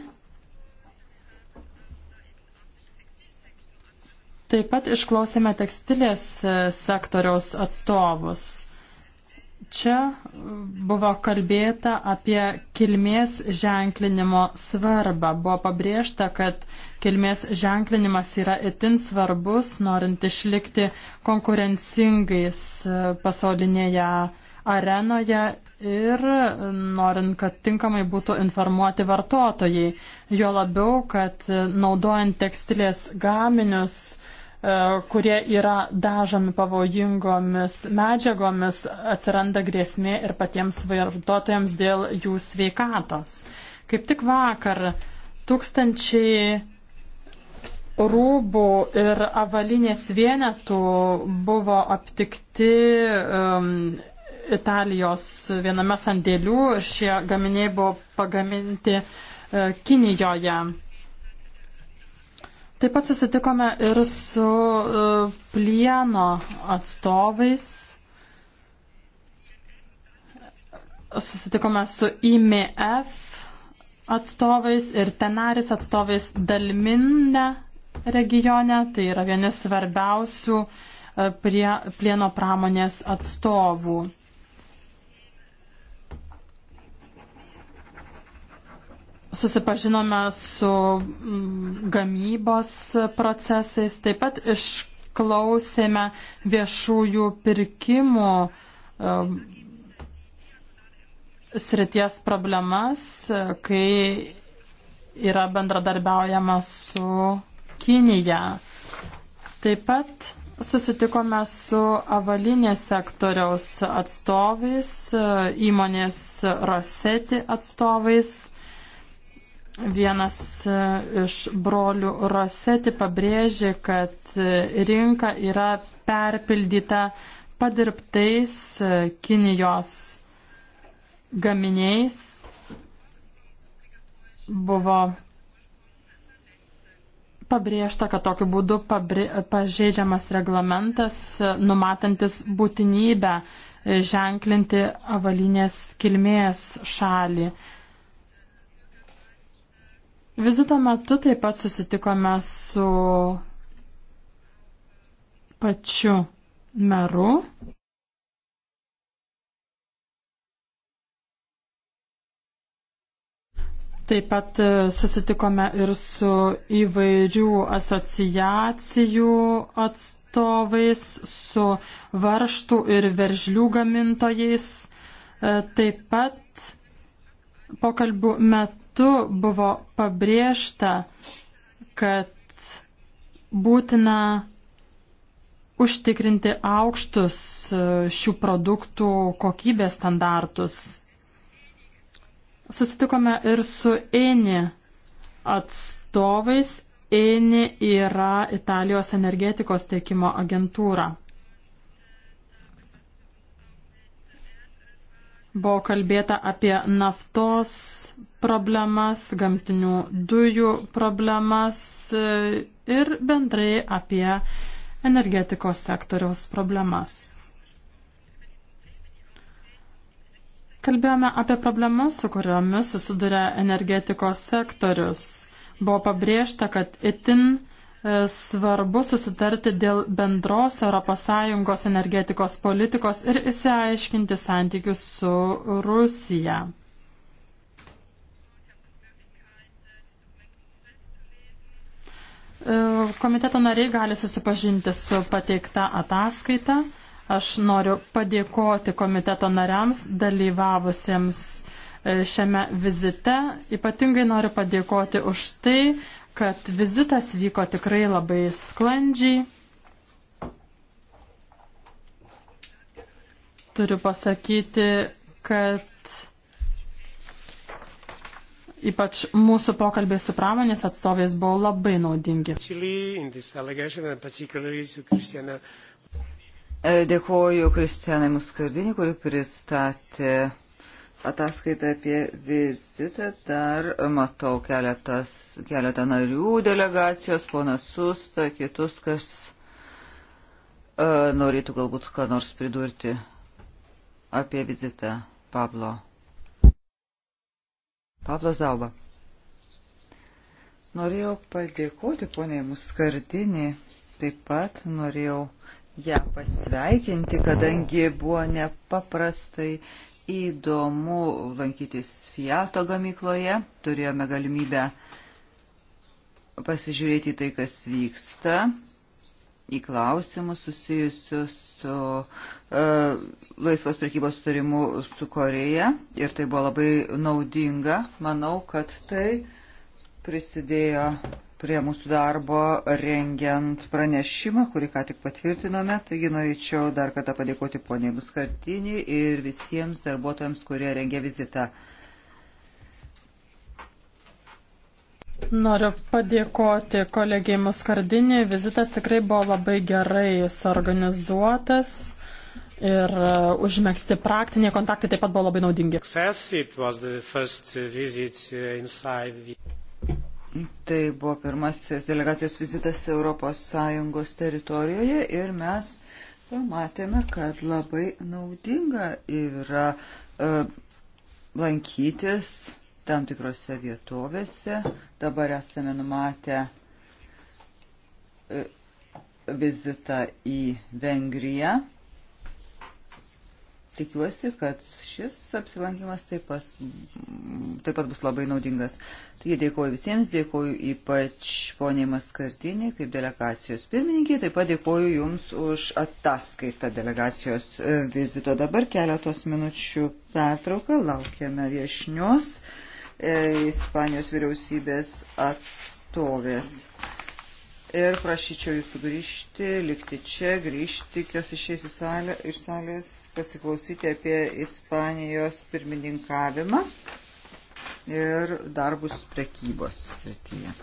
Taip pat išklausėme tekstilės e, sektoriaus atstovus. Čia e, buvo kalbėta apie kilmės ženklinimo svarbą. Buvo pabrėžta, kad kilmės ženklinimas yra itin svarbus, norint išlikti konkurencingais e, pasaulinėje arenoje ir e, norint, kad tinkamai būtų informuoti vartotojai. Jo labiau, kad naudojant tekstilės gaminius, E, kurie yra dažomi pavojingomis medžiagomis, atsiranda grėsmė ir patiems vartotojams dėl jų sveikatos. Kaip tik vakar tūkstančiai rūbų ir avalinės vienetų buvo aptikti um, Italijos viename sandėlių. Šie gaminiai buvo pagaminti uh, Kinijoje. Taip pat susitikome ir su e, plieno atstovais. Susitikome su IMF atstovais ir Tenaris atstovais Dalminne regione. Tai yra vienas svarbiausių e, prie plieno pramonės atstovų. Susipažinome su mm, gamybos procesais, taip pat išklausėme viešųjų pirkimų um, srities problemas, kai yra bendradarbiaujama su Kinija. Taip pat susitikome su avalinės sektoriaus atstovais, įmonės Rosetti atstovais. Vienas e, iš brolių Rosetti pabrėžė, kad e, rinka yra perpildyta padirbtais e, Kinijos gaminiais. Buvo pabrėžta, kad tokiu būdu pabrė, pažeidžiamas reglamentas, numatantis būtinybę ženklinti avalinės kilmės šalį. Vizito metu taip pat susitikome su pačiu meru. Taip pat e, susitikome ir su įvairių asociacijų atstovais, su varštų ir veržlių gamintojais. E, taip pat pokalbių metu metu buvo pabrėžta, kad būtina užtikrinti aukštus e, šių produktų kokybės standartus. Susitikome ir su ENI atstovais. ENI yra Italijos energetikos tiekimo agentūra. Buvo kalbėta apie naftos problemas, gamtinių dujų problemas e, ir bendrai apie energetikos sektoriaus problemas. Kalbėjome apie problemas, su kuriomis susiduria energetikos sektorius. Buvo pabrėžta, kad itin e, svarbu susitarti dėl bendros ES energetikos politikos ir įsiaiškinti santykius su Rusija. E, komiteto nariai gali susipažinti su pateikta ataskaita. Aš noriu padėkoti komiteto nariams dalyvavusiems e, šiame vizite. Ypatingai noriu padėkoti už tai, kad vizitas vyko tikrai labai sklandžiai. Turiu pasakyti, kad Ypač mūsų pokalbiai su pramonės atstovės buvo labai naudingi. E, Dėkuoju Kristianai Muskardinį, kuri pristatė ataskaitą apie vizitą. Dar matau keletas, keletą narių delegacijos, ponas Susta, kitus, kas e, norėtų galbūt ką nors pridurti apie vizitą Pablo. Pablo Zauba. Norėjau padėkoti poniai Muskardinį, taip pat norėjau ją pasveikinti, kadangi buvo nepaprastai įdomu lankytis Fiato gamykloje, turėjome galimybę pasižiūrėti tai, kas vyksta į klausimus susijusius su e, laisvos prekybos sutarimu su Koreja ir tai buvo labai naudinga. Manau, kad tai prisidėjo prie mūsų darbo rengiant pranešimą, kurį ką tik patvirtinome. Taigi norėčiau dar kartą padėkoti poniai Muskartinį ir visiems darbuotojams, kurie rengė vizitą. Noriu padėkoti kolegijai Muskardinį. Vizitas tikrai buvo labai gerai suorganizuotas ir uh, užmėgsti praktiniai kontaktai taip pat buvo labai naudingi. Uh, uh, tai buvo pirmasis delegacijos vizitas ES teritorijoje ir mes pamatėme, kad labai naudinga yra uh, lankytis tam tikrose vietovėse. Dabar esame numatę e, vizitą į Vengriją. Tikiuosi, kad šis apsilankimas taip, pas, taip pat bus labai naudingas. Taigi dėkoju visiems, dėkoju ypač poniai Maskartinį kaip delegacijos pirmininkė, taip pat dėkoju Jums už ataskaitą delegacijos e, vizito. Dabar keletos minučių pertrauką, laukiame viešnios. E, Ispanijos vyriausybės atstovės. Ir prašyčiau jūsų grįžti, likti čia, grįžti, kas išės salę, iš salės, pasiklausyti apie Ispanijos pirmininkavimą ir darbus prekybos srityje.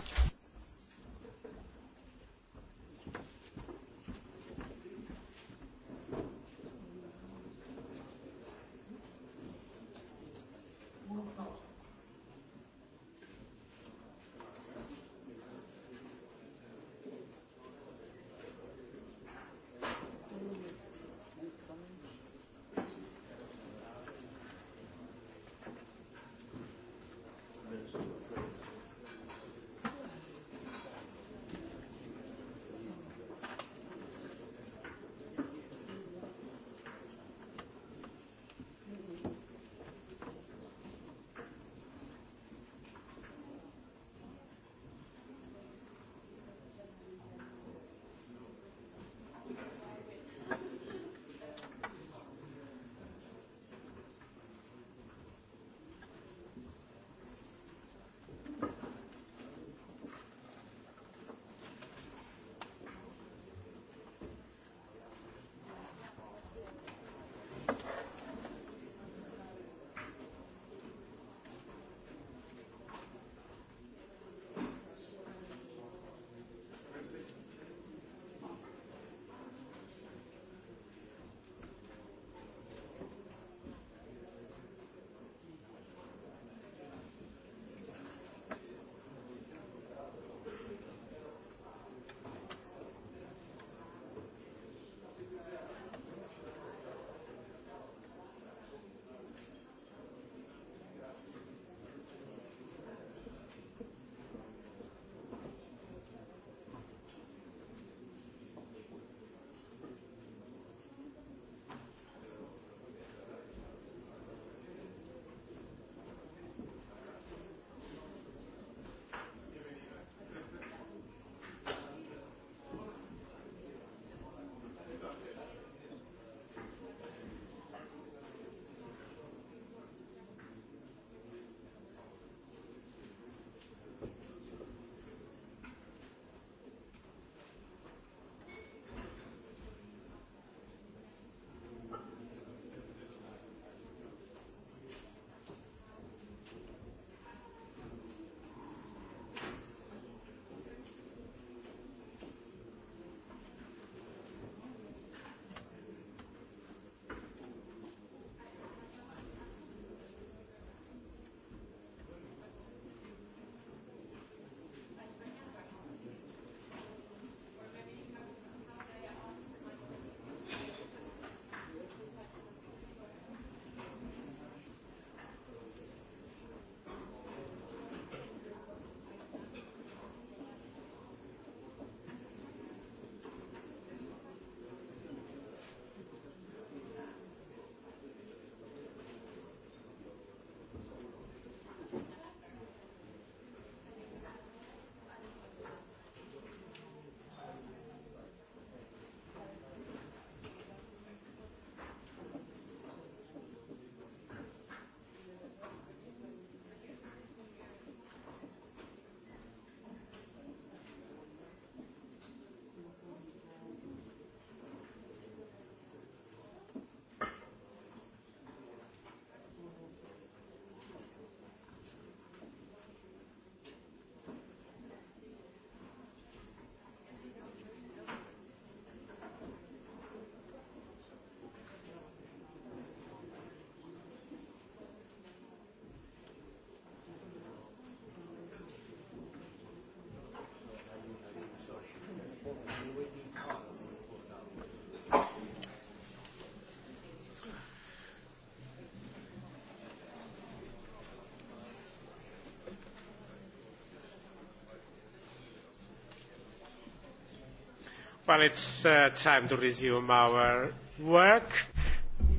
Well, it's uh, time to resume our work.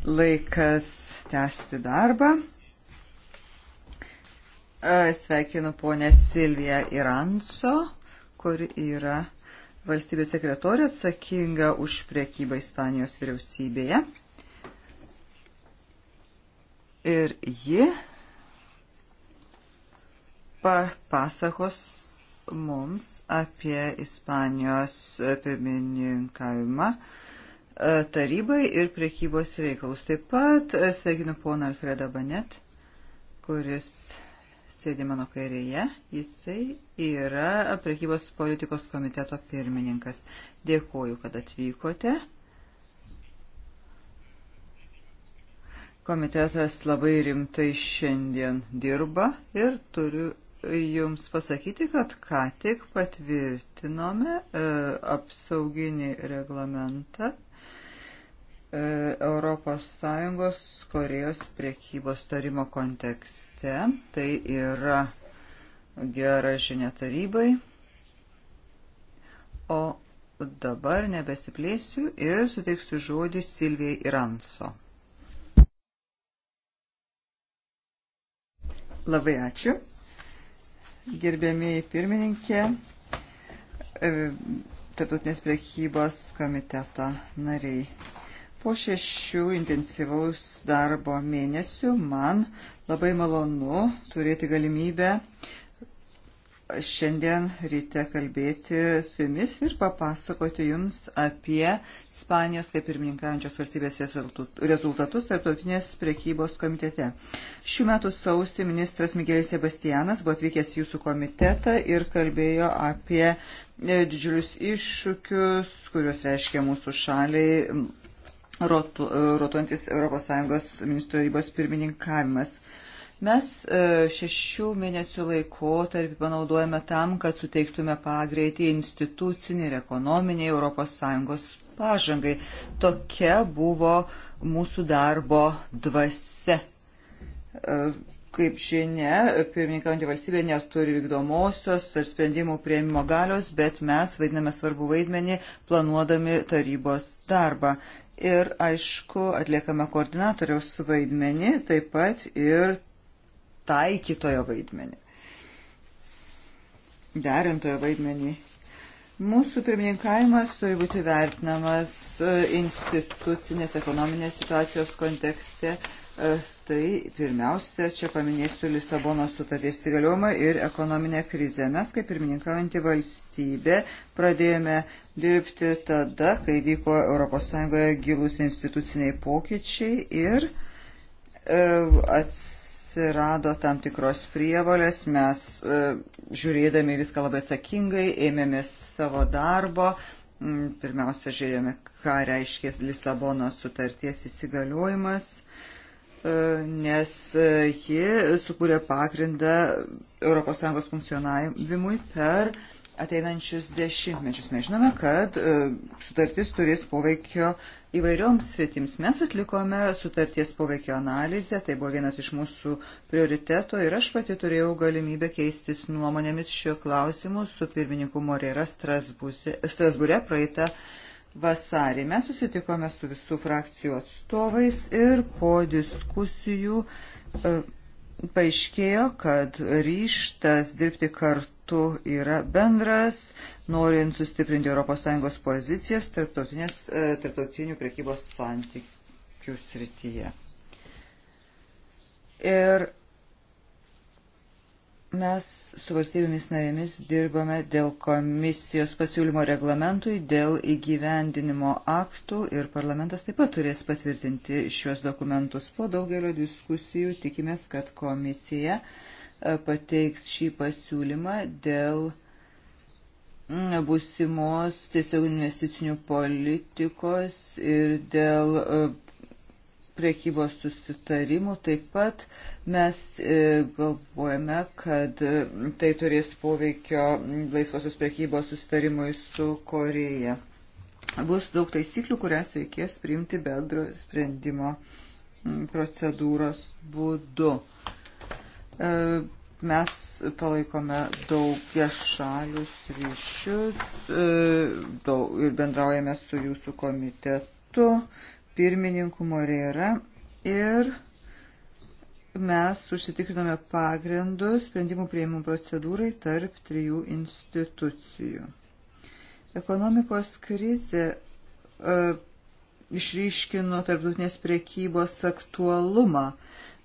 Laikas tęsti darbą. Sveikinu ponę Silviją Iranco, kuri yra valstybės sekretorė atsakinga už priekybą Ispanijos vyriausybėje. Ir ji papasakos mums apie Ispanijos pirmininkavimą e, tarybai ir priekybos reikalus. Taip pat e, sveikinu poną Alfredą Banet, kuris sėdi mano kairėje. Jisai yra priekybos politikos komiteto pirmininkas. Dėkuoju, kad atvykote. Komitetas labai rimtai šiandien dirba ir turiu Jums pasakyti, kad ką tik patvirtinome e, apsauginį reglamentą ES Korejos priekybos tarimo kontekste. Tai yra gera žinia tarybai. O dabar nebesiplėsiu ir suteiksiu žodį Silvijai Iranso. Labai ačiū gerbėmiai pirmininkė, e, Tarptautinės priekybos komiteto nariai. Po šešių intensyvaus darbo mėnesių man labai malonu turėti galimybę uh, šiandien ryte kalbėti su jumis ir papasakoti jums apie Ispanijos kaip pirmininkaujančios valstybės rezultatus tarptautinės prekybos komitete. Šių metų sausį ministras Miguelis Sebastianas buvo atvykęs į jūsų komitetą ir kalbėjo apie e, didžiulius iššūkius, kuriuos reiškia mūsų šaliai e, rotuojantis ES ministro rybos pirmininkavimas. Mes e, šešių mėnesių laikotarpį panaudojame tam, kad suteiktume pagreitį institucinį ir ekonominį ES pažangai. Tokia buvo mūsų darbo dvasia. E, kaip žinia, pirmininkaujantį valstybę neturi vykdomosios ar sprendimų prieimimo galios, bet mes vaidiname svarbu vaidmenį planuodami tarybos darbą. Ir aišku, atliekame koordinatoriaus vaidmenį, taip pat ir taikytojo vaidmenį, derintojo vaidmenį. Mūsų pirmininkavimas turi būti vertinamas e, institucinės ekonominės situacijos kontekste. E, tai pirmiausia, čia paminėsiu Lisabono sutarties įgaliojimą ir ekonominę krizę. Mes, kaip pirmininkaujantį valstybę, pradėjome dirbti tada, kai vyko ES gilus instituciniai pokyčiai ir e, atsisakė atsirado tam tikros prievolės, mes e, žiūrėdami viską labai atsakingai, ėmėmės savo darbo, mm, pirmiausia žiūrėjome, ką reiškia Lisabono sutarties įsigaliojimas, e, nes e, ji sukūrė pagrindą ES funkcionavimui per ateinančius dešimtmečius. Mes žinome, kad sutartis turės poveikio įvairioms sritims. Mes atlikome sutarties poveikio analizę, tai buvo vienas iš mūsų prioriteto ir aš pati turėjau galimybę keistis nuomonėmis šiuo klausimu su pirmininku Morera Strasbūre praeitą vasarį. Mes susitikome su visų frakcijų atstovais ir po diskusijų e, paaiškėjo, kad ryštas dirbti kartu metų yra bendras, norint sustiprinti ES pozicijas e, tarptautinių prekybos santykių srityje. Ir mes su valstybėmis narėmis dirbame dėl komisijos pasiūlymo reglamentui, dėl įgyvendinimo aktų ir parlamentas taip pat turės patvirtinti šiuos dokumentus. Po daugelio diskusijų tikimės, kad komisija uh, E, pateiks šį pasiūlymą dėl mm, būsimos tiesiog investicinių politikos ir dėl e, priekybos susitarimų. Taip pat mes e, galvojame, kad tai turės poveikio laisvosios priekybos susitarimui su Koreja. Bus daug taisyklių, kurias reikės priimti bendro sprendimo mm, procedūros būdu. Uh, E, mes palaikome daugia šalius ryšius e, daug, ir bendraujame su jūsų komitetu, pirmininku Morėra. Ir mes užsitikrinome pagrindus sprendimų prieimimų procedūrai tarp trijų institucijų. Ekonomikos krizė e, išryškino tarptautinės priekybos aktualumą.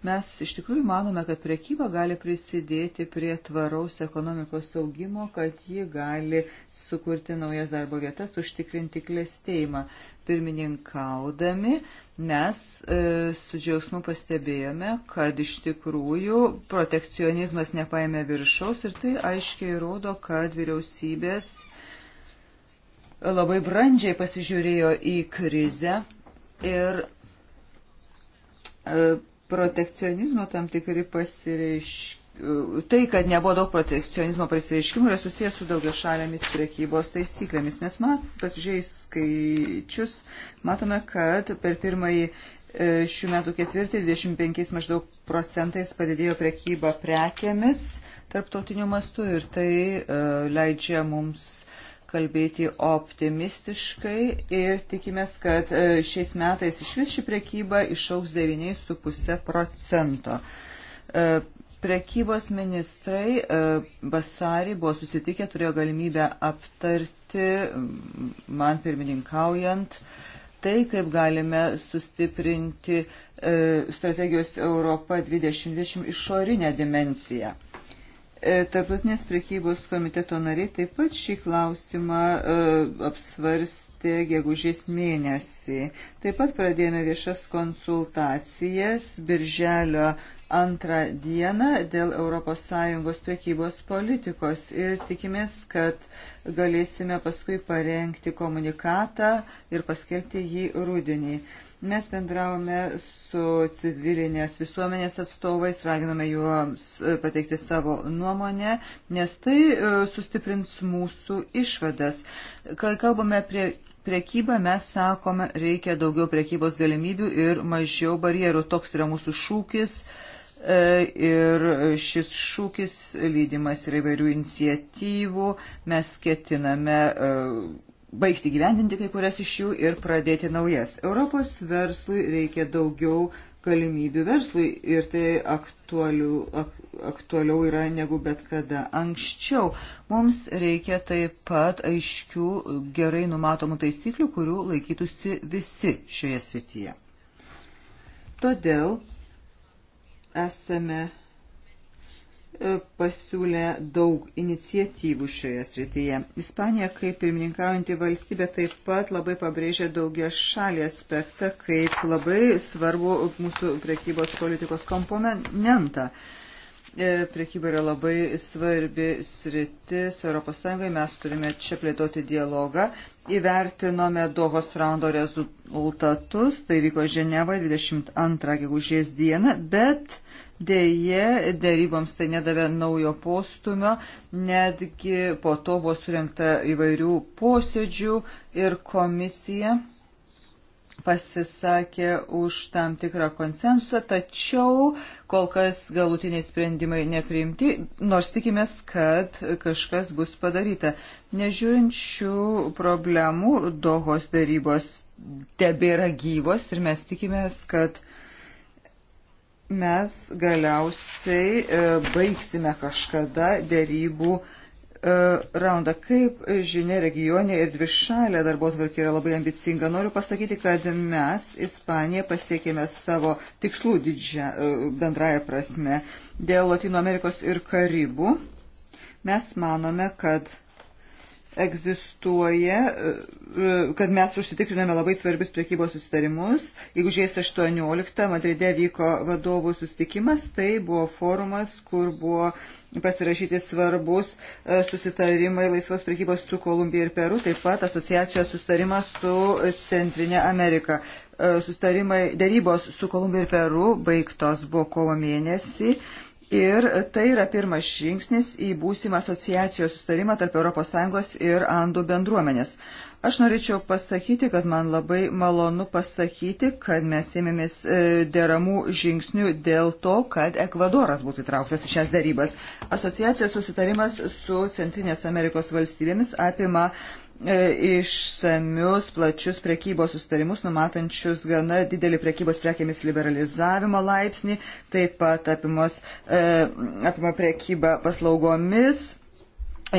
Mes iš tikrųjų manome, kad priekyba gali prisidėti prie tvaraus ekonomikos augimo, kad ji gali sukurti naujas darbo vietas, užtikrinti klėstėjimą. Pirmininkaudami mes e, su džiaugsmu pastebėjome, kad iš tikrųjų protekcionizmas nepaėmė viršaus ir tai aiškiai rodo, kad vyriausybės labai brandžiai pasižiūrėjo į krizę ir e, protekcionizmo tam tikri pasireiškimai. Tai, kad nebuvo daug protekcionizmo pasireiškimų, yra susijęs su daugia šalėmis priekybos taisyklėmis. Mes mat, pasižiūrėjus skaičius, matome, kad per pirmąjį e, šių metų ketvirtį 25 maždaug procentais padidėjo priekyba prekėmis tarptautiniu mastu ir tai e, leidžia mums kalbėti optimistiškai ir tikimės, kad e, šiais metais iš vis ši prekyba išauks 9,5 procento. E, prekybos ministrai e, vasarį buvo susitikę, turėjo galimybę aptarti, man pirmininkaujant, tai, kaip galime sustiprinti strategijos Europa 2020 išorinę dimenciją. E, tarptautinės priekybos komiteto nariai taip pat šį klausimą e, apsvarstė gegužės mėnesį. Taip pat pradėjome viešas konsultacijas birželio antrą dieną dėl ES priekybos politikos ir tikimės, kad galėsime paskui parengti komunikatą ir paskelbti jį rūdienį. Mes bendravome su civilinės visuomenės atstovais, raginome juos e, pateikti savo nuomonę, nes tai e, sustiprins mūsų išvadas. Kai kalbame prie Prekybą mes sakome, reikia daugiau prekybos galimybių ir mažiau barjerų. Toks yra mūsų šūkis e, ir šis šūkis lydimas yra įvairių iniciatyvų. Mes ketiname baigti gyvendinti kai kurias iš jų ir pradėti naujas. Europos verslui reikia daugiau galimybių verslui ir tai aktualiu, ak, aktualiau yra negu bet kada anksčiau. Mums reikia taip pat aiškių, gerai numatomų taisyklių, kurių laikytųsi visi šioje srityje. Todėl esame E, pasiūlė daug iniciatyvų šioje srityje. Ispanija, kaip pirmininkaujanti valstybė, taip pat labai pabrėžė daugia šalį aspektą kaip labai svarbu mūsų prekybos politikos komponentą. E, Priekyba yra labai svarbi sritis ES, mes turime čia plėtoti dialogą. Įvertinome Dohos raundo rezultatus, tai vyko Ženeva 22 gegužės dieną, bet dėje dėryboms tai nedavė naujo postumio, netgi po to buvo surinkta įvairių posėdžių ir komisija pasisakė už tam tikrą konsensusą, tačiau kol kas galutiniai sprendimai nepriimti, nors tikimės, kad kažkas bus padaryta. Nežiūrint šių problemų, dohos darybos tebėra gyvos ir mes tikimės, kad mes galiausiai e, baigsime kažkada darybų E, raundą. Kaip žinia, regionė ir dvišalė darbo tvarkė yra labai ambicinga. Noriu pasakyti, kad mes, Ispanija, pasiekėme savo tikslų didžia, e, bendraja prasme. Dėl Latino Amerikos ir Karibų mes manome, kad egzistuoja, e, kad mes užsitikriname labai svarbius priekybos susitarimus. Jeigu žiais 18 Madride vyko vadovų susitikimas, tai buvo forumas, kur buvo pasirašyti svarbus e, susitarimai laisvos prekybos su Kolumbija ir Peru, taip pat asociacijos susitarimas su Centrinė Amerika. E, susitarimai darybos su Kolumbija ir Peru baigtos buvo kovo mėnesį Ir tai yra pirmas žingsnis į būsimą asociacijos sustarimą tarp ES ir Andų bendruomenės. Aš norėčiau pasakyti, kad man labai malonu pasakyti, kad mes ėmėmės e, deramų žingsnių dėl to, kad Ekvadoras būtų įtrauktas į šias darybas. Asociacijos susitarimas su Centrinės Amerikos valstybėmis apima uh, E, išsamius, plačius prekybos sustarimus, numatančius gana didelį prekybos prekėmis liberalizavimo laipsnį, taip pat apimos, e, apima prekybą paslaugomis,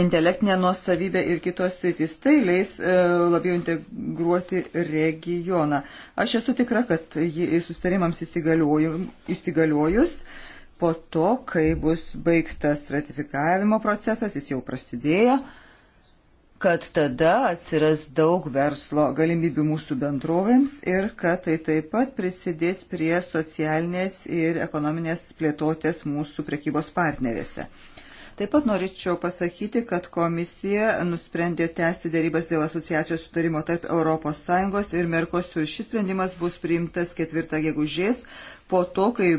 intelektinė nuosavybė ir kitos sritys. Tai leis e, labiau integruoti regioną. Aš esu tikra, kad sustarimams įsigaliojus po to, kai bus baigtas ratifikavimo procesas, jis jau prasidėjo, kad tada atsiras daug verslo galimybių mūsų bendrovėms ir kad tai taip pat prisidės prie socialinės ir ekonominės plėtotės mūsų prekybos partnerėse. Taip pat norėčiau pasakyti, kad komisija nusprendė tęsti dėrybas dėl asociacijos sutarimo tarp ES ir Merkosur. Šis sprendimas bus priimtas ketvirtą gegužės po to, kai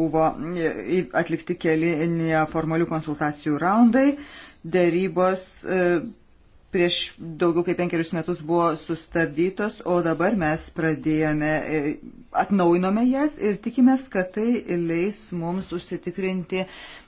buvo atlikti keli neformalių konsultacijų raundai. Dėrybos e, prieš daugiau kaip penkerius metus buvo sustabdytos, o dabar mes pradėjome, e, atnaujinome jas ir tikimės, kad tai leis mums užsitikrinti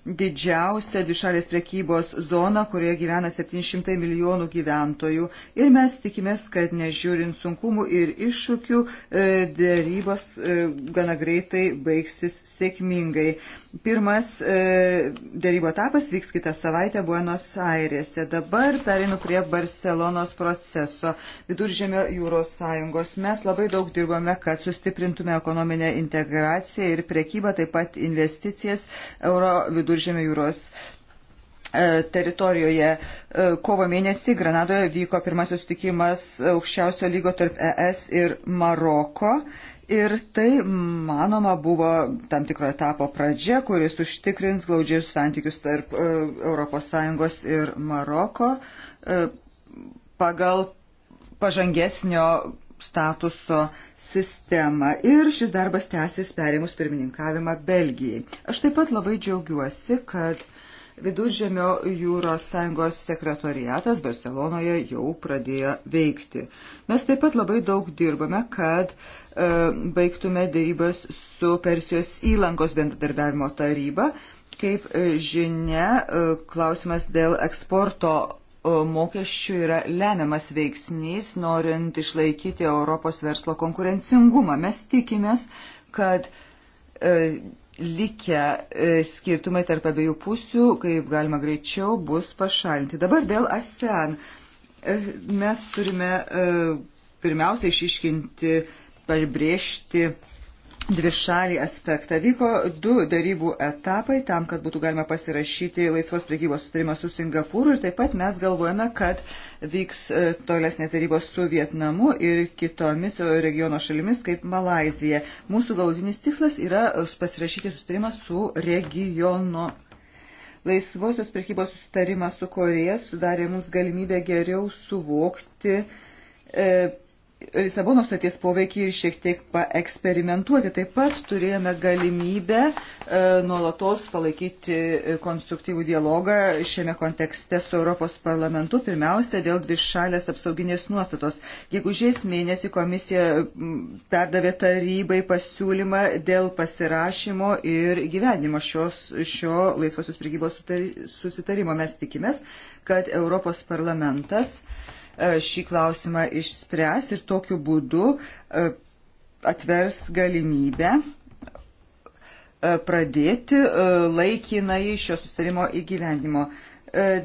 didžiausia dvišalės prekybos zona, kurioje gyvena 700 milijonų gyventojų. Ir mes tikimės, kad nežiūrint sunkumų ir iššūkių, e, dėrybos e, gana greitai baigsis sėkmingai. Pirmas e, dėrybo etapas vyks kitą savaitę Buenos Airėse. Dabar perinu prie Barcelonos proceso Viduržėmio jūros sąjungos. Mes labai daug dirbame, kad sustiprintume ekonominę integraciją ir prekybą, taip pat investicijas Euro viduržėmio viduržėmio jūros e, teritorijoje. E, kovo mėnesį Granadoje vyko pirmasis sutikimas aukščiausio lygo tarp ES ir Maroko. Ir tai, manoma, buvo tam tikro etapo pradžia, kuris užtikrins glaudžius santykius tarp ES ir Maroko e, pagal pažangesnio statuso sistemą ir šis darbas tęsis perėmus pirmininkavimą Belgijai. Aš taip pat labai džiaugiuosi, kad Viduržėmio jūros sąjungos sekretoriatas Barcelonoje jau pradėjo veikti. Mes taip pat labai daug dirbame, kad e, baigtume dėrybas su Persijos įlankos bendradarbiavimo taryba. Kaip e, žinia, e, klausimas dėl eksporto mokesčių yra lemiamas veiksnys, norint išlaikyti Europos verslo konkurencingumą. Mes tikimės, kad e, likę e, skirtumai tarp abiejų pusių, kaip galima greičiau, bus pašalinti. Dabar dėl ASEAN. E, mes turime pirmiausia išiškinti, pabrėžti dvišalį aspektą. Vyko du darybų etapai tam, kad būtų galima pasirašyti laisvos priekybos sutarimą su Singapūru ir taip pat mes galvojame, kad vyks e, tolesnės darybos su Vietnamu ir kitomis regiono šalimis kaip Malazija. Mūsų galutinis tikslas yra pasirašyti sutarimą su regionu. Laisvosios priekybos sutarimas su Koreja sudarė mums galimybę geriau suvokti e, Lisabono staties poveikį ir šiek tiek paeksperimentuoti. Taip pat turėjome galimybę e, nuolatos palaikyti konstruktyvų dialogą šiame kontekste su Europos parlamentu, pirmiausia dėl dvišalės apsauginės nuostatos. Gegužės mėnesį komisija perdavė tarybai pasiūlymą dėl pasirašymo ir gyvenimo šios, šio laisvosios prigybos susitarimo. Mes tikimės, kad Europos parlamentas e, E, šį klausimą išspręs ir tokiu būdu e, atvers galimybę e, pradėti laikinai šio sustarimo įgyvendimo.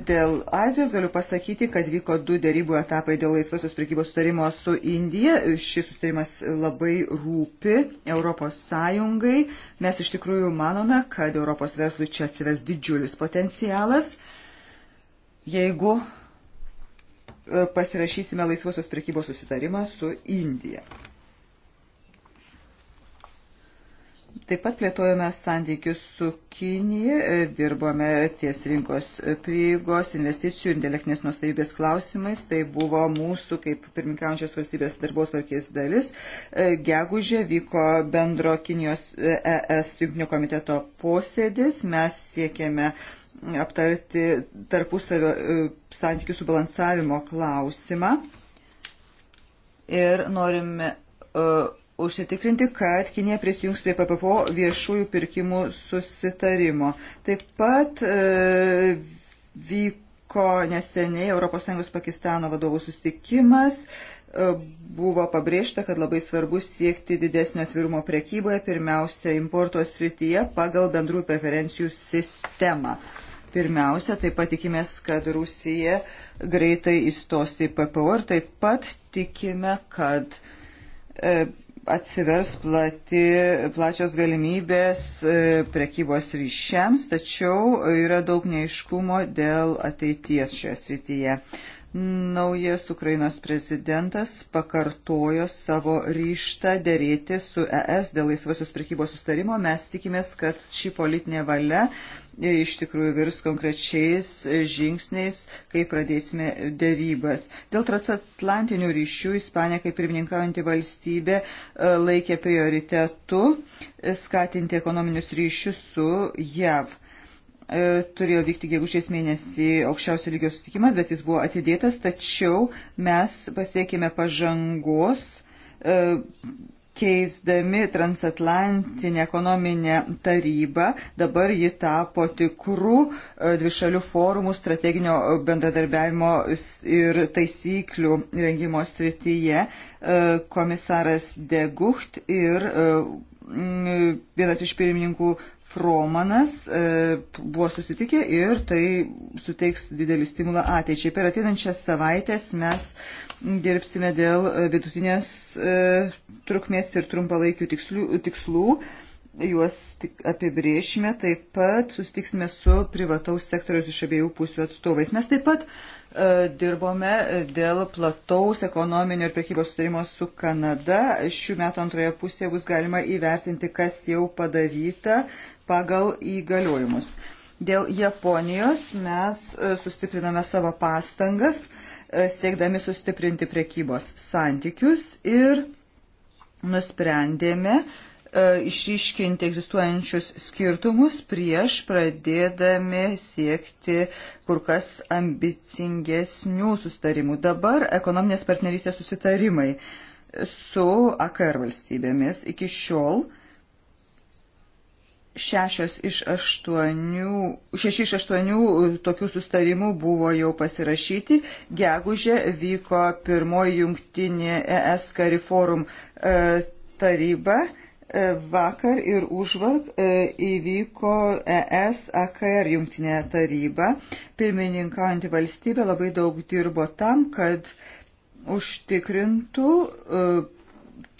Dėl Azijos galiu pasakyti, kad vyko du dėrybų etapai dėl laisvosios prekybos sutarimo su Indija. Šis sutarimas labai rūpi Europos Sąjungai. Mes iš tikrųjų manome, kad Europos verslui čia atsivers didžiulis potencialas, jeigu E, pasirašysime laisvosios prekybos susitarimą su Indija. Taip pat plėtojame santykius su Kinija, e, dirbome ties rinkos prieigos, investicijų, intelektinės nusavybės klausimais. Tai buvo mūsų, kaip pirmininkiaujančios valstybės darbo tvarkės dalis. E, Gegužė vyko bendro Kinijos ES jungtinio komiteto posėdis. Mes siekėme uh, aptarti tarpusavio e, santykių subalansavimo klausimą ir norime uh, užsitikrinti, kad Kinė prisijungs prie PPO viešųjų pirkimų susitarimo. Taip pat uh, vyko neseniai ES Pakistano vadovų sustikimas. Uh, E, buvo pabrėžta, kad labai svarbu siekti didesnio atvirumo prekyboje, pirmiausia, importo srityje pagal bendrų preferencijų sistemą. Pirmiausia, taip pat tikimės, kad Rusija greitai įstos į PPO ir taip pat tikime, kad e, atsivers plati, plačios galimybės e, prekybos ryšiams, tačiau yra daug neiškumo dėl ateities šioje srityje. Naujas Ukrainos prezidentas pakartojo savo ryštą dėrėti su ES dėl laisvosios prekybos sustarimo. Mes tikimės, kad ši politinė valia iš tikrųjų virs konkrečiais žingsniais, kai pradėsime dėrybas. Dėl transatlantinių ryšių Ispanija, kaip pirmininkaujanti valstybė, e, laikė prioritetu skatinti ekonominius ryšius su JAV. E, turėjo vykti gegužės mėnesį aukščiausio lygio sutikimas, bet jis buvo atidėtas, tačiau mes pasiekėme pažangos e, keisdami transatlantinę ekonominę tarybą. Dabar ji tapo tikrų e, dvišalių forumų strateginio bendradarbiavimo ir taisyklių rengimo srityje. Komisaras Degucht ir vienas iš pirmininkų Fromanas e, buvo susitikę ir tai suteiks didelį stimulą ateičiai. Per ateinančias savaitės mes dirbsime dėl e, vidutinės e, trukmės ir trumpalaikių tikslių, tikslų. Juos tik apibriešime, taip pat susitiksime su privataus sektoriaus iš abiejų pusių atstovais. Mes taip pat e, dirbome dėl plataus ekonominio ir prekybos sutarimo su Kanada. Šių metų antroje pusėje bus galima įvertinti, kas jau padaryta, pagal įgaliojimus. Dėl Japonijos mes e, sustiprinome savo pastangas, e, siekdami sustiprinti prekybos santykius ir nusprendėme e, išryškinti egzistuojančius skirtumus prieš pradėdami siekti kur kas ambicingesnių sustarimų. Dabar ekonominės partnerystės susitarimai su AKR valstybėmis iki šiol uh, šešios iš aštuonių, šeši iš aštuonių e, tokių sustarimų buvo jau pasirašyti. Gegužė vyko pirmoji jungtinė ES kariforum e, taryba. E, vakar ir užvark įvyko ES AKR jungtinė taryba. Pirmininkaujantį valstybę labai daug dirbo tam, kad užtikrintų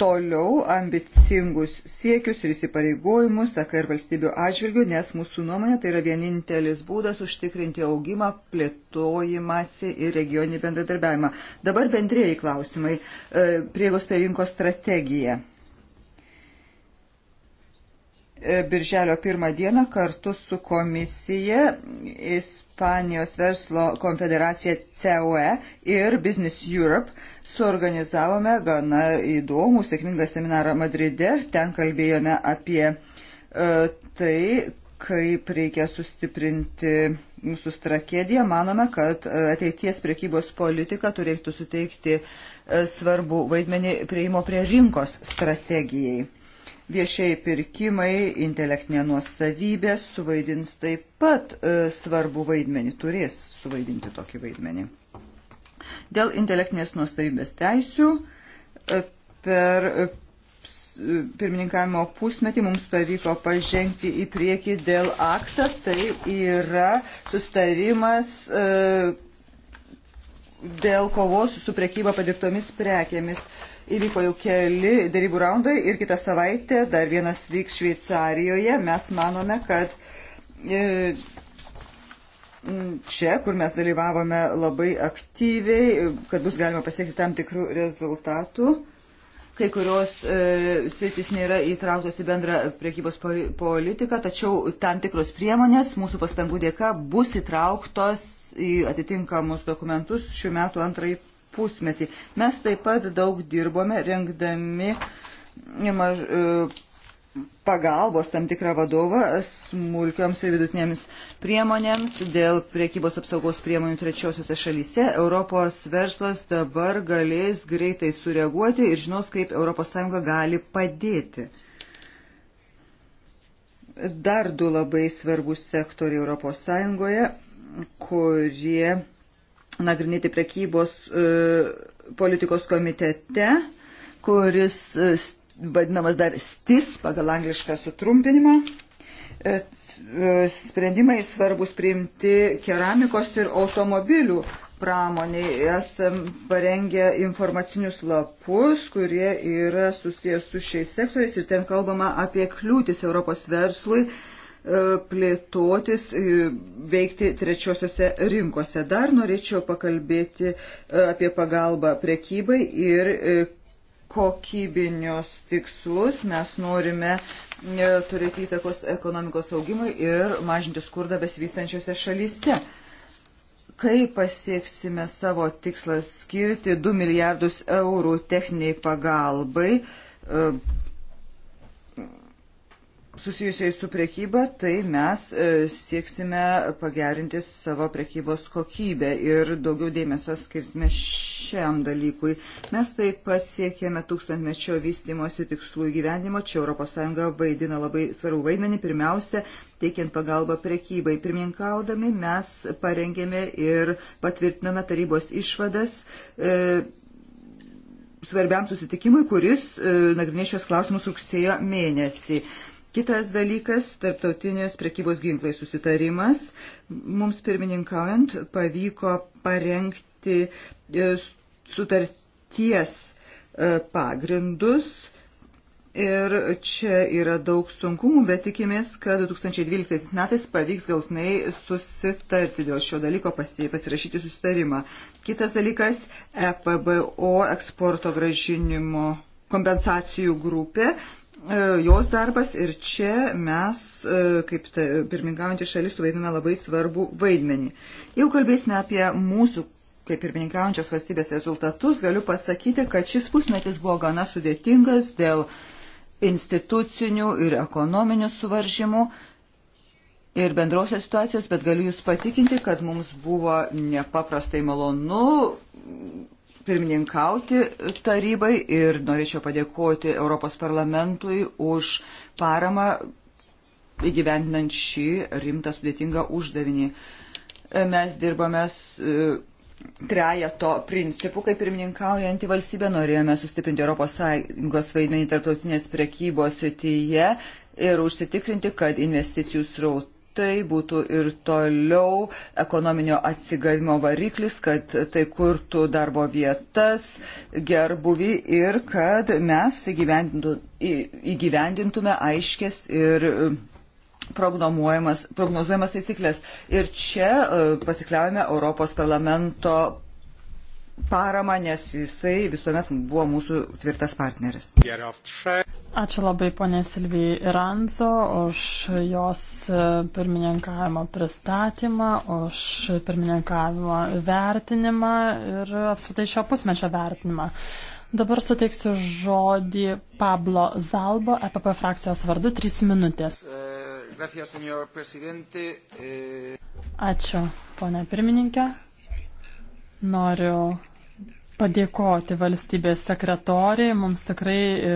toliau ambicingus siekius ir įsipareigojimus, saka ir valstybių atžvilgių, nes mūsų nuomonė tai yra vienintelis būdas užtikrinti augimą, plėtojimąsi ir regioninį bendradarbiavimą. Dabar bendrėjai klausimai. E, Priegos prie rinkos strategija. E, birželio pirmą dieną kartu su komisija Ispanijos verslo konfederacija COE ir Business Europe suorganizavome gana įdomų, sėkmingą seminarą Madride. Ten kalbėjome apie e, tai, kaip reikia sustiprinti mūsų strategiją. Manome, kad e, ateities priekybos politika turėtų suteikti e, svarbu vaidmenį prieimo prie rinkos strategijai Viešiai pirkimai, intelektinė nuosavybė suvaidins taip pat e, svarbu vaidmenį, turės suvaidinti tokį vaidmenį. Dėl intelektinės nuosavybės teisių e, per e, e, pirmininkavimo pusmetį mums pavyko pažengti į priekį dėl aktą, tai yra sustarimas e, dėl kovos su prekyba padirbtomis prekėmis. E, Įvyko jau keli darybų raundai ir kitą savaitę dar vienas vyks Šveicarijoje. Mes manome, kad e, čia, kur mes dalyvavome labai aktyviai, kad bus galima pasiekti tam tikrų rezultatų kai kurios e, sritis nėra įtrauktos į bendrą priekybos politiką, tačiau tam tikros priemonės mūsų pastangų dėka bus įtrauktos į atitinkamus dokumentus šiuo metu antrąjį pusmetį. Mes taip pat daug dirbome rengdami maž, e, pagalbos tam tikrą vadovą smulkioms ir vidutinėms priemonėms dėl priekybos apsaugos priemonių trečiosiuose šalyse. Europos verslas dabar galės greitai sureaguoti ir žinos, kaip ES gali padėti. Dar du labai svarbus sektoriai ES, kurie nagrinėti prekybos e, politikos komitete, kuris e, vadinamas dar STIS pagal anglišką sutrumpinimą. E, sprendimai svarbus priimti keramikos ir automobilių pramoniai. Esam parengę informacinius lapus, kurie yra susijęs su šiais sektoriais ir ten kalbama apie kliūtis Europos verslui E, plėtotis, e, veikti trečiosiose rinkose. Dar norėčiau pakalbėti e, apie pagalbą prekybai ir kokybinius tikslus mes norime turėti įtakos ekonomikos augimui ir mažinti skurdą besivystančiose šalyse. Kai pasieksime savo tikslas skirti 2 milijardus eurų techniniai pagalbai, susijusiais su priekyba, tai mes e, sieksime pagerinti savo priekybos kokybę ir daugiau dėmesio skirsime šiam dalykui. Mes taip pat siekėme tūkstantmečio vystimosi tikslų įgyvendimo. Čia ES vaidina labai svarbu vaidmenį. Pirmiausia, teikiant pagalbą prekybai. Pirmininkaudami mes parengėme ir patvirtinome tarybos išvadas. E, svarbiam susitikimui, kuris e, nagrinės šios klausimus rugsėjo mėnesį. E, Kitas dalykas - tarptautinės prekybos ginklai susitarimas. Mums pirmininkaujant pavyko parengti e, sutarties e, pagrindus. Ir čia yra daug sunkumų, bet tikimės, kad 2012 metais pavyks galtinai susitarti dėl šio dalyko, pasirašyti susitarimą. Kitas dalykas - EPBO eksporto gražinimo kompensacijų grupė E, jos darbas ir čia mes, e, kaip pirmininkaujantį šalis, suvaidiname labai svarbų vaidmenį. Jau kalbėsime apie mūsų, kaip pirmininkaujančios valstybės rezultatus, galiu pasakyti, kad šis pusmetis buvo gana sudėtingas dėl institucinių ir ekonominių suvaržymų ir bendrosios situacijos, bet galiu Jūs patikinti, kad mums buvo nepaprastai malonu pirmininkauti tarybai ir norėčiau padėkoti Europos parlamentui už paramą įgyvendinant šį rimtą sudėtingą uždavinį. Mes dirbame e, trejato principų, kaip pirmininkaujantį valstybę, norėjome sustiprinti ES vaidmenį tarptautinės prekybos srityje ir užsitikrinti, kad investicijų srautų tai būtų ir toliau ekonominio atsigavimo variklis, kad tai kurtų darbo vietas, gerbuvi ir kad mes įgyvendintume aiškės ir e, prognozuojamas taisyklės. Ir čia e, pasikliaujame Europos parlamento paramą, nes jisai visuomet buvo mūsų tvirtas partneris. Ačiū labai ponė Silvijai Iranzo už jos e, pirmininkavimo pristatymą, už pirmininkavimo vertinimą ir apskritai šio pusmečio vertinimą. Dabar suteiksiu žodį Pablo Zalbo, EPP frakcijos vardu, trys minutės. E, e, Ačiū, ponė pirmininkė. Noriu padėkoti valstybės sekretoriai. Mums tikrai e,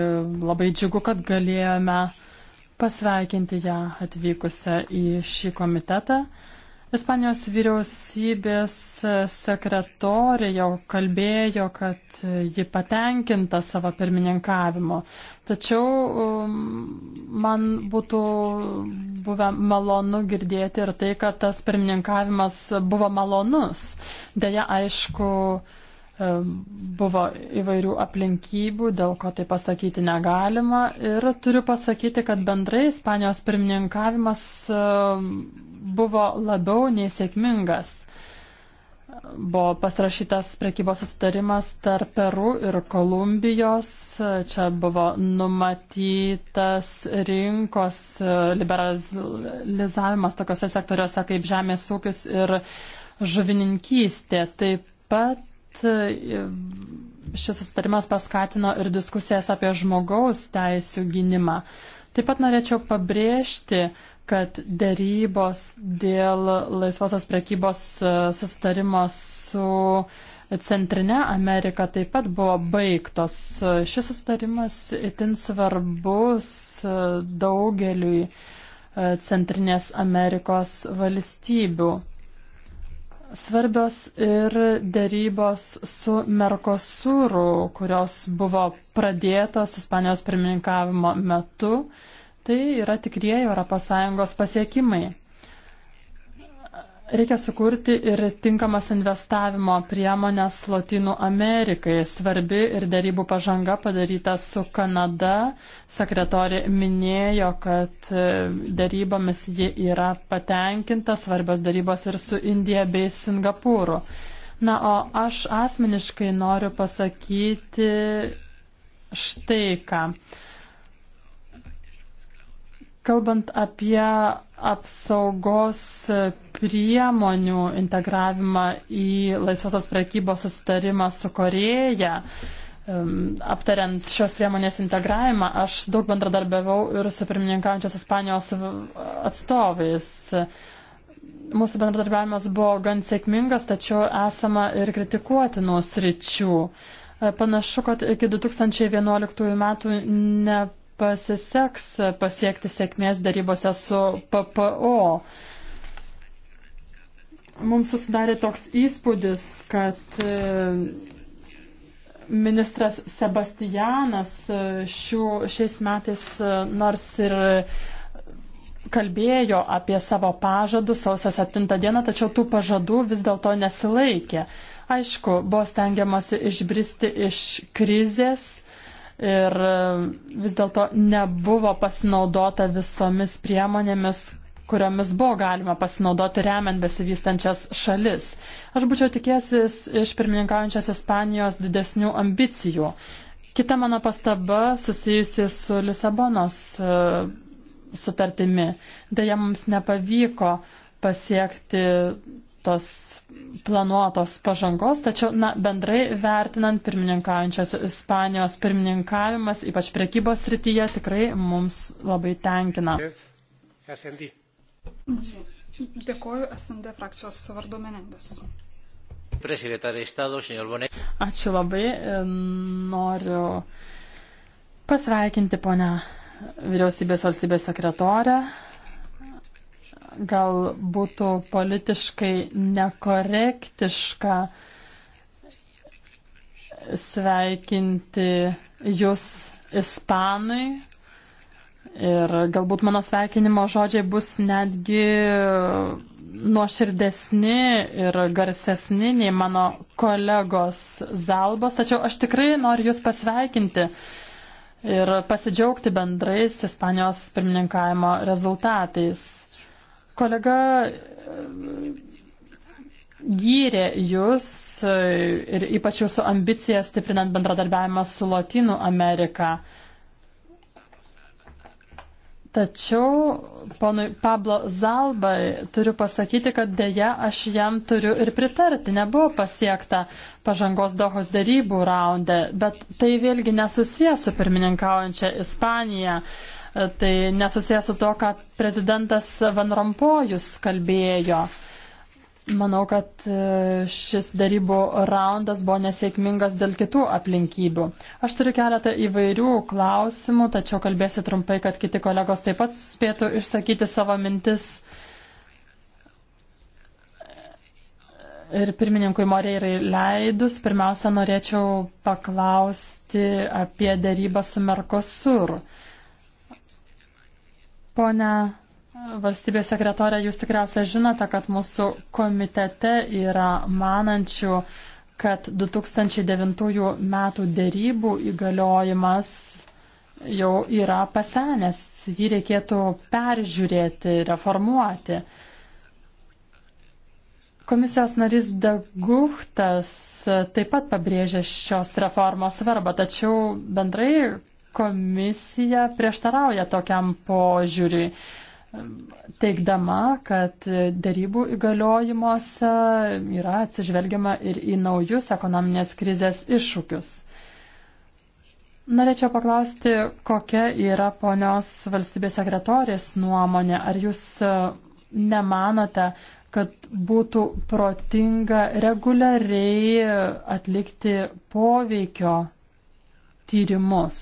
labai džiugu, kad galėjome pasveikinti ją atvykusią į šį komitetą. Ispanijos vyriausybės sekretorė jau kalbėjo, kad ji patenkinta savo pirmininkavimu. Tačiau um, man būtų buvę malonu girdėti ir tai, kad tas pirmininkavimas buvo malonus. Deja, aišku, um, buvo įvairių aplinkybių, dėl ko tai pasakyti negalima. Ir turiu pasakyti, kad bendrai Ispanijos pirmininkavimas um, buvo labiau nei sėkmingas. Buvo pasirašytas prekybos sustarimas tarp Peru ir Kolumbijos. Čia buvo numatytas rinkos e, liberalizavimas tokiuose sektoriuose kaip žemės ūkis ir žuvininkystė. Taip pat e, šis sustarimas paskatino ir diskusijas apie žmogaus teisų gynimą. Taip pat norėčiau pabrėžti, kad dėrybos dėl laisvosios prekybos e, sustarimo su Centrinė Amerika taip pat buvo baigtos. E, šis sustarimas itin svarbus e, daugeliui Centrinės Amerikos valstybių. Svarbios ir dėrybos su Merkosūru, kurios buvo pradėtos Ispanijos pirmininkavimo metu. Tai yra tikrieji ES pasiekimai. Reikia sukurti ir tinkamas investavimo priemonės Latinų Amerikai. Svarbi ir darybų pažanga padaryta su Kanada. Sekretorė minėjo, kad e, darybomis ji yra patenkinta, svarbios darybos ir su Indija bei Singapūru. Na, o aš asmeniškai noriu pasakyti štai ką. Uh, Kalbant apie apsaugos priemonių integravimą į laisvosios prekybos susitarimą su Koreja, aptariant šios priemonės integravimą, aš daug bendradarbiavau ir su pirmininkaujančios Ispanijos atstovais. Mūsų bendradarbiavimas buvo gan sėkmingas, tačiau esama ir kritikuotinų sričių. Panašu, kad iki 2011 metų ne pasiseks pasiekti sėkmės darybose su PPO. Mums susidarė toks įspūdis, kad e, ministras Sebastianas e, šių, šiais metais e, nors ir kalbėjo apie savo pažadus sausio 7 dieną, tačiau tų pažadų vis dėlto nesilaikė. Aišku, buvo stengiamasi išbristi iš krizės ir e, vis dėlto nebuvo pasinaudota visomis priemonėmis, kuriomis buvo galima pasinaudoti remiant besivystančias šalis. Aš būčiau tikėsis iš pirmininkaujančios Ispanijos didesnių ambicijų. Kita mano pastaba susijusi su Lisabonos e, sutartimi. Deja, mums nepavyko pasiekti tos planuotos pažangos, tačiau na, bendrai vertinant pirmininkaujančios Ispanijos pirmininkavimas, ypač prekybos srityje, tikrai mums labai tenkina. Dėkuoju SND frakcijos vardu Menendės. Ačiū labai. Noriu pasveikinti ponę vyriausybės valstybės sekretorę gal būtų politiškai nekorektiška sveikinti jūs ispanai. Ir galbūt mano sveikinimo žodžiai bus netgi nuoširdesni ir garsesni nei mano kolegos Zalbos, tačiau aš tikrai noriu Jūs pasveikinti ir pasidžiaugti bendrais Ispanijos pirmininkavimo rezultatais. Kolega e, gyrė jūs e, ir ypač jūsų ambiciją stiprinant bendradarbiavimą su Latinų Amerika. Tačiau ponui Pablo Zalbai turiu pasakyti, kad dėja aš jam turiu ir pritarti. Nebuvo pasiekta pažangos Dohos darybų raunde, bet tai vėlgi nesusijęs su pirmininkaujančia Ispanija. Uh, Tai nesusijęs su to, ką prezidentas Van Rompojus kalbėjo. Manau, kad e, šis darybų raundas buvo nesėkmingas dėl kitų aplinkybių. Aš turiu keletą įvairių klausimų, tačiau kalbėsiu trumpai, kad kiti kolegos taip pat spėtų išsakyti savo mintis. ir pirmininkui Moreirai leidus, pirmiausia, norėčiau paklausti apie dėrybą su Merkosur. Pone valstybės sekretorė, jūs tikriausiai žinote, kad mūsų komitete yra manančių, kad 2009 metų dėrybų įgaliojimas jau yra pasenęs, jį reikėtų peržiūrėti, reformuoti. Komisijos narys Daguhtas taip pat pabrėžė šios reformos svarbą, tačiau bendrai komisija prieštarauja tokiam požiūriui, teikdama, kad darybų įgaliojimuose yra atsižvelgiama ir į naujus ekonominės krizės iššūkius. Norėčiau paklausti, kokia yra ponios valstybės sekretorės nuomonė. Ar jūs nemanote, kad būtų protinga reguliariai atlikti poveikio tyrimus?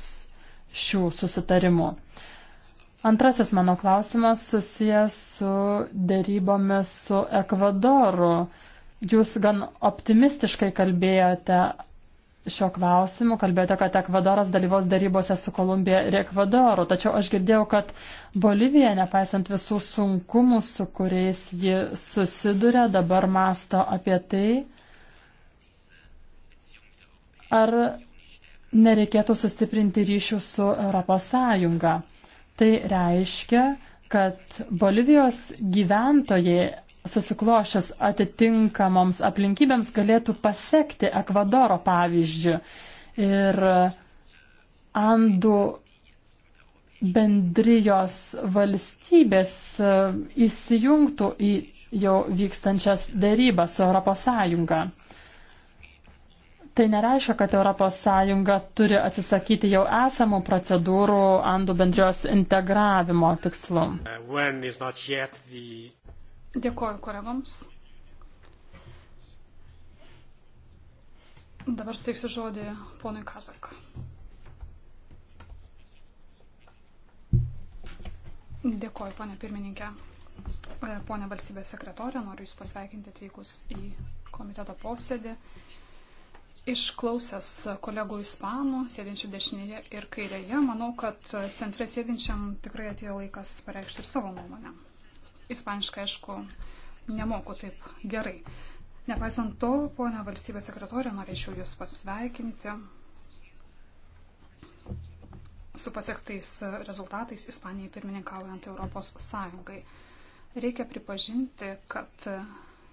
šių susitarimų. Antrasis mano klausimas susijęs su dėrybomis su Ekvadoru. Jūs gan optimistiškai kalbėjote šio klausimu, kalbėjote, kad Ekvadoras dalyvaus darybose su Kolumbija ir Ekvadoru, tačiau aš girdėjau, kad Bolivija, nepaisant visų sunkumų, su kuriais ji susiduria, dabar masto apie tai, ar nereikėtų sustiprinti ryšių su ES. Tai reiškia, kad Bolivijos gyventojai susiklošęs atitinkamoms aplinkybėms galėtų pasiekti Ekvadoro pavyzdžių ir Andų bendrijos valstybės e, įsijungtų į jau vykstančias dėrybas su ES. Tai nereiškia, kad ES turi atsisakyti jau esamų procedūrų Andų bendrijos integravimo tikslu. Dėkoju kolegoms. Dabar steiksiu žodį ponui Kazak. Dėkoju, ponė pirmininkė. Pone valstybės sekretorė, noriu Jūs pasveikinti atvykus į komiteto posėdį. Išklausęs kolegų ispanų, sėdinčių dešinėje ir kairėje, manau, kad centre sėdinčiam tikrai atėjo laikas pareikšti ir savo nuomonę. Ispaniškai, aišku, nemoku taip gerai. Nepaisant to, ponia valstybės sekretorė, norėčiau Jūs pasveikinti su pasiektais rezultatais Ispanijai pirmininkaujant Europos Sąjungai. Reikia pripažinti, kad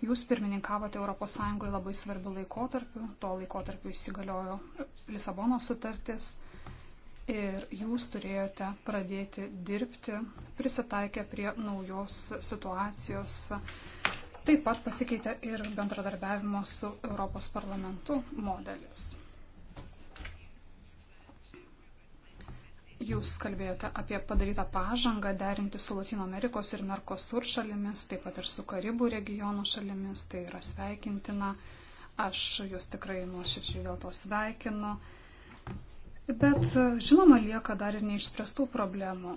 Jūs pirmininkavote ES labai svarbiu laikotarpiu, tuo laikotarpiu įsigaliojo Lisabono sutartis ir jūs turėjote pradėti dirbti, prisitaikę prie naujos situacijos. Taip pat pasikeitė ir bendradarbiavimo su Europos parlamentu modelis. Jūs kalbėjote apie padarytą pažangą derinti su Latino Amerikos ir Merkosur šalimis, taip pat ir su Karibų regiono šalimis, tai yra sveikintina. Aš jūs tikrai nuoširdžiai dėl to sveikinu. Bet žinoma, lieka dar ir neišspręstų problemų.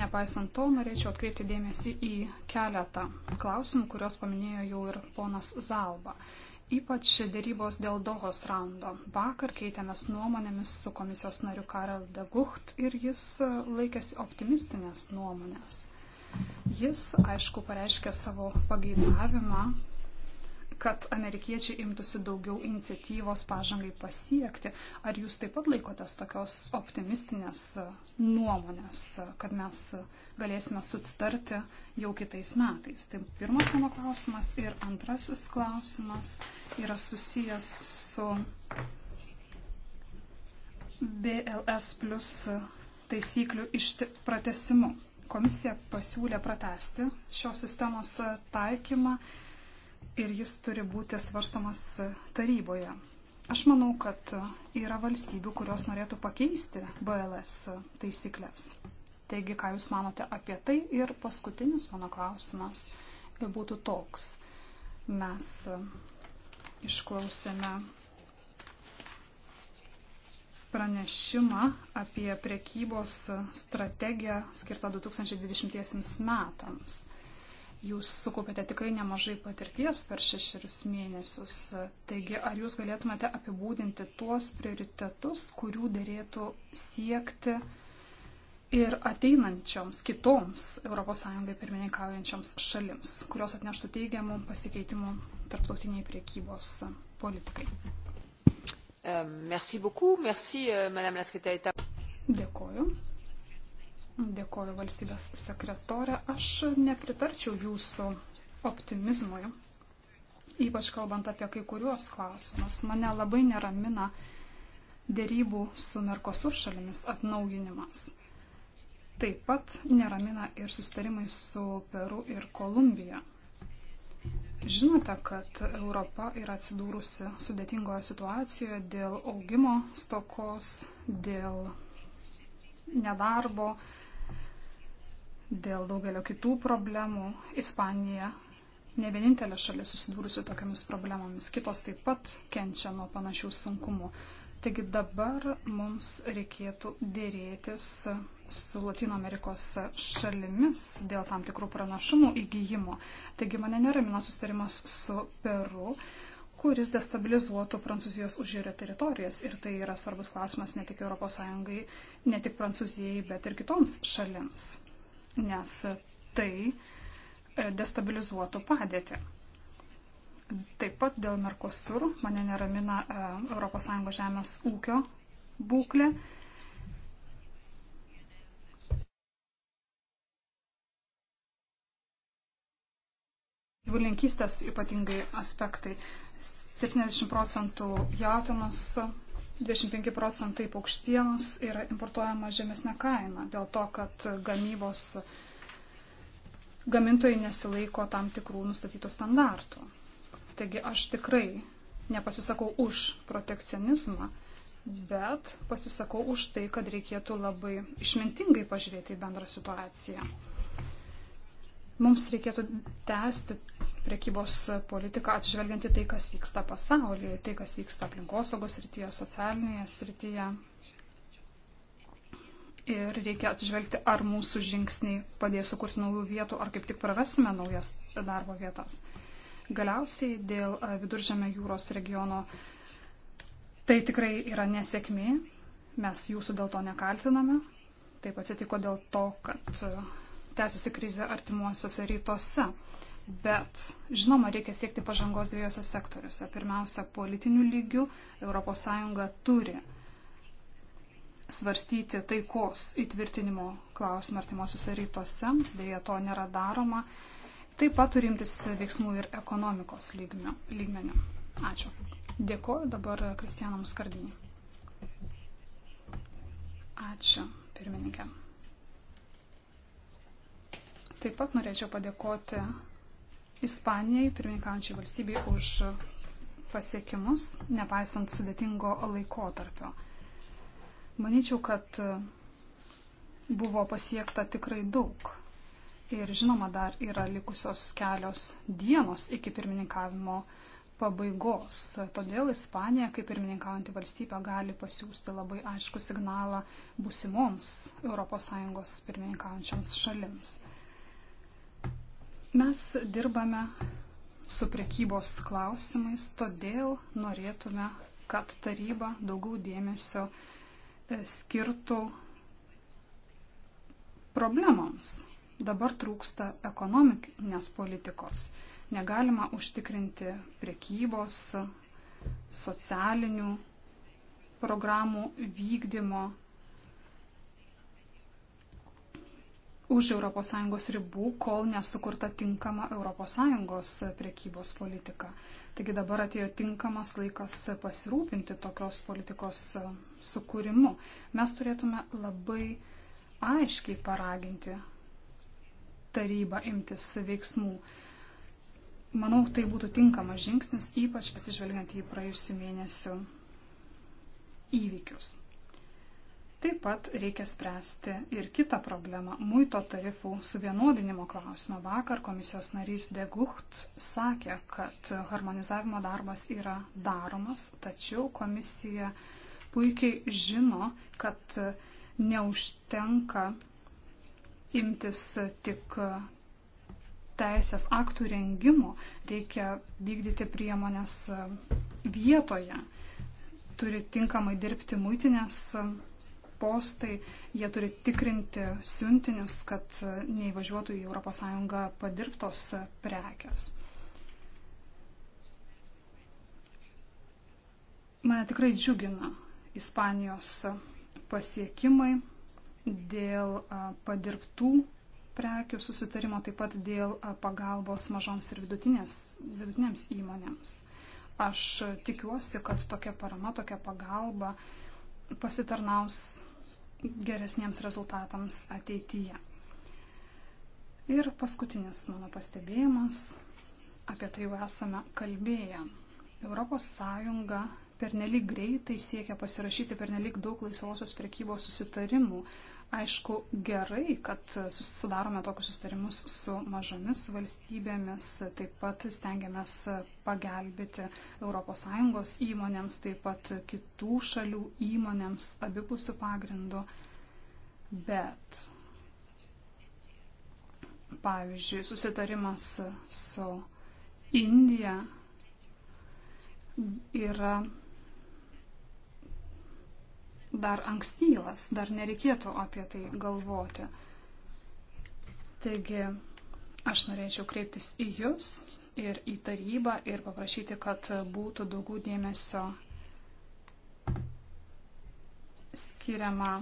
Nepaisant to, norėčiau atkreipti dėmesį į keletą klausimų, kuriuos paminėjo jau ir ponas Zalba. Ypač dėrybos dėl Dohos raundo. Vakar keitėmės nuomonėmis su komisijos nariu Karel de Gucht ir jis laikėsi optimistinės nuomonės. Jis, aišku, pareiškė savo pageidavimą kad amerikiečiai imtųsi daugiau iniciatyvos pažangai pasiekti. Ar jūs taip pat laikotės tokios optimistinės e, nuomonės, e, kad mes e, galėsime sutarti jau kitais metais? Tai pirmas mano klausimas ir antrasis klausimas yra susijęs su BLS plus taisyklių pratesimu. Komisija pasiūlė pratesti šios sistemos taikymą ir jis turi būti svarstamas taryboje. Aš manau, kad yra valstybių, kurios norėtų pakeisti BLS taisyklės. Taigi, ką Jūs manote apie tai? Ir paskutinis mano klausimas būtų toks. Mes išklausėme pranešimą apie priekybos strategiją skirtą 2020 metams. Jūs sukaupėte tikrai nemažai patirties per šešerius mėnesius. Taigi, ar jūs galėtumėte apibūdinti tuos prioritetus, kurių dėrėtų siekti ir ateinančioms kitoms ES pirmininkaujančioms šalims, kurios atneštų teigiamų pasikeitimų tarptautiniai priekybos politikai? Euh, merci beaucoup, merci, euh, madame la sekretarė. Dėkoju. Dėkoju valstybės sekretorė. Aš nepritarčiau jūsų optimizmui, ypač kalbant apie kai kuriuos klausimus. Mane labai neramina dėrybų su Merkosur šalimis atnaujinimas. Taip pat neramina ir sustarimai su Peru ir Kolumbija. Žinote, kad Europa yra atsidūrusi sudėtingoje situacijoje dėl augimo stokos, dėl nedarbo, dėl daugelio kitų problemų. Ispanija ne vienintelė šalis susidūrusi tokiamis problemomis, kitos taip pat kenčia nuo panašių sunkumų. Taigi dabar mums reikėtų dėrėtis su Latino Amerikos šalimis dėl tam tikrų pranašumų įgyjimo. Taigi mane neramina sustarimas su Peru kuris destabilizuotų Prancūzijos užjūrio teritorijas. Ir tai yra svarbus klausimas ne tik ES, ne tik Prancūzijai, bet ir kitoms šalims nes tai e, destabilizuotų padėtį. Taip pat dėl Merkosur mane neramina ES žemės ūkio būklė. Gyvulinkystės ypatingai aspektai. 70 procentų jautinos 25 procentai paukštienos yra importuojama žemesnė kaina dėl to, kad gamybos gamintojai nesilaiko tam tikrų nustatytų standartų. Taigi aš tikrai nepasisakau už protekcionizmą, bet pasisakau už tai, kad reikėtų labai išmintingai pažiūrėti į bendrą situaciją. Mums reikėtų tęsti priekybos politiką atsižvelgianti tai, kas vyksta pasaulyje, tai, kas vyksta aplinkosaugos srityje, socialinėje srityje. Ir reikia atsižvelgti, ar mūsų žingsniai padės sukurti naujų vietų, ar kaip tik prarasime naujas darbo vietas. Galiausiai dėl viduržėme jūros regiono tai tikrai yra nesėkmė, mes jūsų dėl to nekaltiname. Taip atsitiko dėl to, kad tęsiasi krizė artimuosiuose rytuose. Bet, žinoma, reikia siekti pažangos dviejose sektoriuose. Pirmiausia, politinių lygių ES turi svarstyti taikos įtvirtinimo klausimą artimuosiuose rytuose, dėja to nėra daroma. Taip pat turi imtis veiksmų ir ekonomikos lygmenių. Ačiū. Dėkuoju dabar Kristianam Skardinį. Ačiū, pirmininkė. Taip pat norėčiau padėkoti Ispanijai, pirmininkaujančiai valstybei, už pasiekimus, nepaisant sudėtingo laikotarpio. Manyčiau, kad buvo pasiekta tikrai daug. Ir žinoma, dar yra likusios kelios dienos iki pirmininkavimo pabaigos. Todėl Ispanija, kaip pirmininkaujantį valstybę, gali pasiūsti labai aišku signalą busimoms ES pirmininkaujančioms šalims. Mes dirbame su prekybos klausimais, todėl norėtume, kad taryba daugiau dėmesio e, skirtų problemams. Dabar trūksta ekonominės politikos. Negalima užtikrinti prekybos, socialinių programų vykdymo už ES ribų, kol nesukurta tinkama ES priekybos politika. Taigi dabar atėjo tinkamas laikas pasirūpinti tokios politikos e, sukūrimu. Mes turėtume labai aiškiai paraginti tarybą imtis veiksmų. Manau, tai būtų tinkamas žingsnis, ypač pasižvelgiant į praėjusių mėnesių įvykius. Taip pat reikia spręsti ir kitą problemą - muito tarifų suvienodinimo klausimą. Vakar komisijos narys Degucht sakė, kad harmonizavimo darbas yra daromas, tačiau komisija puikiai žino, kad neužtenka imtis tik teisės aktų rengimo, reikia vykdyti priemonės vietoje. Turi tinkamai dirbti muitinės postai, jie turi tikrinti siuntinius, kad neįvažiuotų į ES padirbtos prekes. Mane tikrai džiugina Ispanijos pasiekimai dėl padirbtų prekių susitarimo, taip pat dėl pagalbos mažoms ir vidutinėms įmonėms. Aš tikiuosi, kad tokia parama, tokia pagalba pasitarnaus geresniems rezultatams ateityje. Ir paskutinis mano pastebėjimas, apie tai jau esame kalbėję. ES pernelyg greitai siekia pasirašyti pernelyg daug laisvosios prekybos susitarimų, aišku, gerai, kad sudarome tokius sustarimus su mažomis valstybėmis, taip pat stengiamės pagelbėti ES įmonėms, taip pat kitų šalių įmonėms abipusių pagrindų. Bet, pavyzdžiui, susitarimas su Indija yra dar ankstyvas, dar nereikėtų apie tai galvoti. Taigi, aš norėčiau kreiptis į Jūs ir į tarybą ir paprašyti, kad būtų daugiau dėmesio skiriama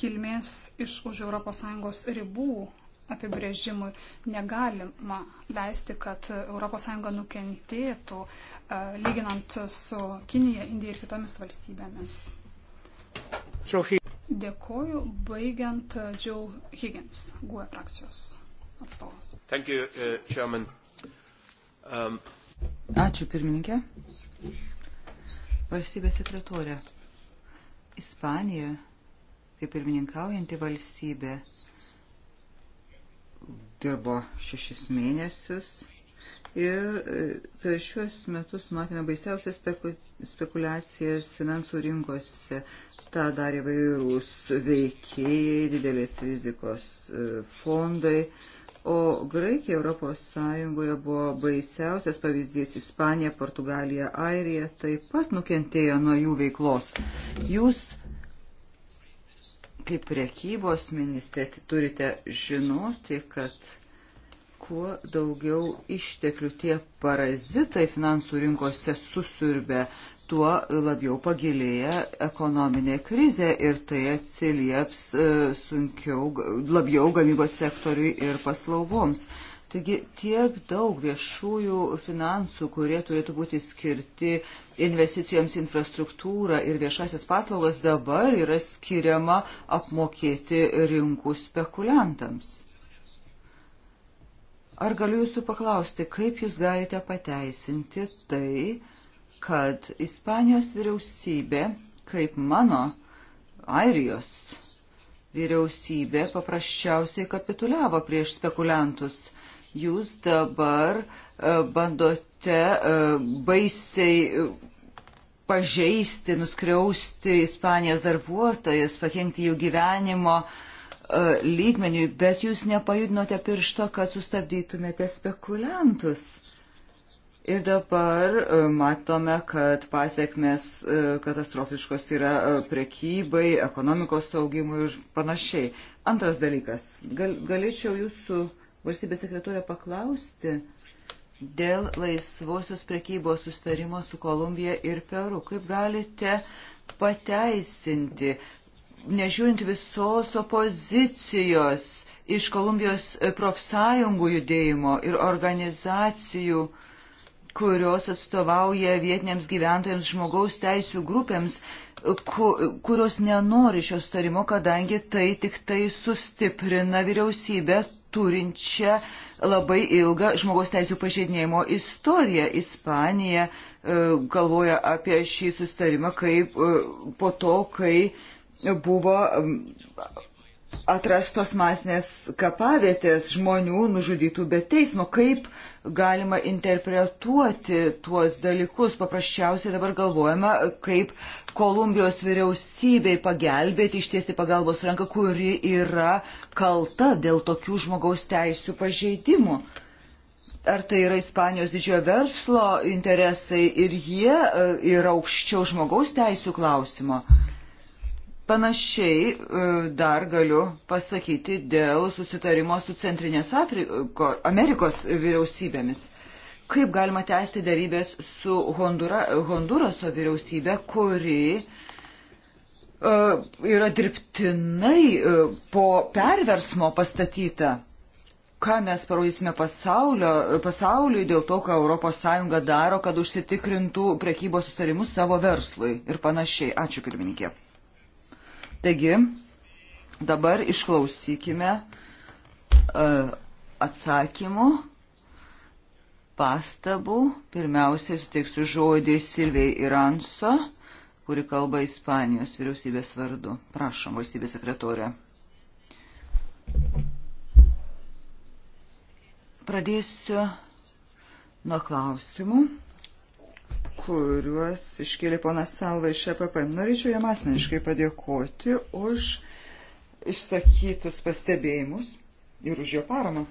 kilmės iš už ES ribų apibrėžimui. Negalima leisti, kad ES nukentėtų, e, lyginant su Kinija, Indija ir kitomis valstybėmis. Dėkoju, baigiant Joe Higgins, GUE frakcijos atstovas. Thank you, uh, chairman. um... Ačiū pirmininkė. Valstybės sekretorė. Ispanija, kaip pirmininkaujanti valstybė, uh, dirbo šešis mėnesius ir e, per šiuos metus matėme baisiausias spekulacijas finansų rinkose. Ta darė vairūs veikėjai, didelės rizikos e, fondai. O Graikija Europos Sąjungoje buvo baisiausias pavyzdys Ispanija, Portugalija, Airija taip pat nukentėjo nuo jų veiklos. Jūs kaip priekybos ministrė tai turite žinoti, kad kuo daugiau išteklių tie parazitai finansų rinkose susirbė, tuo labiau pagilėja ekonominė krizė ir tai atsilieps e, sunkiau, labiau gamybos sektoriui ir paslaugoms. Taigi tiek daug viešųjų finansų, kurie turėtų būti skirti investicijoms infrastruktūrą ir viešasis paslaugas dabar yra skiriama apmokėti rinkų spekuliantams. Ar galiu jūsų paklausti, kaip jūs galite pateisinti tai, kad Ispanijos vyriausybė, kaip mano, Airijos vyriausybė paprasčiausiai kapituliavo prieš spekuliantus – Jūs dabar e, bandote e, baisiai e, pažeisti, nuskriausti Ispanijos darbuotojus, pakengti jų gyvenimo lygmeniui, bet jūs nepajudinote piršto, kad sustabdytumėte spekuliantus. Ir dabar matome, kad pasiekmes katastrofiškos yra prekybai, ekonomikos saugimui ir panašiai. Antras dalykas. Gal, galėčiau jūsų valstybės sekretorę paklausti dėl laisvosios prekybos sustarimo su Kolumbija ir Peru. Kaip galite pateisinti, nežiūrint visos opozicijos iš Kolumbijos profsąjungų judėjimo ir organizacijų, kurios atstovauja vietiniams gyventojams žmogaus teisų grupėms, kurios nenori šio starimo, kadangi tai tik tai sustiprina vyriausybę turinčią labai ilgą žmogaus teisų pažeidinėjimo istoriją. Ispanija e, galvoja apie šį sustarimą kaip e, po to, kai buvo atrastos masinės kapavietės žmonių nužudytų be teismo. Kaip galima interpretuoti tuos dalykus? Paprasčiausiai dabar galvojama, kaip Kolumbijos vyriausybei pagelbėti, ištiesti pagalbos ranką, kuri yra kalta dėl tokių žmogaus teisų pažeidimų. Ar tai yra Ispanijos didžiojo verslo interesai ir jie e, yra aukščiau žmogaus teisų klausimo? Uh, Panašiai e, dar galiu pasakyti dėl susitarimo su Centrinės Afriko, Amerikos vyriausybėmis. Kaip galima tęsti darybės su Hondura, Honduraso vyriausybė, kuri e, yra dirbtinai e, po perversmo pastatyta? Ką mes parodysime pasauliui dėl to, ką ES daro, kad užsitikrintų prekybos sustarimus savo verslui ir panašiai. Ačiū pirmininkė. Taigi, dabar išklausykime e, atsakymų, pastabų. Pirmiausiai suteiksiu žodį Silvijai Iranso, kuri kalba Ispanijos vyriausybės vardu. Prašom, valstybės sekretorė. Pradėsiu nuo klausimų kuriuos iškėlė ponas Salva iš EPP. Norėčiau jam asmeniškai padėkoti už išsakytus pastebėjimus ir už jo paramą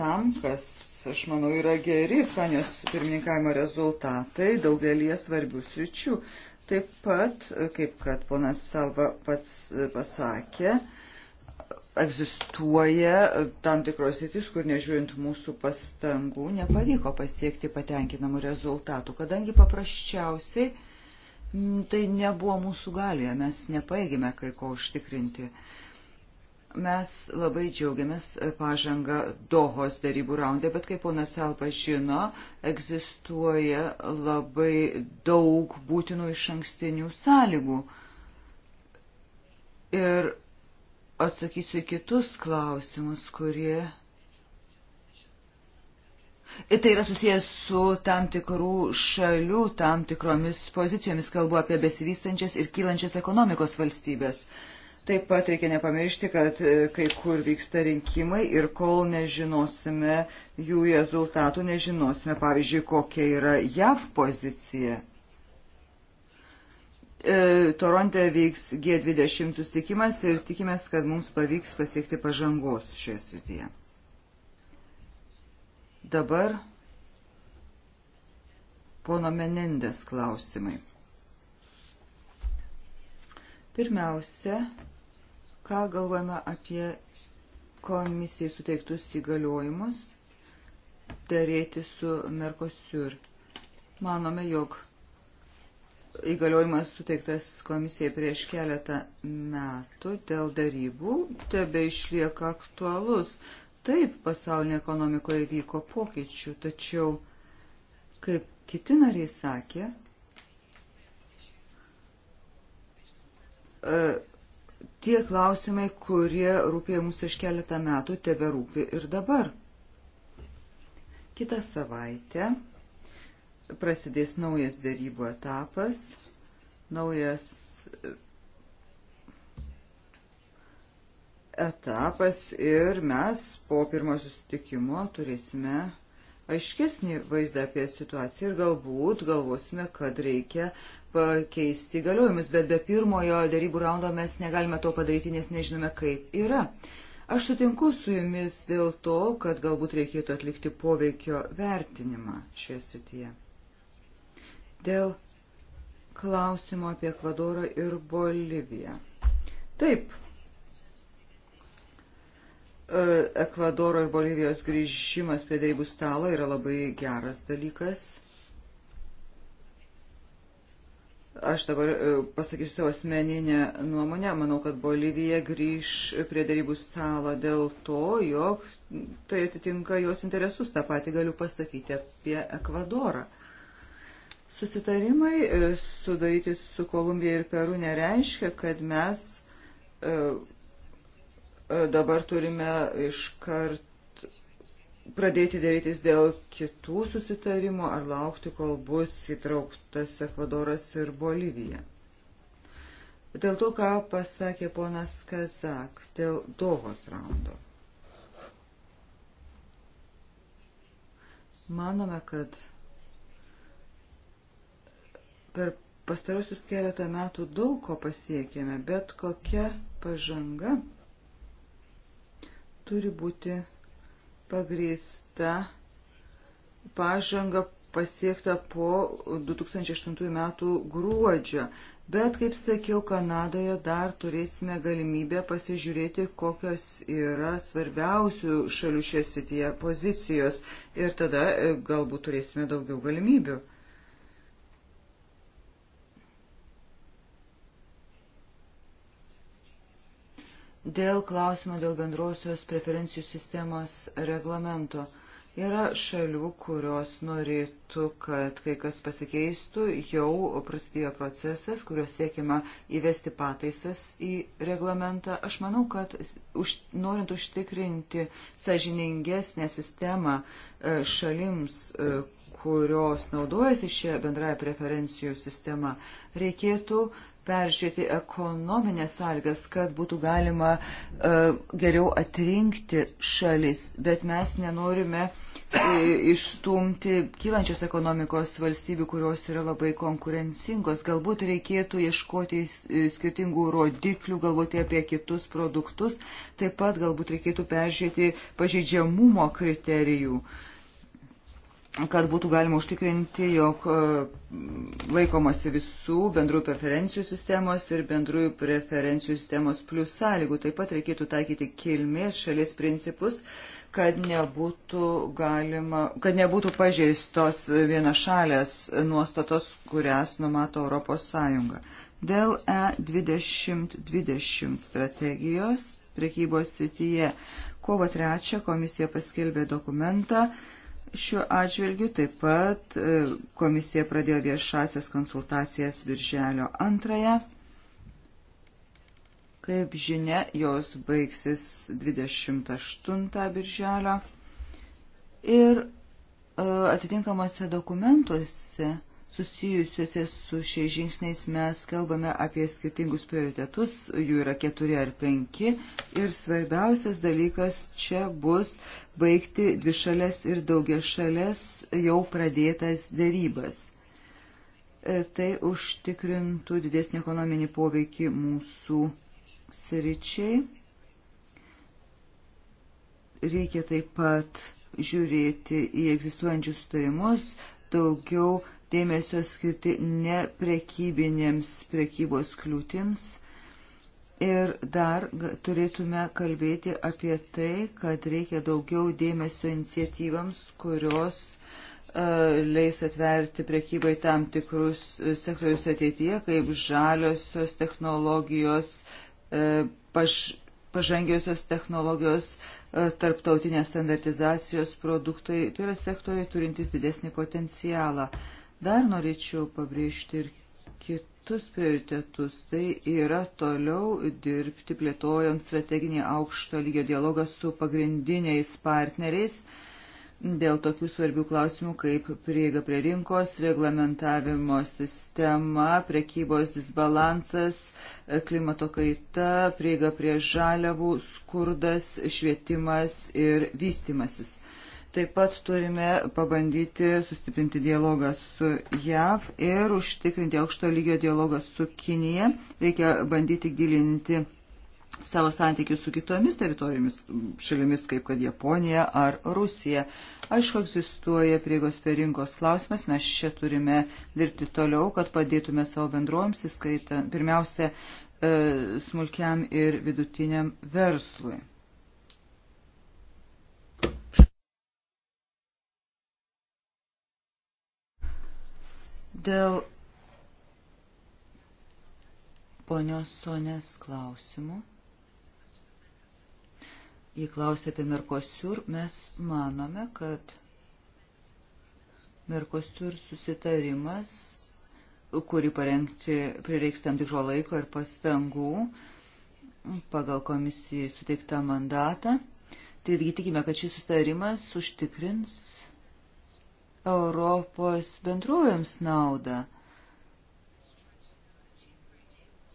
tam, kas, aš manau, yra geri Ispanijos pirmininkavimo rezultatai daugelie svarbių sričių. Taip pat, kaip kad ponas Salva pats e, pasakė, egzistuoja tam tikros sėtis, kur nežiūrint mūsų pastangų nepavyko pasiekti patenkinamų rezultatų, kadangi paprasčiausiai tai nebuvo mūsų galioje, mes nepaėgėme kai ko užtikrinti. Mes labai džiaugiamės pažanga Dohos darybų raundė, bet kaip ponas Alpa žino, egzistuoja labai daug būtinų iš ankstinių sąlygų. Ir atsakysiu į kitus klausimus, kurie. Ir tai yra susijęs su tam tikrų šalių, tam tikromis pozicijomis, kalbu apie besivystančias ir kylančias ekonomikos valstybės. Taip pat reikia nepamiršti, kad e, kai kur vyksta rinkimai ir kol nežinosime jų rezultatų, nežinosime, pavyzdžiui, kokia yra JAV pozicija. E, Toronte vyks G20 sustikimas ir tikimės, kad mums pavyks pasiekti pažangos šioje srityje. Dabar pono Menendės klausimai. Pirmiausia, ką galvojame apie komisijai suteiktus įgaliojimus dėrėti su Merkosiur. Manome, jog įgaliojimas suteiktas komisijai prieš keletą metų dėl darybų tebe išlieka aktualus. Taip, pasaulinė ekonomikoje vyko pokyčių, tačiau, kaip kiti nariai sakė, e, tie klausimai, kurie rūpėjo mums prieš keletą metų, tebe rūpi ir dabar. Kitą savaitę prasidės naujas dėrybų etapas, naujas e, etapas ir mes po pirmo susitikimo turėsime aiškesnį vaizdą apie situaciją ir galbūt galvosime, kad reikia pakeisti galiojimus, bet be pirmojo darybų raundo mes negalime to padaryti, nes nežinome, kaip yra. Aš sutinku su jumis dėl to, kad galbūt reikėtų atlikti poveikio vertinimą šioje srityje. Dėl klausimo apie Ekvadorą ir Boliviją. Taip. E, Ekvadoro ir Bolivijos grįžimas prie darybų stalo yra labai geras dalykas. Aš dabar e, pasakysiu savo asmeninę nuomonę. Manau, kad Bolivija grįž prie darybų stalo dėl to, jog tai atitinka jos interesus. Ta pati galiu pasakyti apie Ekvadorą. Susitarimai e, sudaryti su Kolumbija ir Peru nereiškia, kad mes e, e, dabar turime iškart pradėti dėrytis dėl kitų susitarimų ar laukti, kol bus įtrauktas Ekvadoras ir Bolivija. Dėl to, ką pasakė ponas Kazak, dėl Dohos raundo. Manome, kad Per pastarosius keletą metų daug ko pasiekėme, bet kokia pažanga turi būti pagrįsta pažanga pasiekta po 2008 metų gruodžio. Bet, kaip sakiau, Kanadoje dar turėsime galimybę pasižiūrėti, kokios yra svarbiausių šalių šioje srityje pozicijos ir tada e, galbūt turėsime daugiau galimybių. Dėl klausimo dėl bendrosios preferencijų sistemos reglamento. Yra šalių, kurios norėtų, kad kai kas pasikeistų, jau prasidėjo procesas, kurios siekima įvesti pataisas į reglamentą. Aš manau, kad už, norint užtikrinti sažiningesnę sistemą e, šalims, e, kurios naudojasi šią bendrąją preferencijų sistemą, reikėtų peržiūrėti ekonominės sąlygas, kad būtų galima uh, geriau atrinkti šalis, bet mes nenorime uh, išstumti kylančios ekonomikos valstybių, kurios yra labai konkurencingos. Galbūt reikėtų ieškoti e, skirtingų rodiklių, galvoti apie kitus produktus, taip pat galbūt reikėtų peržiūrėti pažeidžiamumo kriterijų. Uh, kad būtų galima užtikrinti, jog e, laikomasi visų bendrųjų preferencijų sistemos ir bendrųjų preferencijų sistemos plus sąlygų. Taip pat reikėtų taikyti kilmės šalies principus, kad nebūtų, galima, kad nebūtų pažeistos vienašalės nuostatos, kurias numato Europos Sąjunga. Dėl E2020 strategijos prekybos sityje kovo 3 komisija paskelbė dokumentą, Šiuo atžvilgiu taip pat e, komisija pradėjo viešasias konsultacijas virželio antrąją. Kaip žinia, jos baigsis 28 birželio. Ir e, atitinkamuose dokumentuose susijusiuose su šiais žingsniais mes kalbame apie skirtingus prioritetus, jų yra keturi ar penki ir svarbiausias dalykas čia bus baigti dvišalės ir daugiašalės jau pradėtas dėrybas. E, tai užtikrintų didesnį ekonominį poveikį mūsų sričiai. Reikia taip pat žiūrėti į egzistuojančius sutarimus, daugiau dėmesio skirti ne prekybinėms prekybos kliūtims. Ir dar turėtume kalbėti apie tai, kad reikia daugiau dėmesio iniciatyvams, kurios e, leis atverti prekybai tam tikrus e, sektorius ateityje, kaip žaliosios technologijos, e, paž, pažangiosios technologijos, tarptautinės standartizacijos produktai. Tai yra sektoriai turintys didesnį potencialą. Uh, Dar norėčiau pabrėžti ir kitus prioritetus. Tai yra toliau dirbti plėtojant strateginį aukšto lygio dialogą su pagrindiniais partneriais dėl tokių svarbių klausimų kaip prieiga prie rinkos, reglamentavimo sistema, prekybos disbalansas, klimato kaita, prieiga prie žaliavų, skurdas, švietimas ir vystimasis. Taip pat turime pabandyti sustiprinti dialogą su JAV ir užtikrinti aukšto lygio dialogą su Kinija. Reikia bandyti gilinti savo santykius su kitomis teritorijomis, šalimis kaip kad Japonija ar Rusija. Aišku, egzistuoja priegos prie rinkos klausimas, mes čia turime dirbti toliau, kad padėtume savo bendruoms, įskaitant pirmiausia e, smulkiam ir vidutiniam verslui. Dėl ponios Sonės klausimų. Jį klausė apie Merkosiur. Mes manome, kad Merkosiur susitarimas, kurį parengti prireiks tam tikro laiko ir pastangų pagal komisijai suteiktą mandatą. Taigi tikime, kad šis susitarimas užtikrins Europos bendrovėms naudą.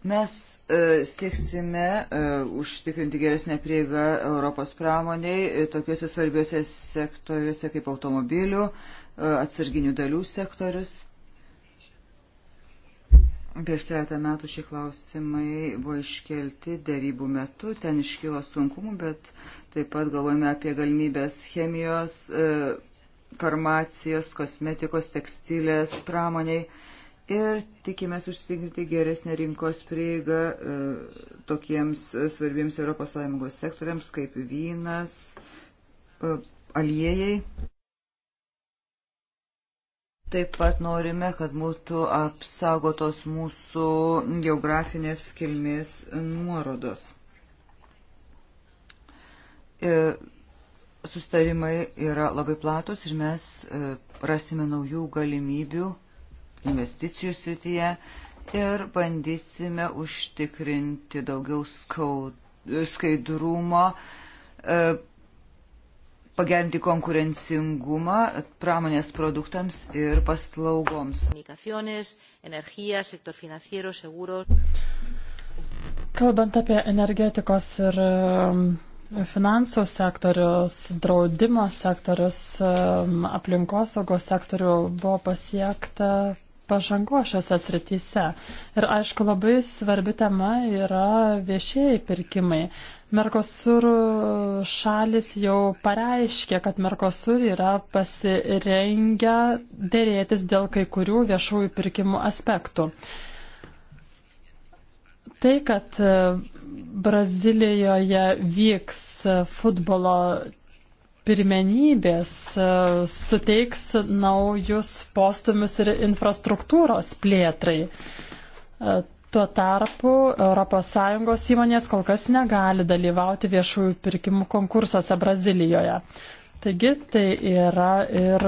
Mes e, sieksime e, užtikrinti geresnę prieigą Europos pramoniai e, tokiuose svarbiuose sektoriuose kaip automobilių, e, atsarginių dalių sektorius. Prieš keletą metų šie klausimai buvo iškelti dėrybų metu, ten iškilo sunkumų, bet taip pat galvojame apie galimybės chemijos. E, farmacijos, kosmetikos, tekstilės pramoniai ir tikimės užsitikrinti geresnę rinkos prieigą e, tokiems e, svarbiems ES sektoriams kaip vynas, e, aliejai. Taip pat norime, kad būtų apsaugotos mūsų geografinės kilmės nuorodos sustarimai yra labai platus ir mes e, rasime naujų galimybių investicijų srityje ir bandysime užtikrinti daugiau skaidrumo, e, pagerinti konkurencingumą pramonės produktams ir paslaugoms. Kalbant apie energetikos ir finansų sektorius, draudimo sektorius, aplinkosaugos sektorių buvo pasiekta pažango šiose srityse. Ir aišku, labai svarbi tema yra viešieji pirkimai. Merkosur šalis jau pareiškė, kad Merkosur yra pasirengę dėrėtis dėl kai kurių viešųjų pirkimų aspektų. Tai, kad Brazilijoje vyks futbolo pirmenybės, suteiks naujus postumius ir infrastruktūros plėtrai. Tuo tarpu ES įmonės kol kas negali dalyvauti viešųjų pirkimų konkursuose Brazilijoje. Taigi tai yra ir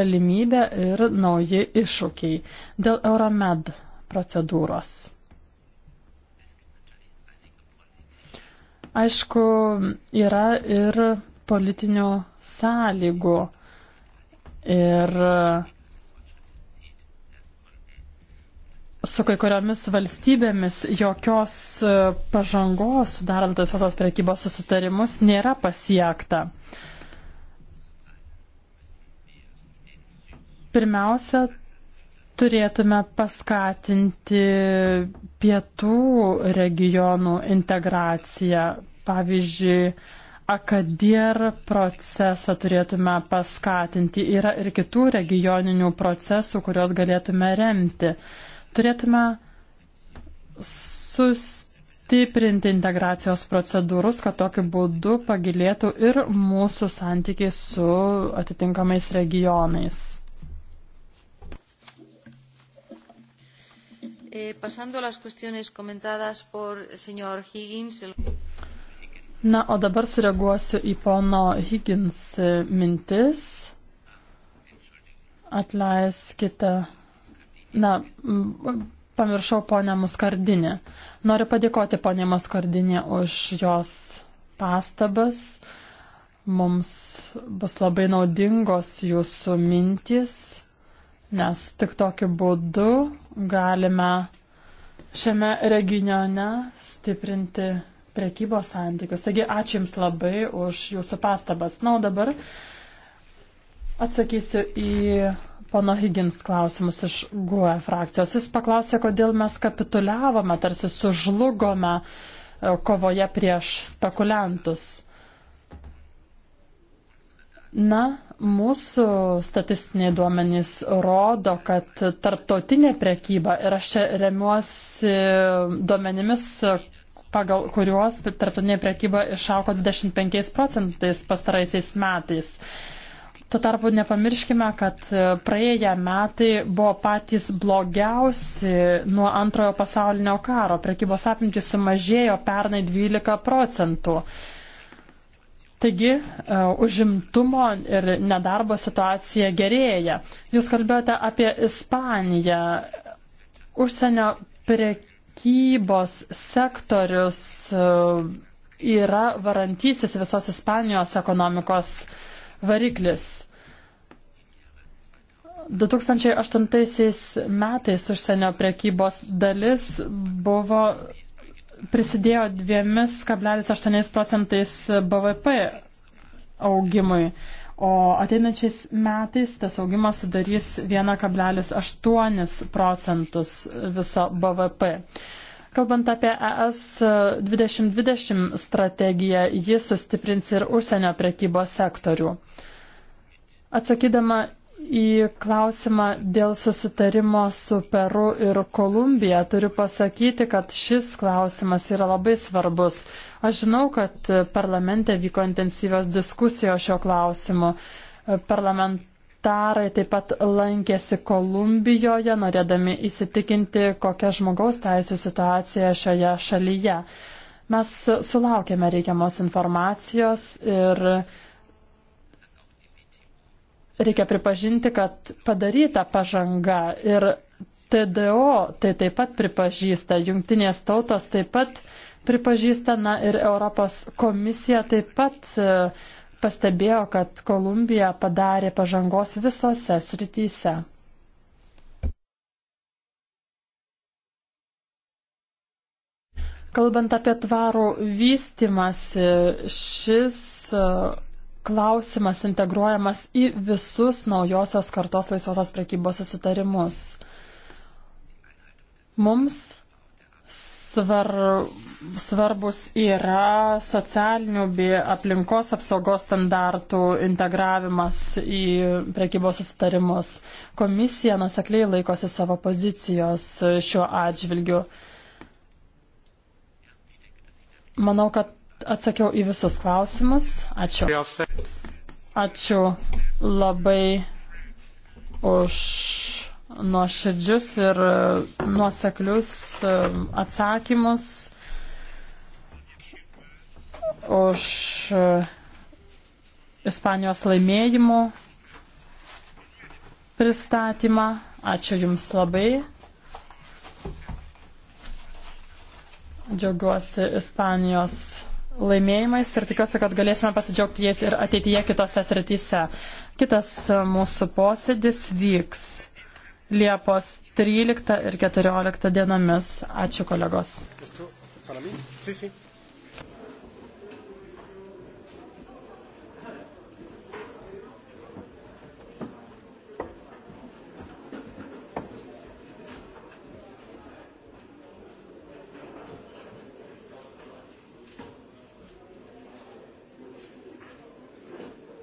galimybė, ir nauji iššūkiai dėl Euromed procedūros. Aišku, yra ir politinių sąlygų. Ir su kai kuriomis valstybėmis jokios pažangos sudarant laisvosios prekybos susitarimus nėra pasiekta. Pirmiausia, turėtume paskatinti pietų regionų integraciją. Pavyzdžiui, Akadier procesą turėtume paskatinti. Yra ir kitų regioninių procesų, kuriuos galėtume remti. Turėtume sustiprinti integracijos procedūrus, kad tokiu būdu pagilėtų ir mūsų santykiai su atitinkamais regionais. Eh, pasando a las cuestiones comentadas por el señor Higgins. El... Na, o dabar sureaguosiu į pono Higgins e, mintis. Atleiskite. Na, pamiršau ponę Muskardinę. Noriu padėkoti ponė Muskardinė už jos pastabas. Mums bus labai naudingos jūsų mintys nes tik tokiu būdu galime šiame regione stiprinti prekybos santykius. Taigi ačiū Jums labai už Jūsų pastabas. Na, o dabar atsakysiu į pono Higgins klausimus iš GUE frakcijos. Jis paklausė, kodėl mes kapituliavome, tarsi sužlugome e, kovoje prieš spekuliantus. Na, Mūsų statistiniai duomenys rodo, kad tarptautinė prekyba, ir aš čia remiuosi duomenimis, pagal kuriuos tarptautinė prekyba išaugo 25 procentais pastaraisiais metais. Tuo tarpu nepamirškime, kad praėję metai buvo patys blogiausi nuo antrojo pasaulinio karo. Prekybos apimtis sumažėjo pernai 12 procentų. Taigi, e, užimtumo ir nedarbo situacija gerėja. Jūs kalbėjote apie Ispaniją. Užsienio prekybos sektorius e, yra varantysis visos Ispanijos ekonomikos variklis. 2008 metais užsienio prekybos dalis buvo prisidėjo 2,8 procentais BVP augimui, o ateinančiais metais tas augimas sudarys 1,8 procentus viso BVP. Kalbant apie ES 2020 strategiją, ji sustiprins ir užsienio prekybos sektorių. Atsakydama į klausimą dėl susitarimo su Peru ir Kolumbija turiu pasakyti, kad šis klausimas yra labai svarbus. Aš žinau, kad parlamente vyko intensyvios diskusijos šio klausimu. Parlamentarai taip pat lankėsi Kolumbijoje, norėdami įsitikinti, kokia žmogaus teisų situacija šioje šalyje. Mes sulaukėme reikiamos informacijos ir reikia pripažinti, kad padaryta pažanga ir TDO tai taip pat pripažįsta, jungtinės tautos taip pat pripažįsta, na ir Europos komisija taip pat e, pastebėjo, kad Kolumbija padarė pažangos visose srityse. Kalbant apie tvarų vystimąsi, šis e, klausimas integruojamas į visus naujosios kartos laisvosios prekybos susitarimus. Mums svar, svarbus yra socialinių bei aplinkos apsaugos standartų integravimas į prekybos susitarimus. Komisija nusekliai laikosi savo pozicijos šiuo atžvilgiu. Manau, kad atsakiau į visus klausimus. Ačiū. Ačiū labai už nuoširdžius ir nuoseklius um, atsakymus, už uh, Ispanijos laimėjimų pristatymą. Ačiū Jums labai. Džiaugiuosi Ispanijos laimėjimais ir tikiuosi, kad galėsime pasidžiaugti jais ir ateityje kitose srityse. Kitas e, mūsų posėdis vyks Liepos 13 ir 14 dienomis. Ačiū kolegos. Para mí? Sí, sí.